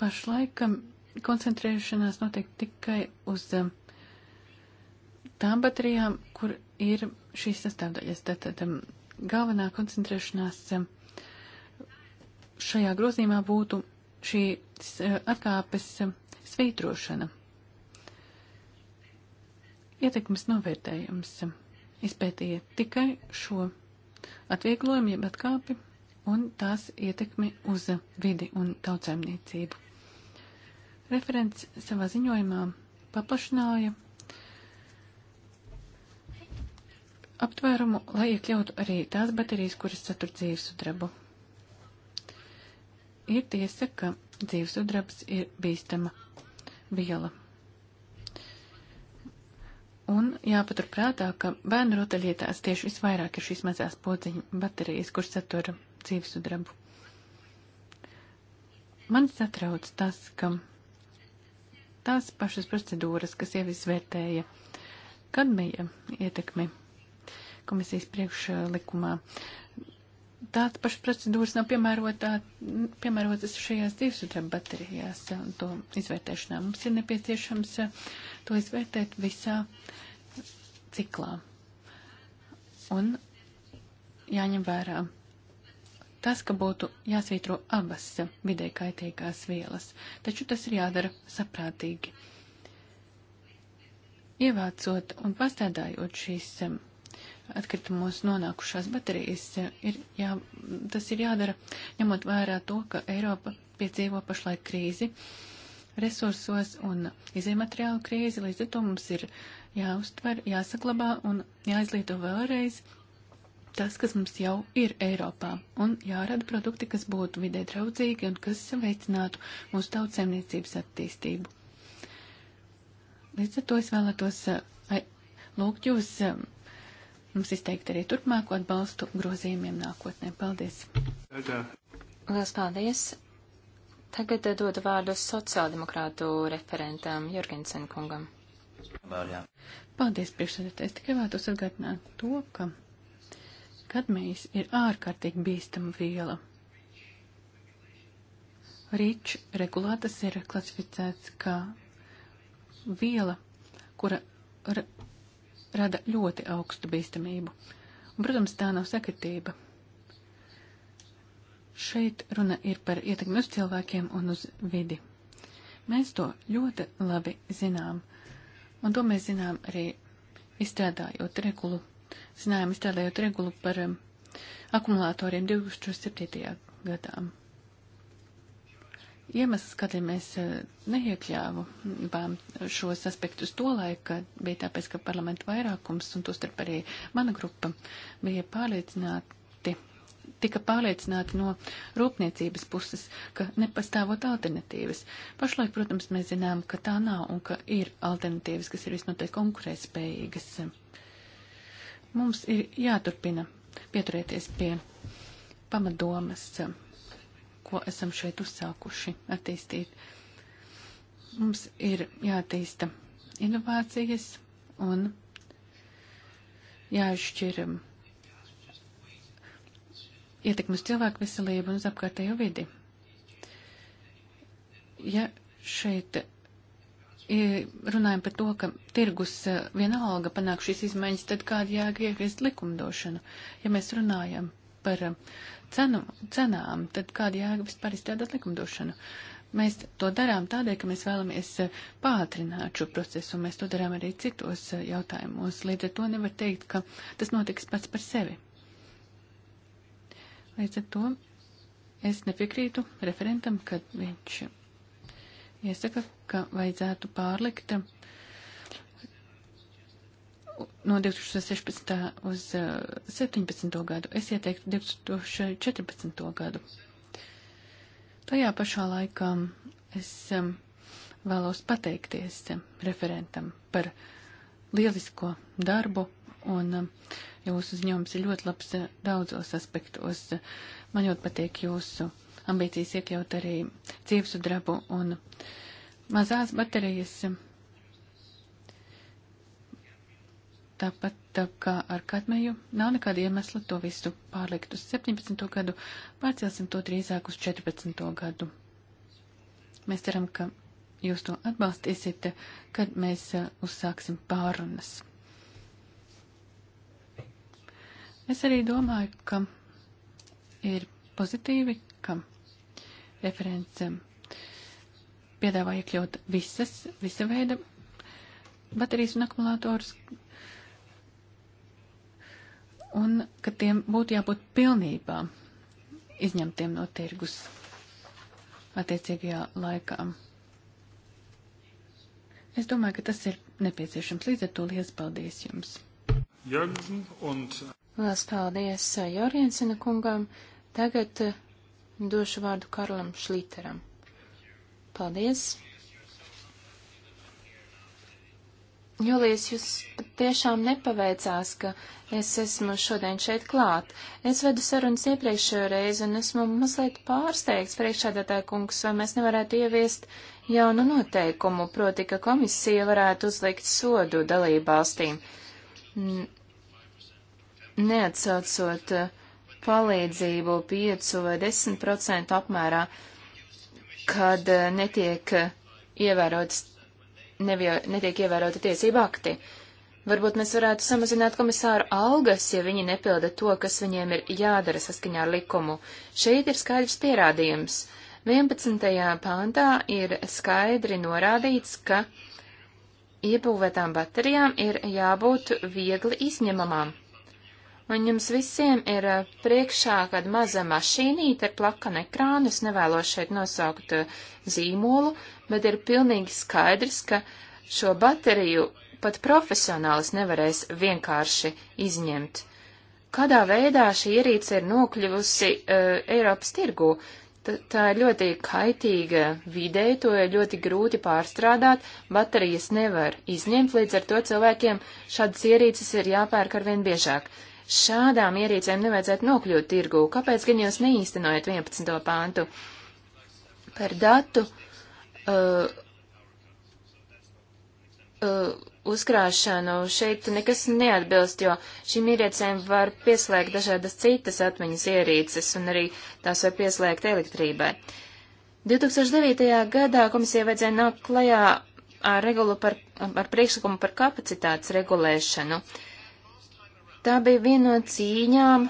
Pašlaik um, koncentrēšanās notiek tikai uz um, tām baterijām, kur ir šīs sastāvdaļas. Tātad um, galvenā koncentrēšanās šajā grozījumā būtu šīs uh, atkāpes svītrošana. Ietekmes novērtējums izpētīja tikai šo atvieglojumu, jeb atkāpi un tās ietekmi uz vidi un tautsēmniecību. Referents savā ziņojumā paplašināja aptvērumu, lai iekļautu arī tās baterijas, kuras satur dzīvesudrabu. Ir tiesa, ka dzīvesudrabs ir bīstama viela. Un jāpaturprātā, ka bērnu rotaļietās tieši visvairāk ir šīs mazās podziņu baterijas, kuras satura dzīvesudrabu. Man satrauc tas, ka tās pašas procedūras, kas jau izvērtēja kadmija ietekmi komisijas priekšlikumā. Tāds pašs procedūras nav piemērotā, piemērotas šajās divsudraba baterijās un to izvērtēšanā. Mums ir nepieciešams to izvērtēt visā ciklā. Un jāņem vērā tas, ka būtu jāsvītro abas vidē kaitīgās vielas, taču tas ir jādara saprātīgi. Ievācot un pastādājot šīs atkritumos nonākušās baterijas, ir jā, tas ir jādara ņemot vērā to, ka Eiropa piedzīvo pašlaik krīzi resursos un izējumateriālu krīzi, līdz ar to mums ir jāuztver, jāsaklabā un jāizlieto vēlreiz tas, kas mums jau ir Eiropā, un jārada produkti, kas būtu vidē draudzīgi un kas veicinātu mūsu tautsēmniecības attīstību. Līdz ar to es vēlētos eh, lūgt jūs eh, mums izteikt arī turpmāko atbalstu grozījumiem nākotnē. Paldies! Lielas paldies! Tagad eh, dodu vārdu sociāldemokrātu referentam Jorgensen kungam. Paldies, priekšsēdētājs. Tikai vēlētos atgādināt to, ka kadmijs ir ārkārtīgi bīstama viela. Rīčs regulātas ir klasificēts kā viela, kura ra rada ļoti augstu bīstamību. Un, protams, tā nav sakritība. Šeit runa ir par ietekmi uz cilvēkiem un uz vidi. Mēs to ļoti labi zinām, un to mēs zinām arī izstrādājot regulu zinājām, izstrādājot regulu par um, akumulatoriem 2007. gadām. Iemesls, kādēļ mēs uh, neiekļāvām šos aspektus tolaik, bija tāpēc, ka parlamenta vairākums, un tostarp arī mana grupa, bija pārliecināti, tika pārliecināti no rūpniecības puses, ka nepastāvot alternatīvas. Pašlaik, protams, mēs zinām, ka tā nav un ka ir alternatīvas, kas ir visnotaļ konkurētspējīgas. Uh, Mums ir jāturpina pieturēties pie pamatdomas, ko esam šeit uzsākuši attīstīt. Mums ir jātīsta inovācijas un jāizšķir um, ietekmes cilvēku veselību un uz apkārtējo vidi. Ja šeit runājam par to, ka tirgus eh, vienalga panāk šīs izmaiņas, tad kāda jēga ieviest likumdošanu? Ja mēs runājam par eh, cenu, cenām, tad kāda jēga vispār izstrādāt likumdošanu? Mēs to darām tādēļ, ka mēs vēlamies eh, pātrināt šo procesu, un mēs to darām arī citos jautājumos. Līdz ar to nevar teikt, ka tas notiks pats par sevi. Līdz ar to es nepiekrītu referentam, kad viņš iesaka, ka vajadzētu pārlikt no 2016. uz 17. gadu. Es ieteiktu 2014. gadu. Tajā pašā laikā es vēlos pateikties referentam par lielisko darbu un jūsu ziņojums ir ļoti labs daudzos aspektos. Man ļoti patīk jūsu ambīcijas iekļaut arī cievsudrabu un mazās baterijas. Tāpat tā kā ar kadmeju nav nekāda iemesla to visu pārlikt uz 17. gadu, pārcelsim to drīzāk uz 14. gadu. Mēs ceram, ka jūs to atbalstīsiet, kad mēs eh, uzsāksim pārunas. Es arī domāju, ka ir pozitīvi, ka referents um, piedāvā iekļaut visas, visa veida baterijas un akumulātors, un ka tiem būtu jābūt pilnībā izņemtiem no tirgus attiecīgajā laikā. Es domāju, ka tas ir nepieciešams. Līdz ar to liels paldies jums. Jörgensen un... Liels paldies uh, Jorgensena kungam. Tagad uh, Došu vārdu Karlam Šlīteram. Paldies! Jūlijas, jūs tiešām nepaveicās, ka es esmu šodien šeit klāt. Es vedu sarunas iepriekšējo reizi un esmu mazliet pārsteigts priekšādātāja kungs, vai mēs nevarētu ieviest jaunu noteikumu, proti, ka komisija varētu uzlikt sodu dalībvalstīm, neatsaucot uh, palīdzību 5 vai 10% apmērā, kad eh, netiek eh, ievērotas, nevio, netiek ievērota tiesība akti. Varbūt mēs varētu samazināt komisāru algas, ja viņi nepilda to, kas viņiem ir jādara saskaņā ar likumu. Šeit ir skaidrs pierādījums. 11. pāntā ir skaidri norādīts, ka iebūvētām baterijām ir jābūt viegli izņemamām. Un jums visiem ir eh, priekšā kāda maza mašīnīte ar plakanu ekrānu, es nevēlos šeit nosaukt eh, zīmolu, bet ir pilnīgi skaidrs, ka šo bateriju pat profesionālis nevarēs vienkārši izņemt. Kādā veidā šī ierīce ir nokļuvusi uh, Eiropas tirgū? T tā ir ļoti kaitīga videi, to ir ļoti grūti pārstrādāt, baterijas nevar izņemt, līdz ar to cilvēkiem šādas ierīces ir jāpērk arvien biežāk. Uh, šādām ierīcēm nevajadzētu nokļūt tirgū. Kāpēc gan jūs neīstenojat 11. pāntu par datu uh, uh, uzkrāšanu? Šeit nekas neatbilst, jo šīm ierīcēm var pieslēgt dažādas citas atmiņas ierīces un arī tās var pieslēgt elektrībai. 2009. gadā komisija vajadzēja nākt klajā ar regulu par, ar priekšlikumu par kapacitātes regulēšanu. Uh, Tā bija viena no cīņām,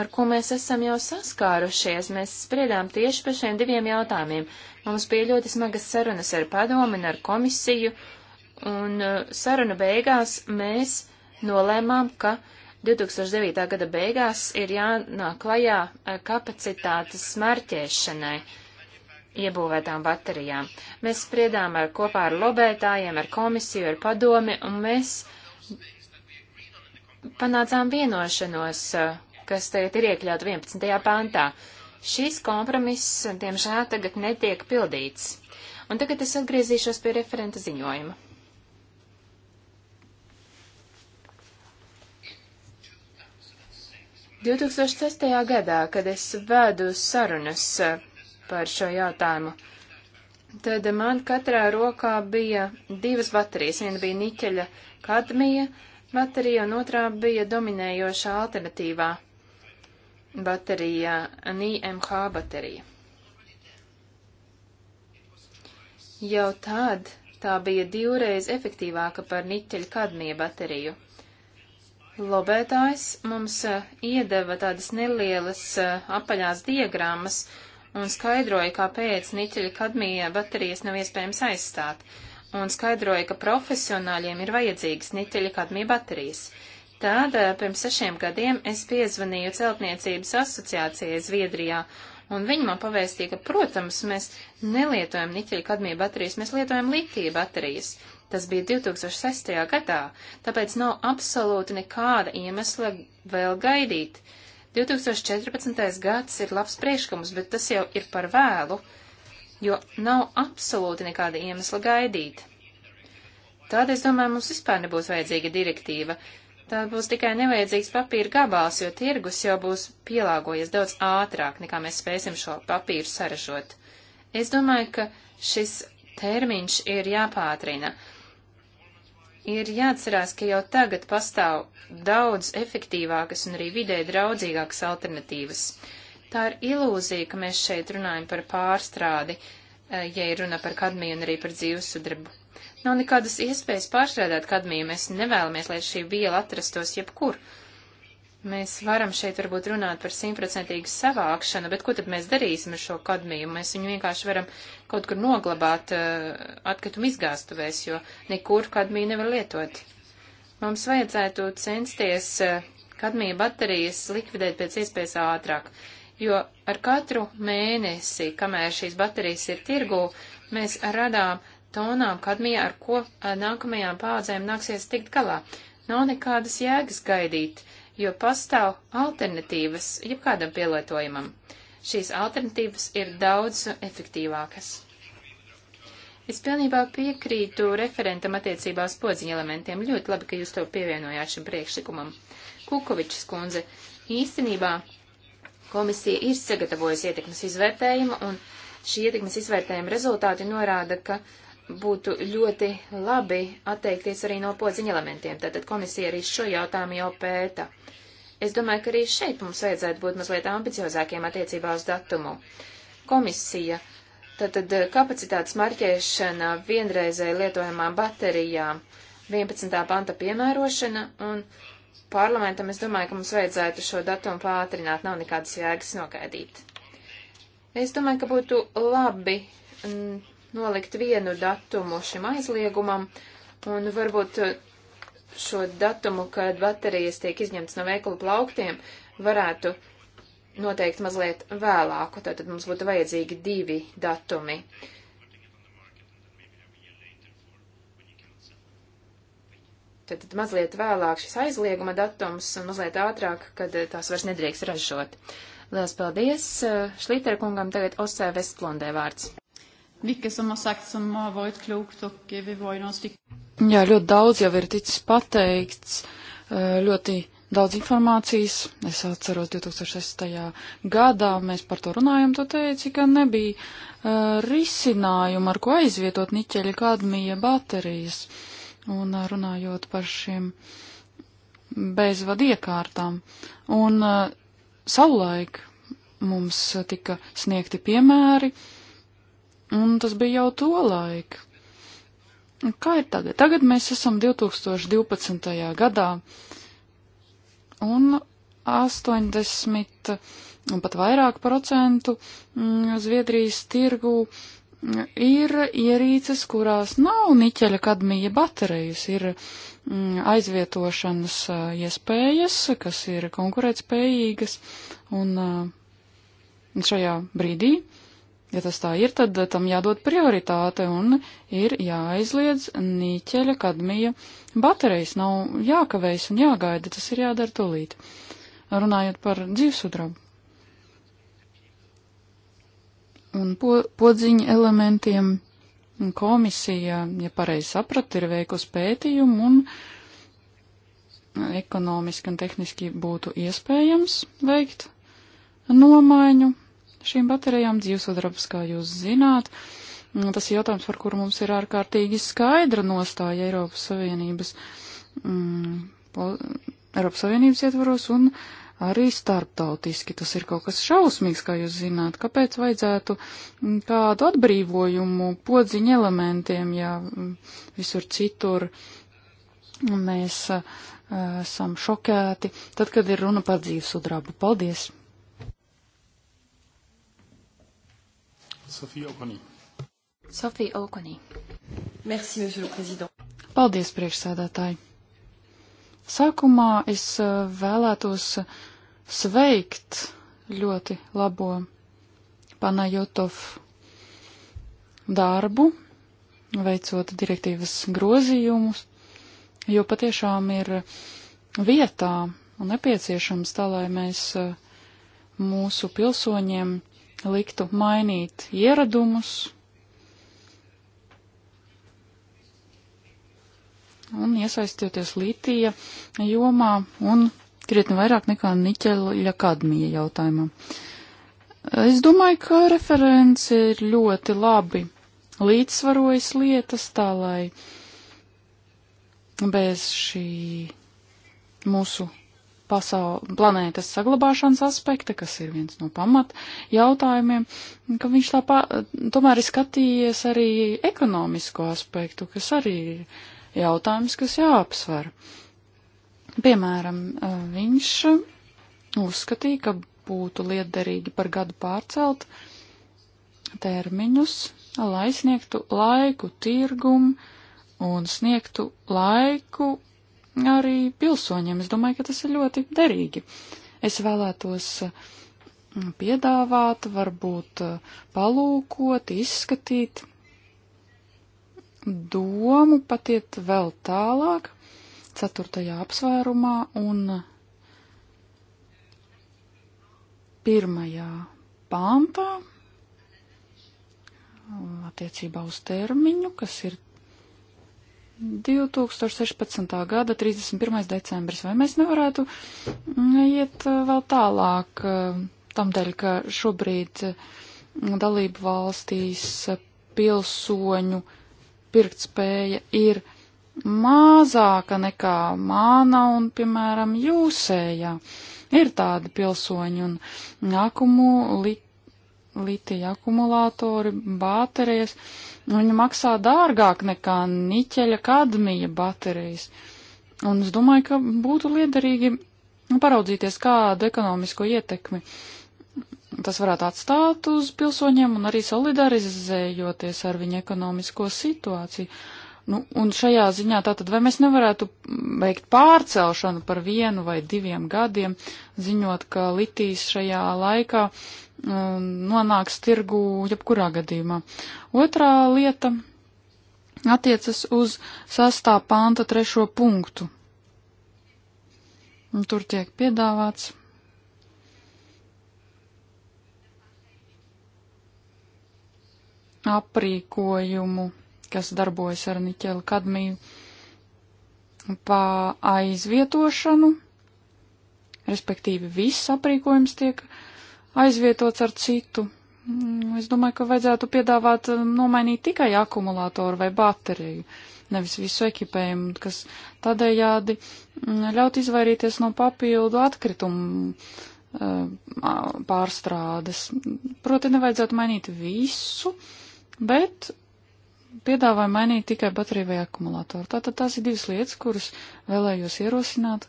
ar ko mēs esam jau saskārušies. Mēs spriedām tieši par šiem diviem jautājumiem. Mums bija ļoti smagas sarunas ar padomi un ar komisiju, un uh, saruna beigās mēs nolēmām, ka 2009. gada beigās ir jānāk klajā kapacitātes smērķēšanai iebūvētām baterijām. Mēs spriedām ar, kopā ar lobētājiem, ar komisiju, ar padomi, un mēs panācām vienošanos, eh, kas tagad ir iekļaut 11. pāntā. Šīs kompromiss, diemžēl, tagad netiek pildīts. Un tagad es atgriezīšos pie referenta ziņojuma. Divtūkstošsestajā gadā, kad es vēdu sarunas eh, par šo jautājumu, tad man katrā rokā bija divas baterijas. Viena bija niķeļa kadmija, uh, Baterija un otrā bija dominējošā alternatīvā baterija, NIMH baterija. Jau tad tā bija divreiz efektīvāka par niķeļa kadmija bateriju. Lobētājs mums eh, iedeva tādas nelielas eh, apaļās diagrammas un skaidroja, kāpēc niķeļa kadmija baterijas nav iespējams aizstāt un skaidroja, ka profesionāļiem ir vajadzīgas niteļikadmija baterijas. Tad eh, pirms sešiem gadiem es piezvanīju celtniecības asociācijai Zviedrijā, un viņi man pavēstīja, ka, protams, mēs nelietojam niteļikadmija baterijas, mēs lietojam litija baterijas. Tas bija 2006. gadā, tāpēc nav absolūti nekāda iemesla vēl gaidīt. 2014. gads ir labs priekšlikums, bet tas jau ir par vēlu. Uh, jo nav absolūti nekāda iemesla gaidīt. Tad, es domāju, mums vispār nebūs vajadzīga direktīva. Tā būs tikai nevajadzīgs papīra gabals, jo tirgus jau būs pielāgojies daudz ātrāk, nekā mēs spēsim šo papīru saražot. Es domāju, ka šis termiņš ir jāpātrina. Ir jāatcerās, ka jau tagad pastāv daudz efektīvākas un arī vidē draudzīgākas alternatīvas. Tā ir ilūzija, ka mēs šeit runājam par pārstrādi, eh, ja ir runa par kadmiju un arī par dzīvesudrabu. Nav nekādas iespējas pārstrādāt kadmiju, mēs nevēlamies, lai šī viela atrastos jebkur. Mēs varam šeit varbūt runāt par simtprocentīgu savākšanu, bet ko tad mēs darīsim ar šo kadmiju? Mēs viņu vienkārši varam kaut kur noglabāt uh, atkritumu izgāstuvēs, jo nekur kadmiju nevar lietot. Mums vajadzētu censties uh, eh, kadmiju baterijas likvidēt pēc iespējas ātrāk. Uh, jo ar katru mēnesi, kamēr šīs baterijas ir tirgū, mēs radām tonām kadmija, ar ko nākamajām paudzēm nāksies tikt galā. Nav nekādas jēgas gaidīt, jo pastāv alternatīvas jebkādam pielietojumam. Šīs alternatīvas ir daudz efektīvākas. Es pilnībā piekrītu referentam attiecībā uz podziņa elementiem. Ļoti labi, ka jūs to pievienojāt šim priekšlikumam. Kukovičs kundze, īstenībā Komisija ir sagatavojusi ietekmes izvērtējumu, un šī ietekmes izvērtējuma rezultāti norāda, ka būtu ļoti labi atteikties arī no podziņa elementiem. Tātad komisija arī šo jautājumu jau pēta. Es domāju, ka arī šeit mums vajadzētu būt mazliet ambiciozākiem attiecībā uz datumu. Komisija. Tātad eh, kapacitātes marķēšana vienreizēji lietojamām baterijām, 11. panta piemērošana un parlamentam, es domāju, ka mums vajadzētu šo datumu pātrināt, nav nekādas jēgas nogaidīt. Es domāju, ka būtu labi mm, nolikt vienu datumu šim aizliegumam, un varbūt eh, šo datumu, kad baterijas tiek izņemtas no veikalu plauktiem, varētu noteikt mazliet vēlāku, tātad mums būtu vajadzīgi divi datumi. Uh, tad, tad mazliet vēlāk šis aizlieguma datums un mazliet ātrāk, kad eh, tās vairs nedrīkst ražot. Lielas paldies eh, Šlītera kungam, tagad Osē Vestlundē vārds. Mycket som har sagt som har varit klokt och eh, vi var ju några stycken. Jā, ļoti daudz jau ir ticis pateikts, ļoti daudz informācijas. Es atceros 2006. gadā mēs par to runājam, tu teici, ka nebija risinājuma, ar ko aizvietot niķeļa kadmija baterijas. Uh, un runājot par šiem bezvadu iekārtām. Un uh, savulaik mums tika sniegti piemēri, un tas bija jau to laika. Kā ir tagad? Tagad mēs esam 2012. gadā, un 80 un pat vairāk procentu mm, Zviedrijas tirgu ir ierīces, kurās nav niķeļa kadmija baterijas, ir mm, aizvietošanas iespējas, kas ir konkurētspējīgas, un šajā brīdī, ja tas tā ir, tad tam jādod prioritāte un ir jāaizliedz niķeļa kadmija baterijas, nav jākavējas un jāgaida, tas ir jādara tūlīt. Runājot par dzīvesudrabu. un po, podziņa elementiem. Komisija, ja pareizi saprat, ir veikusi pētījumu un uh, ekonomiski un tehniski būtu iespējams veikt nomaiņu šīm baterijām dzīvesudrabas, kā jūs zināt. Tas ir jautājums, par kuru mums ir ārkārtīgi skaidra nostāja Eiropas Savienības, mm, Eiropas Savienības ietvaros un uh, arī starptautiski. Tas ir kaut kas šausmīgs, kā jūs zināt. Kāpēc vajadzētu mm, kādu atbrīvojumu podziņu elementiem, ja mm, visur citur mēs eh, esam šokēti, tad, kad ir runa par dzīves sudrabu. Paldies! Sofija Okonī. Sofija Okonī. Merci, monsieur le président. Paldies, priekšsēdētāji. Sākumā es eh, vēlētos sveikt ļoti labo Panajotovu darbu, veicot direktīvas grozījumus, jo patiešām ir vietā un nepieciešams tā, lai mēs eh, mūsu pilsoņiem liktu mainīt ieradumus, un iesaistīties lītija jomā un krietni vairāk nekā niķeļa kadmija jautājumā. Es domāju, ka referents ir ļoti labi līdzsvarojas lietas tā, lai bez šī mūsu pasaul, planētas saglabāšanas aspekta, kas ir viens no pamat jautājumiem, ka viņš tāpā, tomēr ir skatījies arī ekonomisko aspektu, kas arī ir jautājums, kas jāapsver. Piemēram, viņš uzskatīja, ka būtu liederīgi par gadu pārcelt termiņus, lai sniegtu laiku tirgumu un sniegtu laiku arī pilsoņiem. Es domāju, ka tas ir ļoti derīgi. Es vēlētos piedāvāt, varbūt palūkot, izskatīt domu patiet vēl tālāk, ceturtajā apsvērumā un pirmajā pāntā attiecībā uz termiņu, kas ir 2016. gada 31. decembris. Vai mēs nevarētu iet vēl tālāk tamdēļ, ka šobrīd dalību valstīs pilsoņu uh, pirktspēja ir mazāka nekā māna un, piemēram, jūsējā. Ir tādi pilsoņi un akumu, li, litija akumulātori, baterijas, viņi maksā dārgāk nekā niķeļa kadmija baterijas. Un es domāju, ka būtu liederīgi paraudzīties kādu ekonomisko ietekmi uh, tas varētu atstāt uz pilsoņiem un arī solidarizējoties ar viņu ekonomisko situāciju. Nu, un šajā ziņā tātad vai mēs nevarētu veikt pārcelšanu par vienu vai diviem gadiem, ziņot, ka litīs šajā laikā um, nonāks tirgu jebkurā gadījumā. Otrā lieta attiecas uz sastā panta trešo punktu. Un tur tiek piedāvāts aprīkojumu, kas darbojas ar niķeli kadmiju, pa aizvietošanu, respektīvi viss aprīkojums tiek aizvietots ar citu. Mm, es domāju, ka vajadzētu piedāvāt um, nomainīt tikai akumulātoru vai bateriju, nevis visu ekipējumu, kas tādējādi mm, ļaut izvairīties no papildu atkritumu uh, pārstrādes. Proti, nevajadzētu mainīt visu, uh, bet piedāvāja mainīt tikai bateriju vai akumulātoru. Tātad tās ir divas lietas, kuras vēlējos ierosināt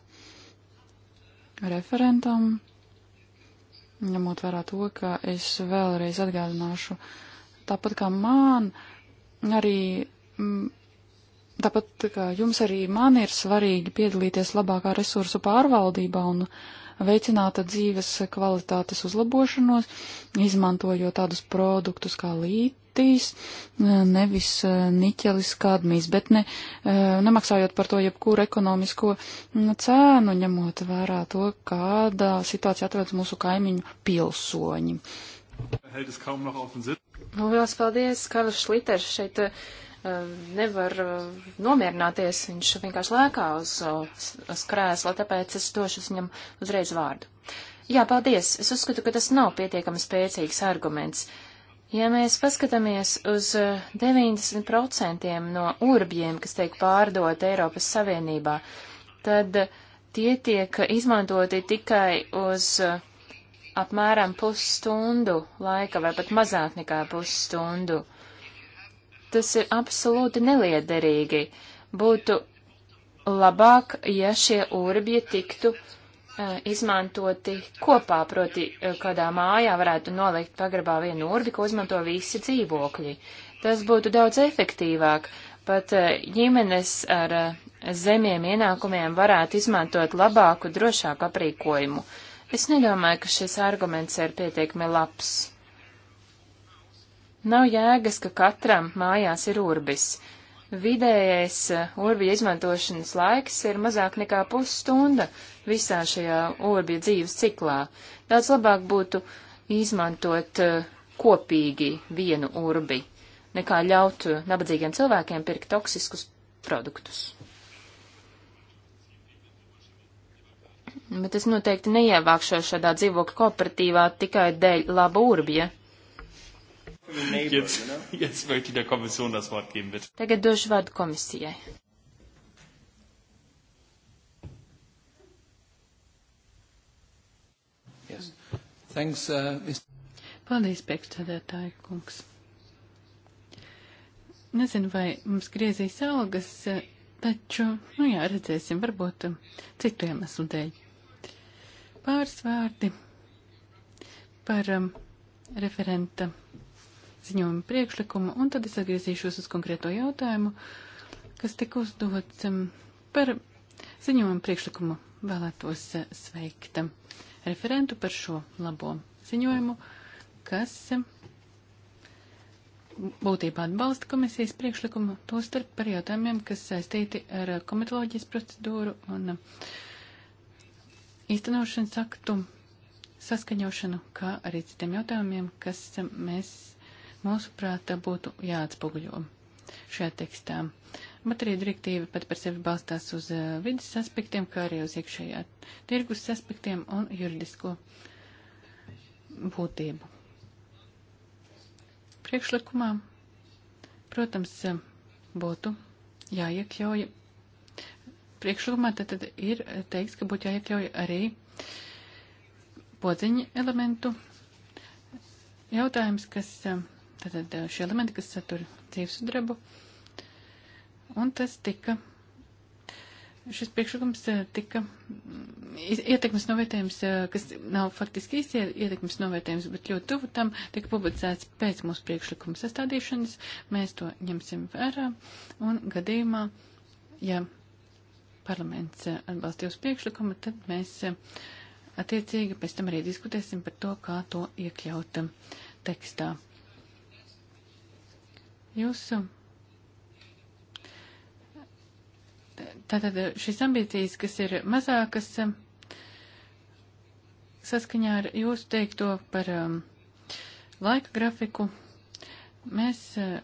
referentam, ņemot vērā to, ka es vēlreiz atgādināšu, tāpat kā man, arī, tāpat kā jums arī man ir svarīgi piedalīties labākā resursu pārvaldībā un veicināta dzīves kvalitātes uzlabošanos, izmantojot tādus produktus kā līdzi platīs, e, nevis e, niķelis kādmīs, bet ne, e, nemaksājot par to jebkuru ekonomisko cēnu, ņemot vērā to, kādā situācijā atrodas mūsu kaimiņu pilsoņi. Nu, liels paldies, Karls Šliters šeit nevar nomierināties, viņš vienkārši lēkā uz, uz krēsla, tāpēc es došu viņam uzreiz vārdu. Jā, paldies. Es uzskatu, ka tas nav pietiekami spēcīgs arguments. Uh, Ja mēs paskatāmies uz 90% eh, no urbjiem, kas tiek pārdot Eiropas Savienībā, tad tie tiek izmantoti tikai uz eh, apmēram pusstundu laika vai pat mazāk nekā pusstundu. Tas ir absolūti neliederīgi. Būtu labāk, ja šie urbji tiktu uh, Eh, izmantoti kopā, proti eh, kādā mājā varētu nolikt pagrabā vienu urbi, ko izmanto visi dzīvokļi. Tas būtu daudz efektīvāk. Pat eh, ģimenes ar zemiem ienākumiem varētu izmantot labāku, drošāku aprīkojumu. Es nedomāju, ka šis arguments ir pietiekami labs. Nav jēgas, ka katram mājās ir urbis. Vidējais uh, orbja izmantošanas laiks ir mazāk nekā pusstunda visā šajā orbja dzīves ciklā. Daudz labāk būtu izmantot uh, kopīgi vienu urbi, nekā ļaut uh, nabadzīgiem cilvēkiem pirkt toksiskus produktus. Bet es noteikti neievākšos šādā dzīvokļa kooperatīvā tikai dēļ laba urbja. Ja? Jetzt, jetzt möchte ich der Kommission das Wort geben, bitte. Tagad došu vārdu komisijai. Yes. Thanks, uh, Paldies, priekšstādātāji kungs. Nezinu, vai mums griezīs algas, taču, nu jā, redzēsim, varbūt um, citu iemeslu dēļ. Pāris vārdi par um, referenta ziņojuma priekšlikumu, un tad es atgriezīšos uz konkrēto jautājumu, kas tika uzdots um, par ziņojuma priekšlikumu. Vēlētos uh, sveikt um, referentu par šo labo ziņojumu, kas um, būtībā atbalsta komisijas priekšlikumu, tostarp par jautājumiem, kas saistīti ar uh, komitoloģijas procedūru un uh, īstenošanas aktu saskaņošanu, kā arī citiem jautājumiem, kas mēs mūsuprāt, būtu jāatspoguļo šajā tekstā. Baterija direktīva pat par sevi balstās uz eh, vidas aspektiem, kā arī uz iekšējā tirgus aspektiem un juridisko būtību. Priekšlikumā, protams, būtu jāiekļauj. Priekšlikumā tad, tad ir teiks, ka būtu jāiekļauj arī podziņa elementu jautājums, kas eh, Tātad eh, šie elementi, kas satur dzīvesudrabu. Un tas tika, šis priekšlikums eh, tika mm, ietekmes novērtējums, eh, kas nav faktiski īsti ietekmes novērtējums, bet ļoti tuvu tam, tika publicēts pēc mūsu priekšlikuma sastādīšanas. Mēs to ņemsim vērā un gadījumā, ja parlaments atbalstīs priekšlikumu, tad mēs attiecīgi pēc tam arī diskutēsim par to, kā to iekļaut tekstā. Jūsu. Tātad šīs ambīcijas, kas ir mazākas, saskaņā ar jūsu teikto par um, laika grafiku, mēs uh,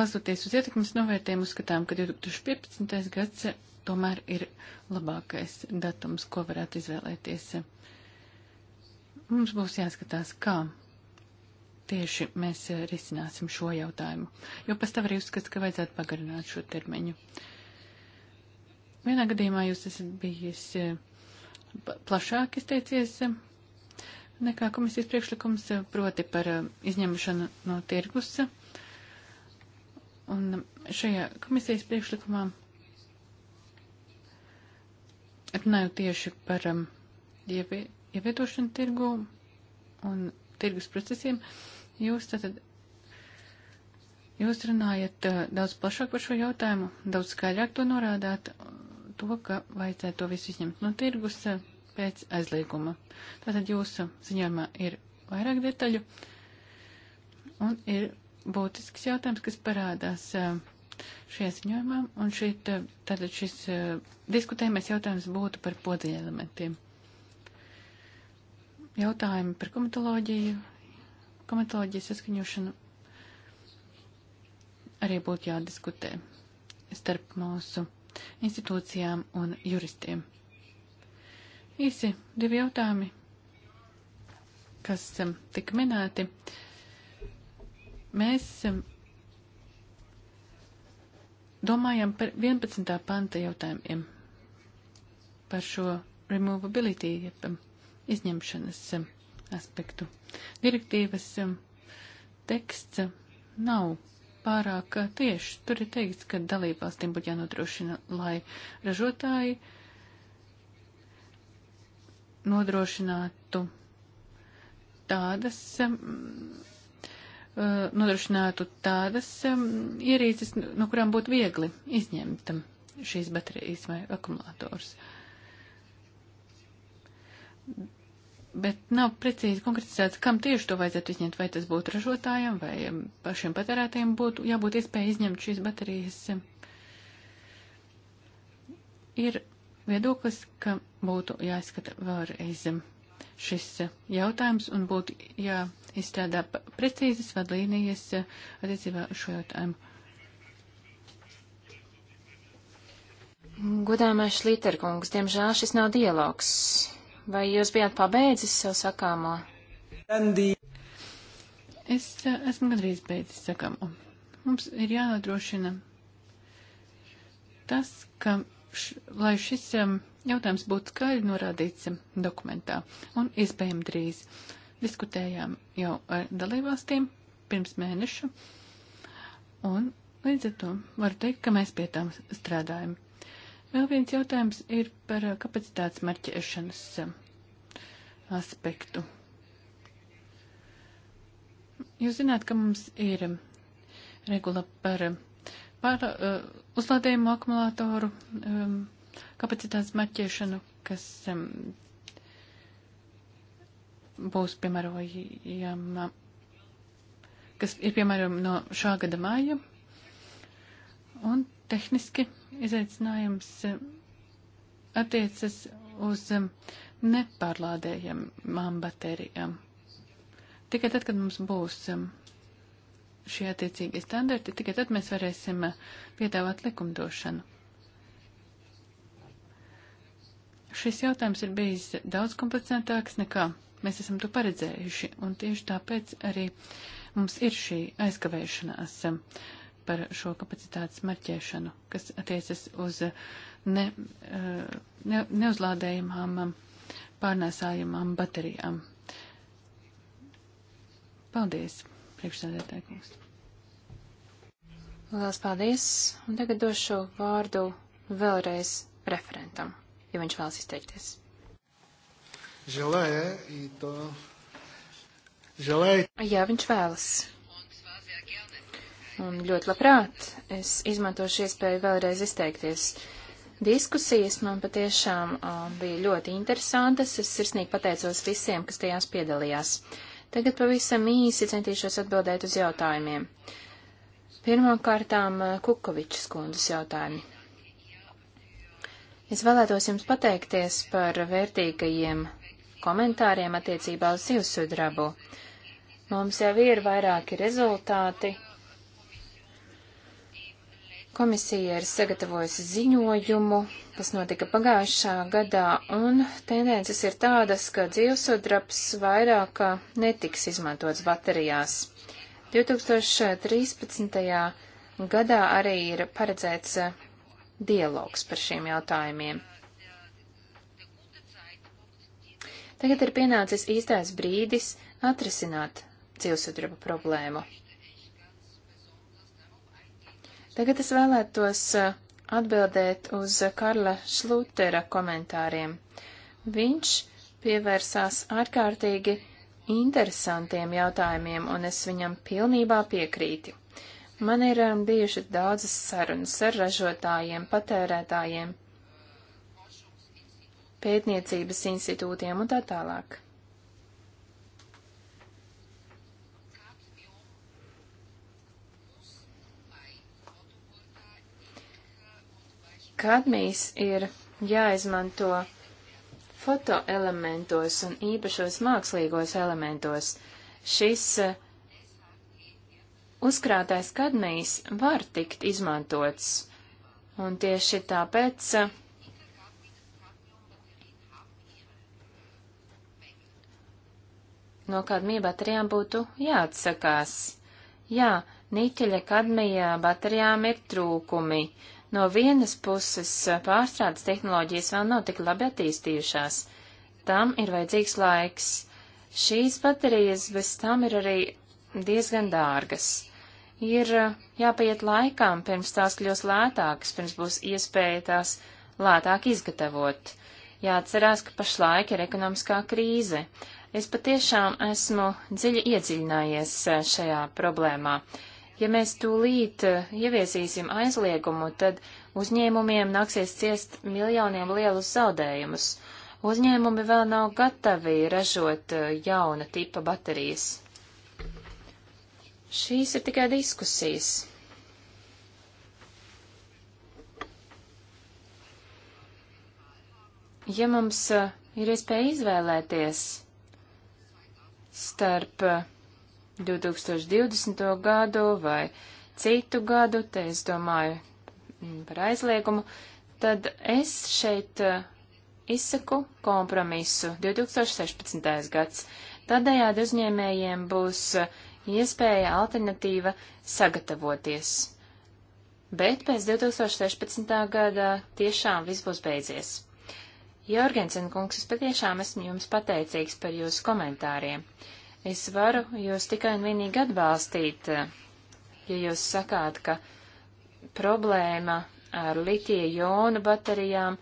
balstoties uz ietekmes novērtējumu, uzskatām, ka 2015. gads tomēr ir labākais datums, ko varētu izvēlēties. Mums būs jāskatās, kā tieši mēs eh, risināsim šo jautājumu, jo pastāv arī uzskats, ka vajadzētu pagarināt šo termiņu. Vienā gadījumā jūs esat bijis eh, plašāk izteicies eh, nekā komisijas priekšlikums, proti par izņemšanu no tirgus. Un šajā komisijas priekšlikumā runāju tieši par ievietošanu tirgu un tirgus procesiem. Uh, Jūs tātad, jūs runājat eh, daudz plašāk par šo jautājumu, daudz skaļāk to norādāt, to, ka vajadzētu to visu izņemt no tirgus eh, pēc aizlieguma. Tātad jūsu ziņojumā ir vairāk detaļu un ir būtisks jautājums, kas parādās eh, šajā ziņojumā, un šit, tātad šis diskutējumais jautājums būtu par podziņa elementiem. Jautājumi par komitoloģiju, komitoloģijas saskaņošanu arī būtu jādiskutē starp mūsu institūcijām un juristiem. Īsi divi jautājumi, kas um, tika minēti. Mēs um, domājam par 11. panta jautājumiem, par šo removability, jeb um, izņemšanas aspektu. Direktīvas um, teksts um, nav pārāk uh, tieši. Tur ir teikts, ka dalībvalstīm būtu jānodrošina, lai ražotāji nodrošinātu tādas, um, uh, nodrošinātu tādas ierīces, no kurām būtu viegli izņemt šīs baterijas vai akumulators bet nav precīzi konkretizēts, kam tieši to vajadzētu izņemt, vai tas būtu ražotājiem, vai um, pašiem patērētājiem būtu jābūt iespēja izņemt šīs baterijas. Ir viedoklis, ka būtu jāizskata vēlreiz um, šis uh, jautājums un būtu jāizstrādā precīzas vadlīnijas uh, attiecībā uz šo jautājumu. Godāmais Šlīterkungs, diemžēl šis nav dialogs vai jūs bijāt pabeidzis sev sakāmo? Andy. Es eh, esmu gandrīz beidzis sakāmo. Mums ir jānodrošina tas, ka, š, lai šis jautājums būtu skaidri norādīts dokumentā un iespējami drīz. Diskutējām jau ar dalībvalstīm pirms mēneša un līdz ar to varu teikt, ka mēs pie tām strādājam. Vēl viens jautājums ir par uh, kapacitātes marķēšanas um, aspektu. Jūs zināt, ka mums ir um, regula par, um, par uh, uzlādējumu akumulātoru um, kapacitātes marķēšanu, kas um, būs piemērojama, kas ir piemēram no šā gada māja. Un tehniski izaicinājums eh, attiecas uz eh, nepārlādējamām baterijām. Tikai tad, kad mums būs eh, šie attiecīgie standarti, tikai tad mēs varēsim piedāvāt likumdošanu. Šis jautājums ir bijis daudz komplicentāks nekā mēs esam to paredzējuši, un tieši tāpēc arī mums ir šī aizkavēšanās. Uh, par šo kapacitātes marķēšanu, kas attiecas uz ne, eh, ne, neuzlādējumām pārnēsājumām baterijām. Paldies, priekšsēdētāji kungs. Lielas paldies, un tagad došu vārdu vēlreiz referentam, ja viņš vēlas izteikties. Žēlēja, to... Žēlēja. Jā, viņš vēlas. Un ļoti labprāt es izmantošu iespēju vēlreiz izteikties. Diskusijas man patiešām uh, bija ļoti interesantas. Es sirsnīgi pateicos visiem, kas tajās piedalījās. Tagad pavisam īsi centīšos atbildēt uz jautājumiem. Pirmkārtām Kukovičs kundzes jautājumi. Es vēlētos jums pateikties par vērtīgajiem komentāriem attiecībā uz zivsudrabu. Mums jau ir vairāki rezultāti, Komisija ir sagatavojusi ziņojumu, kas notika pagājušā gadā, un tendences ir tādas, ka dzīvesudraps vairāk netiks izmantots baterijās. 2013. gadā arī ir paredzēts eh, dialogs par šiem jautājumiem. Tagad ir pienācis īstais brīdis atrisināt dzīvesudraba problēmu. Tagad es vēlētos eh, atbildēt uz Karla Šlutera komentāriem. Viņš pievērsās ārkārtīgi interesantiem jautājumiem, un es viņam pilnībā piekrīti. Man ir eh, bijuši daudzas sarunas ar ražotājiem, patērētājiem, pētniecības institūtiem un tā tālāk. Kadmijs ir jāizmanto fotoelementos un īpašos mākslīgos elementos. Šis eh, uzkrātais kadmijs var tikt izmantots, un tieši tāpēc eh, no kadmija baterijām būtu jāatsakās. Jā, niķeļa kadmija baterijām ir trūkumi, No vienas puses pārstrādes tehnoloģijas vēl nav tik labi attīstījušās. Tam ir vajadzīgs laiks. Šīs baterijas bez tam ir arī diezgan dārgas. Ir jāpaiet laikām, pirms tās kļūs lētākas, pirms būs iespēja tās lētāk izgatavot. Jāatcerās, ka pašlaik ir ekonomiskā krīze. Es patiešām esmu dziļi iedziļinājies šajā problēmā. Ja mēs tūlīt eh, ieviesīsim aizliegumu, tad uzņēmumiem nāksies ciest miljoniem lielus zaudējumus. Uzņēmumi vēl nav gatavi ražot eh, jauna tipa baterijas. Šīs ir tikai diskusijas. Ja mums eh, ir iespēja izvēlēties starp uh, 2020. gadu vai citu gadu, te es domāju mm, par aizliegumu, tad es šeit eh, izsaku kompromisu 2016. gads. Tādējādi uzņēmējiem būs eh, iespēja alternatīva sagatavoties. Bet pēc 2016. gada tiešām viss būs beidzies. Jorgensen kungs, es patiešām esmu jums pateicīgs par jūsu komentāriem. Uh, Es varu jūs tikai un vienīgi atbalstīt, ja jūs sakāt, ka problēma ar litija jonu baterijām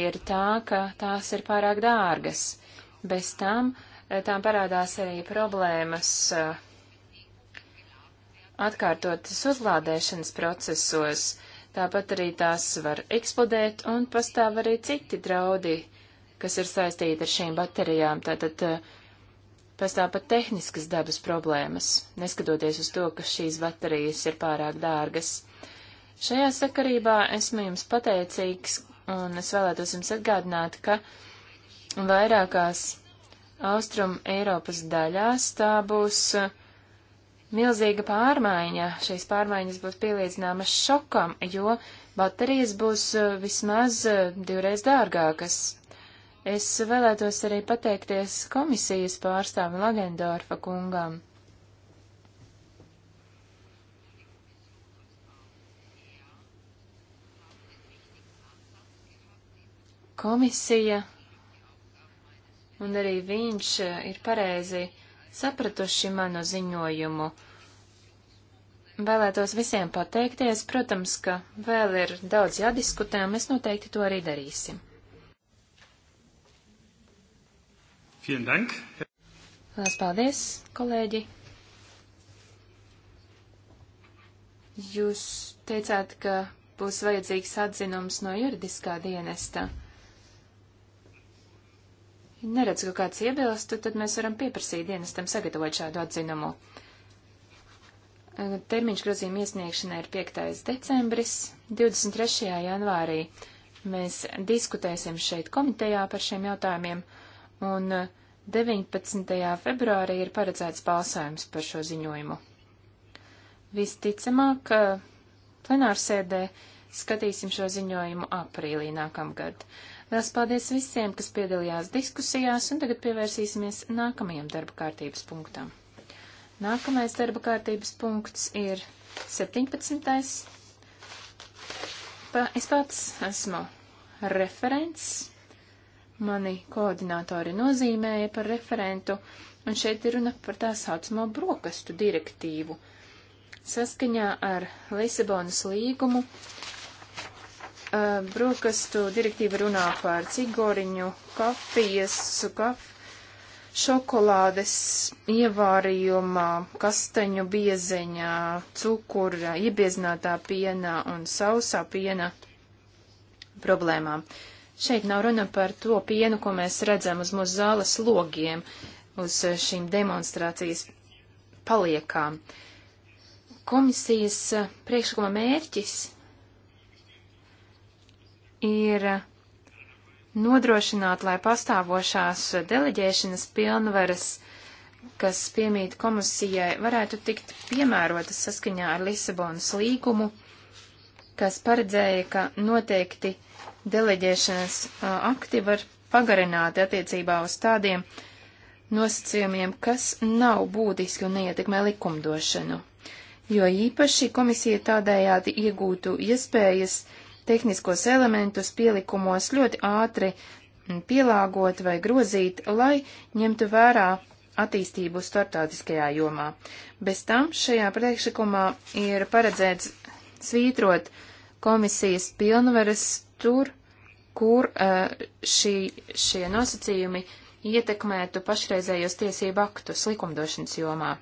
ir tā, ka tās ir pārāk dārgas. Bez tam eh, tām parādās arī problēmas eh, atkārtotas uzlādēšanas procesos, tāpat arī tās var eksplodēt un pastāv arī citi draudi, kas ir saistīti ar šīm baterijām. Tātad uh, pastāv pat tehniskas dabas problēmas, neskatoties uz to, ka šīs baterijas ir pārāk dārgas. Šajā sakarībā esmu jums pateicīgs, un es vēlētos jums atgādināt, ka vairākās Austrum Eiropas daļās tā būs uh, milzīga pārmaiņa. Šīs pārmaiņas būs pielīdzināmas šokam, jo baterijas būs uh, vismaz uh, divreiz dārgākas Es vēlētos arī pateikties komisijas pārstāvi Lagendorfa kungam. Komisija un arī viņš ir pareizi sapratuši manu ziņojumu. Vēlētos visiem pateikties, protams, ka vēl ir daudz jādiskutē, un mēs noteikti to arī darīsim. Vielen Dank. Lielas paldies, kolēģi. Jūs teicāt, ka būs vajadzīgs atzinums no juridiskā dienesta. Ja neredzu, ka kāds iebilstu, tad mēs varam pieprasīt dienestam sagatavot šādu atzinumu. Termiņš grozījuma iesniegšanai ir 5. decembris, 23. janvārī. Mēs diskutēsim šeit komitejā par šiem jautājumiem, un 19. Eh, februārī ir paredzēts balsājums par šo ziņojumu. Visticamāk, eh, plenārsēdē skatīsim šo ziņojumu aprīlī nākamgad. Liels paldies visiem, kas piedalījās diskusijās, un tagad pievērsīsimies nākamajam darba kārtības punktam. Nākamais darba kārtības punkts ir 17. Pa, es pats esmu referents mani koordinātori nozīmēja par referentu, un šeit ir runa par tā saucamo brokastu direktīvu. Saskaņā ar Lisabonas līgumu brokastu direktīva runā par cigoriņu, kafijas, kaf, šokolādes ievārījumā, kastaņu biezeņā, cukura, iebiezinātā pienā un sausā piena problēmām. Uh, Šeit nav runa par to pienu, ko mēs redzam uz mūsu zāles logiem, uz šīm demonstrācijas paliekām. Komisijas eh, priekšlikuma mērķis ir nodrošināt, lai pastāvošās deleģēšanas pilnvaras, kas piemīt komisijai, varētu tikt piemērotas saskaņā ar Lisabonas līgumu, kas paredzēja, ka noteikti deleģēšanas akti var pagarināt attiecībā uz tādiem nosacījumiem, kas nav būtiski un neietekmē likumdošanu, jo īpaši komisija tādējādi iegūtu iespējas tehniskos elementus pielikumos ļoti ātri pielāgot vai grozīt, lai ņemtu vērā attīstību startautiskajā jomā. Bez tam šajā priekšlikumā ir paredzēts svītrot komisijas pilnvaras tur, kur eh, šī, šie nosacījumi ietekmētu pašreizējos tiesību aktus likumdošanas jomā.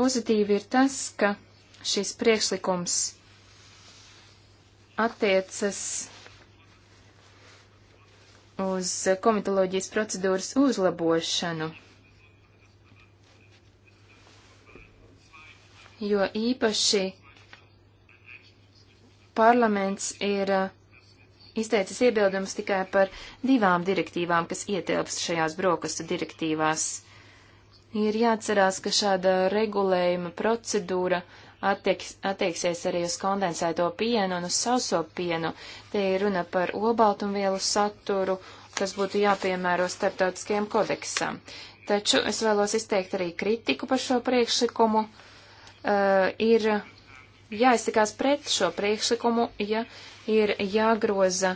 Pozitīvi ir tas, ka šis priekšlikums attiecas uz komitoloģijas procedūras uzlabošanu. jo īpaši parlaments ir uh, izteicis iebildumus tikai par divām direktīvām, kas ietilpst šajās brokastu direktīvās. Ir jāatcerās, ka šāda regulējuma procedūra attieks, attieksies arī uz kondensēto pienu un uz sauso pienu. Te ir runa par obaltumvielu saturu, kas būtu jāpiemēro starptautiskajam kodeksam. Taču es vēlos izteikt arī kritiku par šo priekšlikumu. Uh, Eh, ir jāizsakās pret šo priekšlikumu, ja ir jāgroza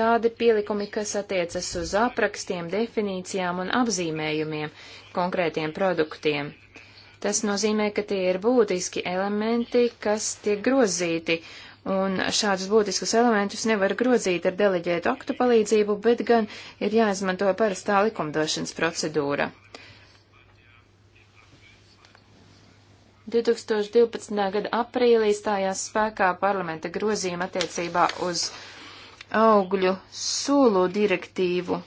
tādi pielikumi, kas attiecas uz aprakstiem, definīcijām un apzīmējumiem konkrētiem produktiem. Tas nozīmē, ka tie ir būtiski elementi, kas tiek grozīti, un šādus būtiskus elementus nevar grozīt ar deleģētu aktu palīdzību, bet gan ir jāizmanto parastā likumdošanas procedūra. 2012. gada aprīlī stājās spēkā parlamenta grozījuma attiecībā uz augļu sūlu direktīvu.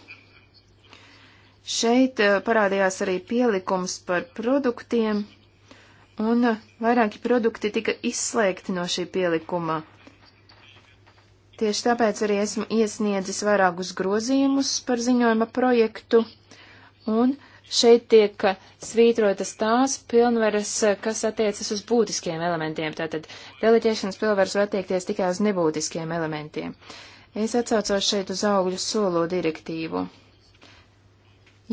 Šeit eh, parādījās arī pielikums par produktiem, un eh, vairāki produkti tika izslēgti no šī pielikuma. Tieši tāpēc arī esmu iesniedzis vairākus grozījumus par ziņojuma projektu, un uh, Šeit tiek svītrotas tās pilnvaras, kas attiecas uz būtiskiem elementiem, tātad deleģēšanas pilnvaras var attiekties tikai uz nebūtiskiem elementiem. Es atsaucos šeit uz augļu solo direktīvu.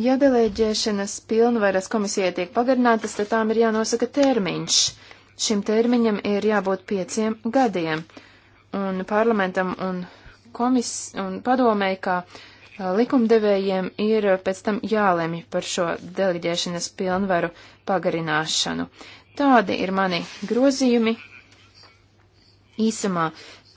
Ja deleģēšanas pilnvaras komisijai tiek pagarinātas, tad tām ir jānosaka termiņš. Šim termiņam ir jābūt pieciem gadiem, un parlamentam un, komis, un padomēji, kā uh, likumdevējiem ir uh, pēc tam jālemj par šo deleģēšanas pilnvaru pagarināšanu. Tādi ir mani grozījumi. Īsumā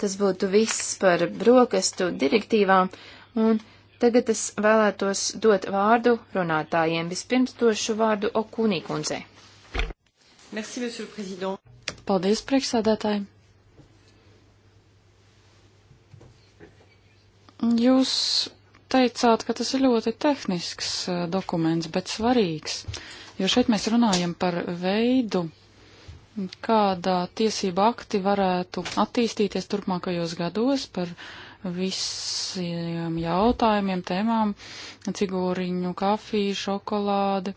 tas būtu viss par brokastu direktīvām, un tagad es vēlētos dot vārdu runātājiem. Vispirms došu vārdu Okunī kundzei. Merci, monsieur le président. Paldies, priekšsādātāji. Jūs teicāt, ka tas ir ļoti tehnisks eh, dokuments, bet svarīgs, jo šeit mēs runājam par veidu, kādā tiesība akti varētu attīstīties turpmākajos gados par visiem jautājumiem, tēmām - cigūriņu, kafiju, šokolādi,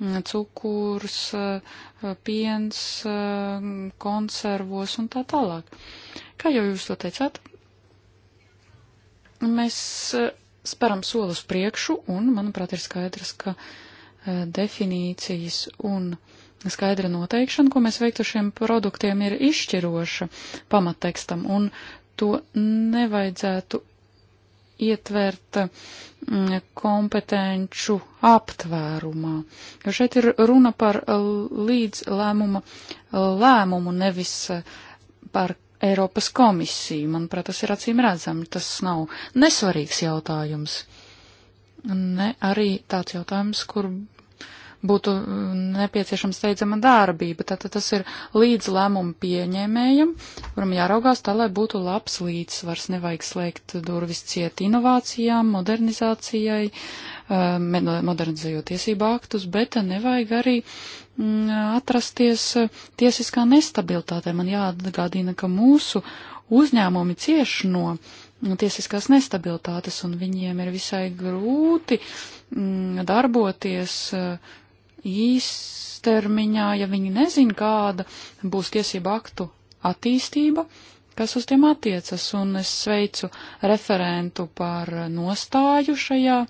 mm, cukurs, eh, piens, eh, konservos un tā tālāk. Kā jau jūs to teicāt? Mēs sparam soli uz priekšu, un, manuprāt, ir skaidrs, ka e, definīcijas un skaidra noteikšana, ko mēs veiktu šiem produktiem, ir izšķiroša pamattekstam, un to nevajadzētu ietvert kompetenču aptvērumā. Jo šeit ir runa par līdzlēmuma lēmumu, nevis e, par Eiropas komisiju. Manuprāt, tas ir acīm redzami. Tas nav nesvarīgs jautājums. Ne arī tāds jautājums, kur būtu mm, nepieciešama steidzama dārbība. Tātad tas ir līdz lēmumu pieņēmējam, kuram jāraugās tā, lai būtu labs līdzsvars. Nevajag slēgt durvis ciet inovācijām, modernizācijai, eh, modernizējot tiesību aktus, bet nevajag arī Mm, atrasties eh, tiesiskā nestabilitātē. Man jāatgādina, ka mūsu uzņēmumi cieš no mm, tiesiskās nestabilitātes, un viņiem ir visai grūti mm, darboties eh, īstermiņā, ja viņi nezin, kāda būs tiesība aktu attīstība, kas uz tiem attiecas, un es sveicu referentu par nostāju šajā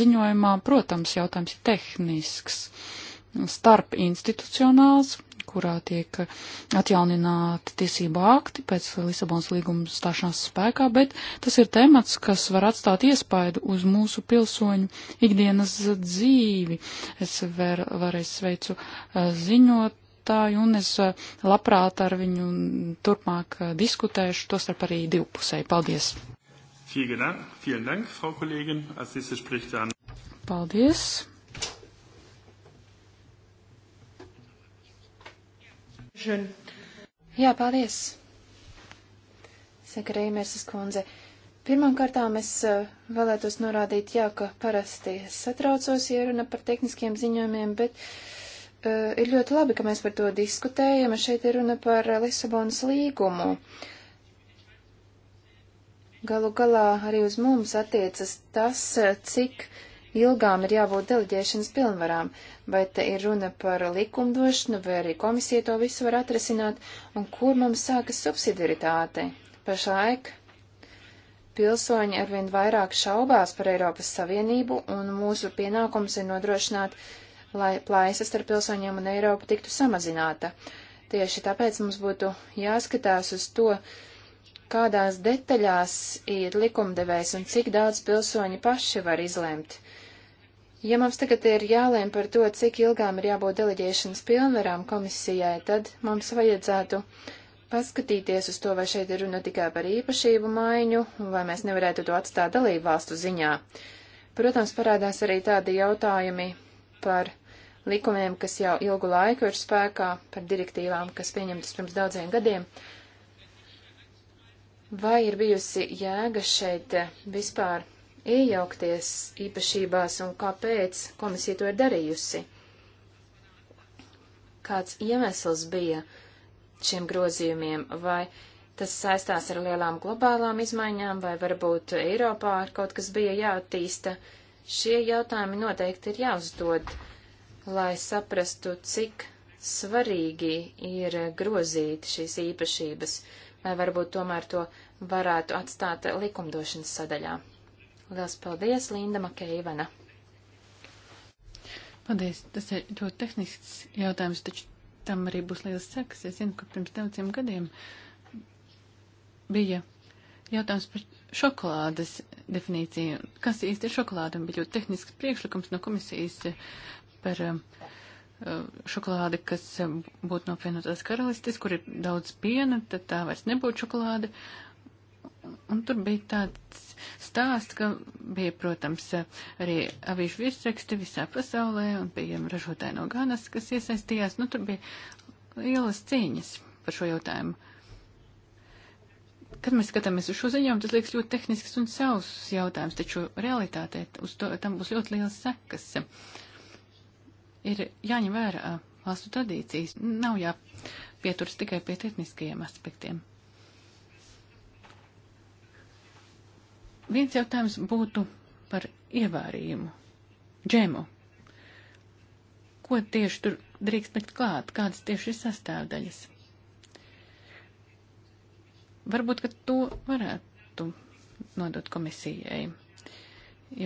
ziņojumā. Protams, jautājums ir tehnisks. Uh, starp institucionāls, kurā tiek atjaunināti tiesību akti pēc Lisabonas līguma stāšanās spēkā, bet tas ir temats, kas var atstāt iespaidu uz mūsu pilsoņu ikdienas dzīvi. Es var, varēju sveicu ziņot jautāju, un es labprāt ar viņu turpmāk diskutēšu, tostarp arī divpusēji. Paldies! Vielen Dank, vielen Dank, Frau Kollegin. Als nächstes spricht dann. Paldies. Žen. Jā, paldies! Saka Reimērsas kundze. Pirmkārtām es eh, vēlētos norādīt, jā, ka parasti es satraucos, ja runa par tehniskiem ziņojumiem, bet uh, ir ļoti labi, ka mēs par to diskutējam. Šeit ir runa par Lisabonas līgumu. Galu galā arī uz mums attiecas tas, eh, cik uh, ilgām ir jābūt deleģēšanas pilnvarām, vai te ir runa par likumdošanu, vai arī komisija to visu var atrasināt, un kur mums sākas subsidiaritāte. Pašlaik pilsoņi arvien vairāk šaubās par Eiropas Savienību, un mūsu pienākums ir nodrošināt, lai plaisas starp pilsoņiem un Eiropu tiktu samazināta. Tieši tāpēc mums būtu jāskatās uz to, kādās detaļās ir likumdevējs un cik daudz pilsoņi paši var izlemt. Ja mums tagad ir jālēm par to, cik ilgām ir jābūt deleģēšanas pilnvarām komisijai, tad mums vajadzētu paskatīties uz to, vai šeit ir runa tikai par īpašību maiņu, vai mēs nevarētu to atstāt dalību valstu ziņā. Protams, parādās arī tādi jautājumi par likumiem, kas jau ilgu laiku ir spēkā, par direktīvām, kas pieņemtas pirms daudziem gadiem. Vai ir bijusi jēga šeit vispār iejaukties īpašībās un kāpēc komisija to ir darījusi. Kāds iemesls bija šiem grozījumiem, vai tas saistās ar lielām globālām izmaiņām, vai varbūt Eiropā ar kaut kas bija jāattīsta. Šie jautājumi noteikti ir jāuzdod, lai saprastu, cik svarīgi ir grozīt šīs īpašības, vai varbūt tomēr to varētu atstāt likumdošanas sadaļā. Lielas paldies, Linda Makeivana. Paldies, tas ir ļoti tehnisks jautājums, taču tam arī būs liels sekas. Es zinu, ka pirms daudziem gadiem bija jautājums par šokolādes definīciju. Kas īsti ir šokolāde? Un bija ļoti tehnisks priekšlikums no komisijas par um, uh, šokolādi, kas um, būtu no apvienotās karalistes, kur ir daudz piena, tad tā vairs nebūtu šokolāde. Uh, Un tur bija tāds stāsts, ka bija, protams, arī avīžu virsraksti visā pasaulē un bija ražotāji no Ganas, kas iesaistījās. Nu, tur bija lielas cīņas par šo jautājumu. Kad mēs skatāmies uz šo ziņojumu, tas liekas ļoti tehnisks un savs jautājums, taču realitātē uz to tam būs ļoti liels sekas. Ir jāņem vērā valstu tradīcijas, nav jāpieturas tikai pie tehniskajiem aspektiem. Viens jautājums būtu par ievārījumu, džemu. Ko tieši tur drīkst likt klāt, kādas tieši ir sastāvdaļas? Varbūt, ka to varētu nodot komisijai.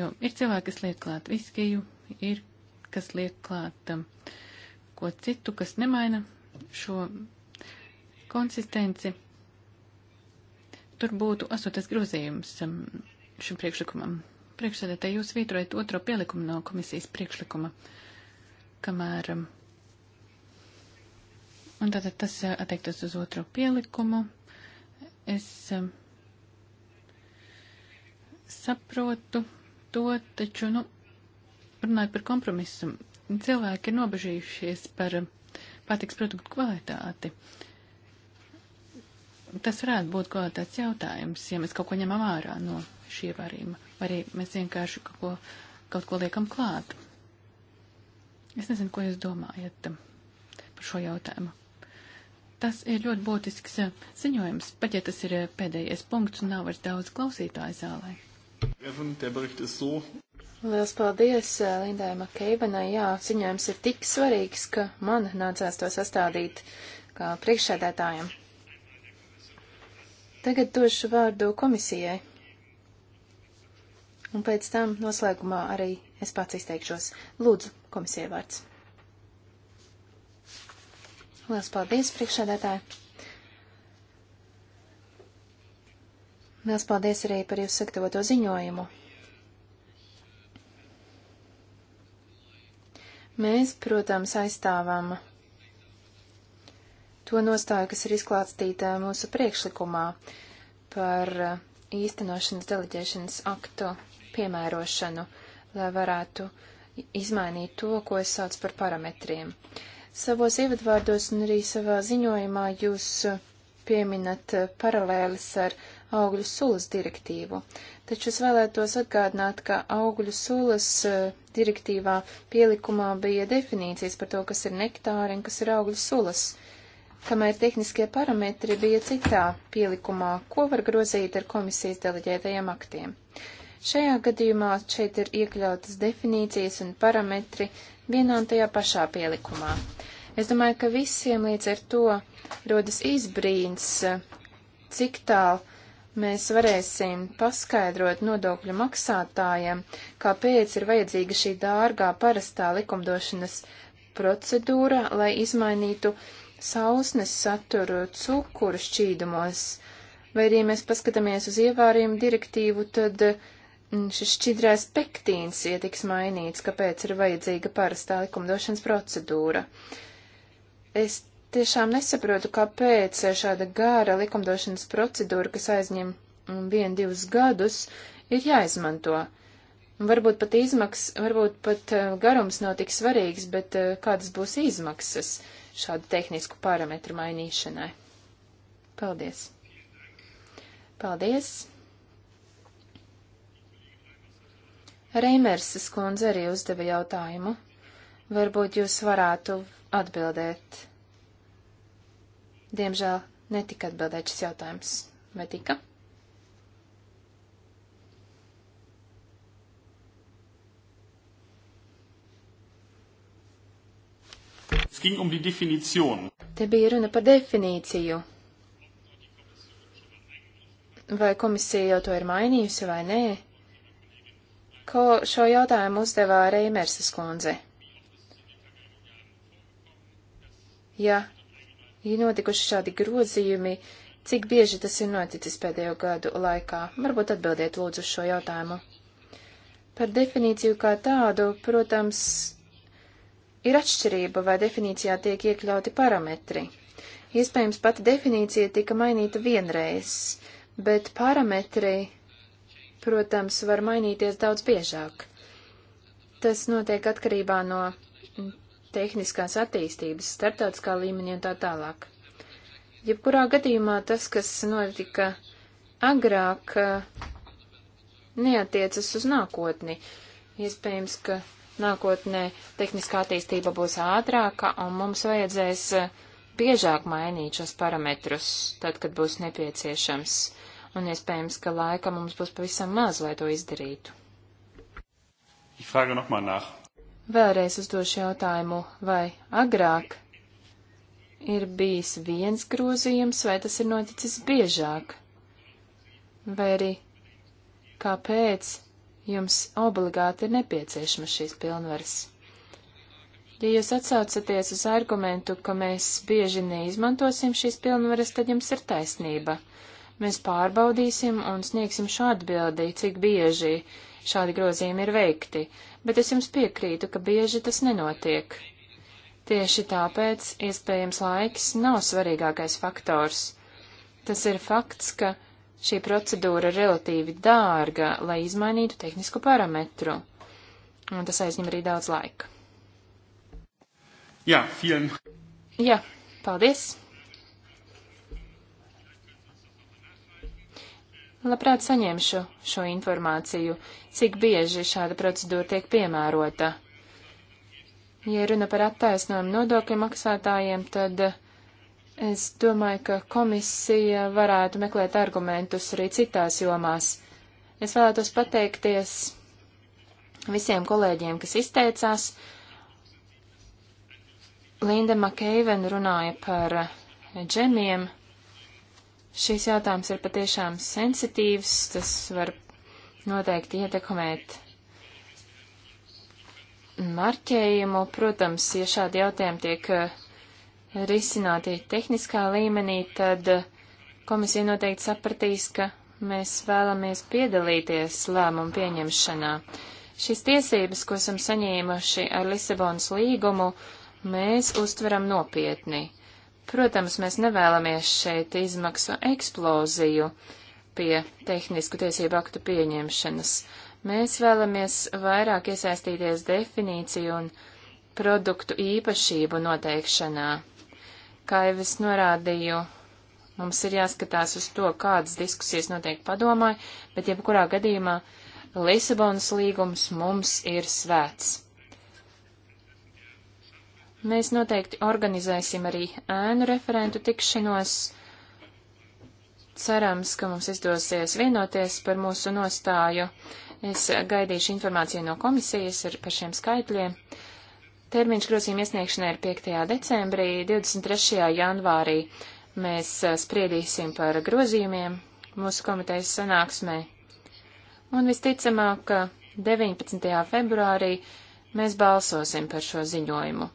Jo ir cilvēki, kas liek klāt viskiju, ir kas liek klāt um, ko citu, kas nemaina šo konsistenci. Tur būtu asotas grozījums um, šim priekšlikumam. Priekšsēdētāji, jūs vītrojat otro pielikumu no komisijas priekšlikuma, kamēr. Um, un tātad tas uh, attiektos uz otro pielikumu. Es um, saprotu to, taču, nu, runājot par kompromisu, cilvēki ir nobežījušies par um, pārtiks produktu kvalitāti. Tas varētu būt kvalitātes jautājums, ja mēs kaut ko ņemam ārā no šī ievērījuma, vai arī mēs vienkārši kaut ko, kaut ko liekam klāt. Es nezinu, ko jūs domājat par šo jautājumu. Tas ir ļoti būtisks eh, ziņojums, pat ja tas ir eh, pēdējais punkts un nav vairs daudz klausītāju zālē. Lielas paldies eh, Lindai Makeibenai. Jā, ziņojums ir tik svarīgs, ka man nācās to sastādīt kā priekšsēdētājam. Tagad došu vārdu komisijai un pēc tam noslēgumā arī es pats izteikšos. Lūdzu, komisija vārds. Lielas paldies, priekšsēdētāji! Lielas paldies arī par jūsu sagatavoto ziņojumu. Mēs, protams, aizstāvam to nostāju, kas ir izklāstīta mūsu priekšlikumā par īstenošanas deleģēšanas aktu piemērošanu, lai varētu izmainīt to, ko es saucu par parametriem. Savos ievadvārdos un arī savā ziņojumā jūs uh, pieminat uh, paralēlis ar augļu sulas direktīvu, taču es vēlētos atgādināt, ka augļu sulas uh, direktīvā pielikumā bija definīcijas par to, kas ir nektāri un kas ir augļu sulas kamēr tehniskie parametri bija citā pielikumā, ko var grozīt ar komisijas deleģētajiem aktiem. Šajā gadījumā šeit ir iekļautas definīcijas un parametri vienā un tajā pašā pielikumā. Es domāju, ka visiem līdz ar to rodas izbrīns, cik tālu mēs varēsim paskaidrot nodokļu maksātājiem, kāpēc ir vajadzīga šī dārgā parastā likumdošanas procedūra, lai izmainītu sausnes saturu cukuru šķīdumos. Vai arī mēs paskatāmies uz ievārījumu direktīvu, tad uh, Mm, šis šķidrās pektīns ja tiks mainīts, kāpēc ir vajadzīga parastā likumdošanas procedūra. Es tiešām nesaprotu, kāpēc šāda gāra likumdošanas procedūra, kas aizņem mm, vienu, divus gadus, ir jāizmanto. Varbūt pat izmaksas, varbūt pat eh, garums nav tik svarīgs, bet eh, kādas būs izmaksas šādu tehnisku parametru mainīšanai? Paldies! Paldies! Reimersas kundze arī uzdeva jautājumu. Varbūt jūs varētu atbildēt. Diemžēl netika atbildēt šis jautājums. Vai tika? Um Te bija runa par definīciju. Vai komisija jau to ir mainījusi vai nē? Ko šo jautājumu uzdevā Reimerses kundze. Ja ir ja notikuši šādi grozījumi, cik bieži tas ir noticis pēdējo gadu laikā? Varbūt atbildiet lūdzu uz šo jautājumu. Par definīciju kā tādu, protams, ir atšķirība, vai definīcijā tiek iekļauti parametri. Iespējams, pati definīcija tika mainīta vienreiz, bet parametri protams, var mainīties daudz biežāk. Tas notiek atkarībā no tehniskās attīstības, starptautiskā līmenī un tā tālāk. Jebkurā gadījumā tas, kas notika agrāk, neatiecas uz nākotni. Iespējams, ka nākotnē tehniskā attīstība būs ātrāka un mums vajadzēs biežāk mainīt šos parametrus, tad, kad būs nepieciešams. Uh, un iespējams, ka laika mums būs pavisam maz, lai to izdarītu. Vēlreiz uzdošu jautājumu, vai agrāk ir bijis viens grozījums, vai tas ir noticis biežāk? Vai arī kāpēc jums obligāti ir nepieciešamas šīs pilnvaras? Ja jūs atsaucaties uz argumentu, ka mēs bieži neizmantosim šīs pilnvaras, tad jums ir taisnība. Mēs pārbaudīsim un sniegsim šo atbildi, cik bieži šādi grozījumi ir veikti, bet es jums piekrītu, ka bieži tas nenotiek. Tieši tāpēc, iespējams, laiks nav svarīgākais faktors. Tas ir fakts, ka šī procedūra ir relatīvi dārga, lai izmainītu tehnisku parametru, un tas aizņem arī daudz laika. Jā, film. Jā, paldies! Labprāt saņemšu šo informāciju, cik bieži šāda procedūra tiek piemērota. Ja runa par attaisnojumu nodokļu maksātājiem, tad es domāju, ka komisija varētu meklēt argumentus arī citās jomās. Es vēlētos pateikties visiem kolēģiem, kas izteicās. Linda Makeivena runāja par džemiem. Šis jautājums ir patiešām sensitīvs, tas var noteikti ietekmēt marķējumu. Protams, ja šādi jautājumi tiek eh, risināti tehniskā līmenī, tad eh, komisija noteikti sapratīs, ka mēs vēlamies piedalīties lēmumu pieņemšanā. Šīs tiesības, ko esam saņēmuši ar Lisabonas līgumu, mēs uztveram nopietni. Protams, mēs nevēlamies šeit izmaksu eksploziju pie tehnisku tiesību aktu pieņemšanas. Mēs vēlamies vairāk iesaistīties definīciju un produktu īpašību noteikšanā. Kā jau es norādīju, mums ir jāskatās uz to, kādas diskusijas notiek padomāji, bet jebkurā gadījumā Lisabonas līgums mums ir svēts. Mēs noteikti organizēsim arī ēnu referentu tikšanos. Cerams, ka mums izdosies vienoties par mūsu nostāju. Es gaidīšu informāciju no komisijas par šiem skaitļiem. Termiņš grozījuma iesniegšanai ir 5. decembrī, 23. janvārī mēs spriedīsim par grozījumiem mūsu komitejas sanāksmē. Un visticamāk, ka 19. februārī mēs balsosim par šo ziņojumu.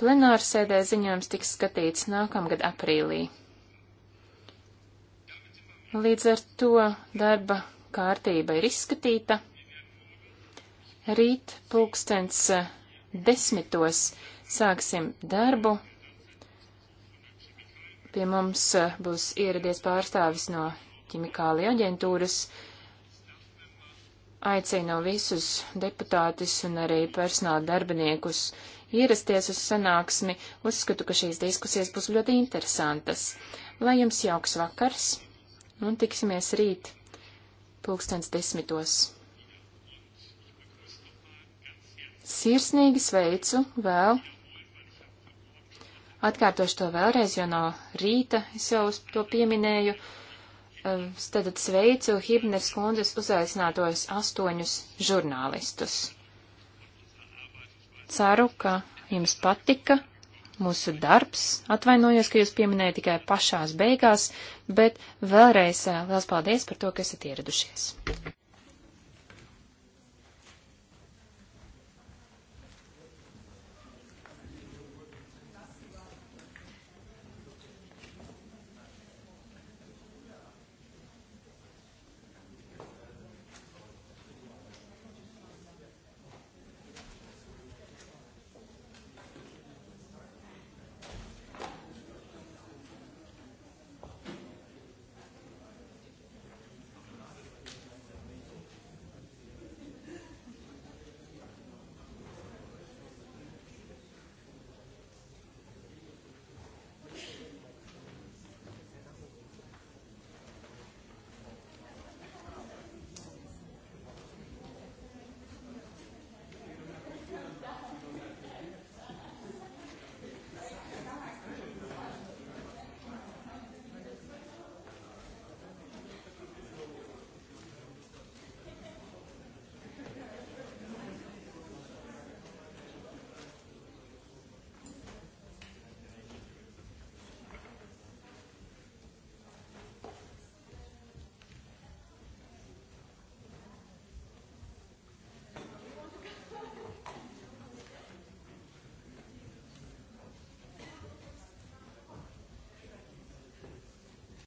Plenārsēdē ziņojums tiks skatīts nākamgad aprīlī. Līdz ar to darba kārtība ir izskatīta. Rīt pulkstens eh, desmitos sāksim darbu. Pie mums eh, būs ieradies pārstāvis no ķimikālija aģentūras. Aicinu visus deputātus un arī personāla darbiniekus ierasties uz sanāksmi. Uzskatu, ka šīs diskusijas būs ļoti interesantas. Lai jums jauks vakars un tiksimies rīt pulkstens desmitos. Sirsnīgi sveicu vēl. Atkārtošu to vēlreiz, jo no rīta es jau to pieminēju. Tad sveicu Hibners kundzes uzaicinātos astoņus žurnālistus. Ceru, ka jums patika mūsu darbs. Atvainojos, ka jūs pieminējat tikai pašās beigās, bet vēlreiz eh, liels paldies par to, ka esat ieradušies.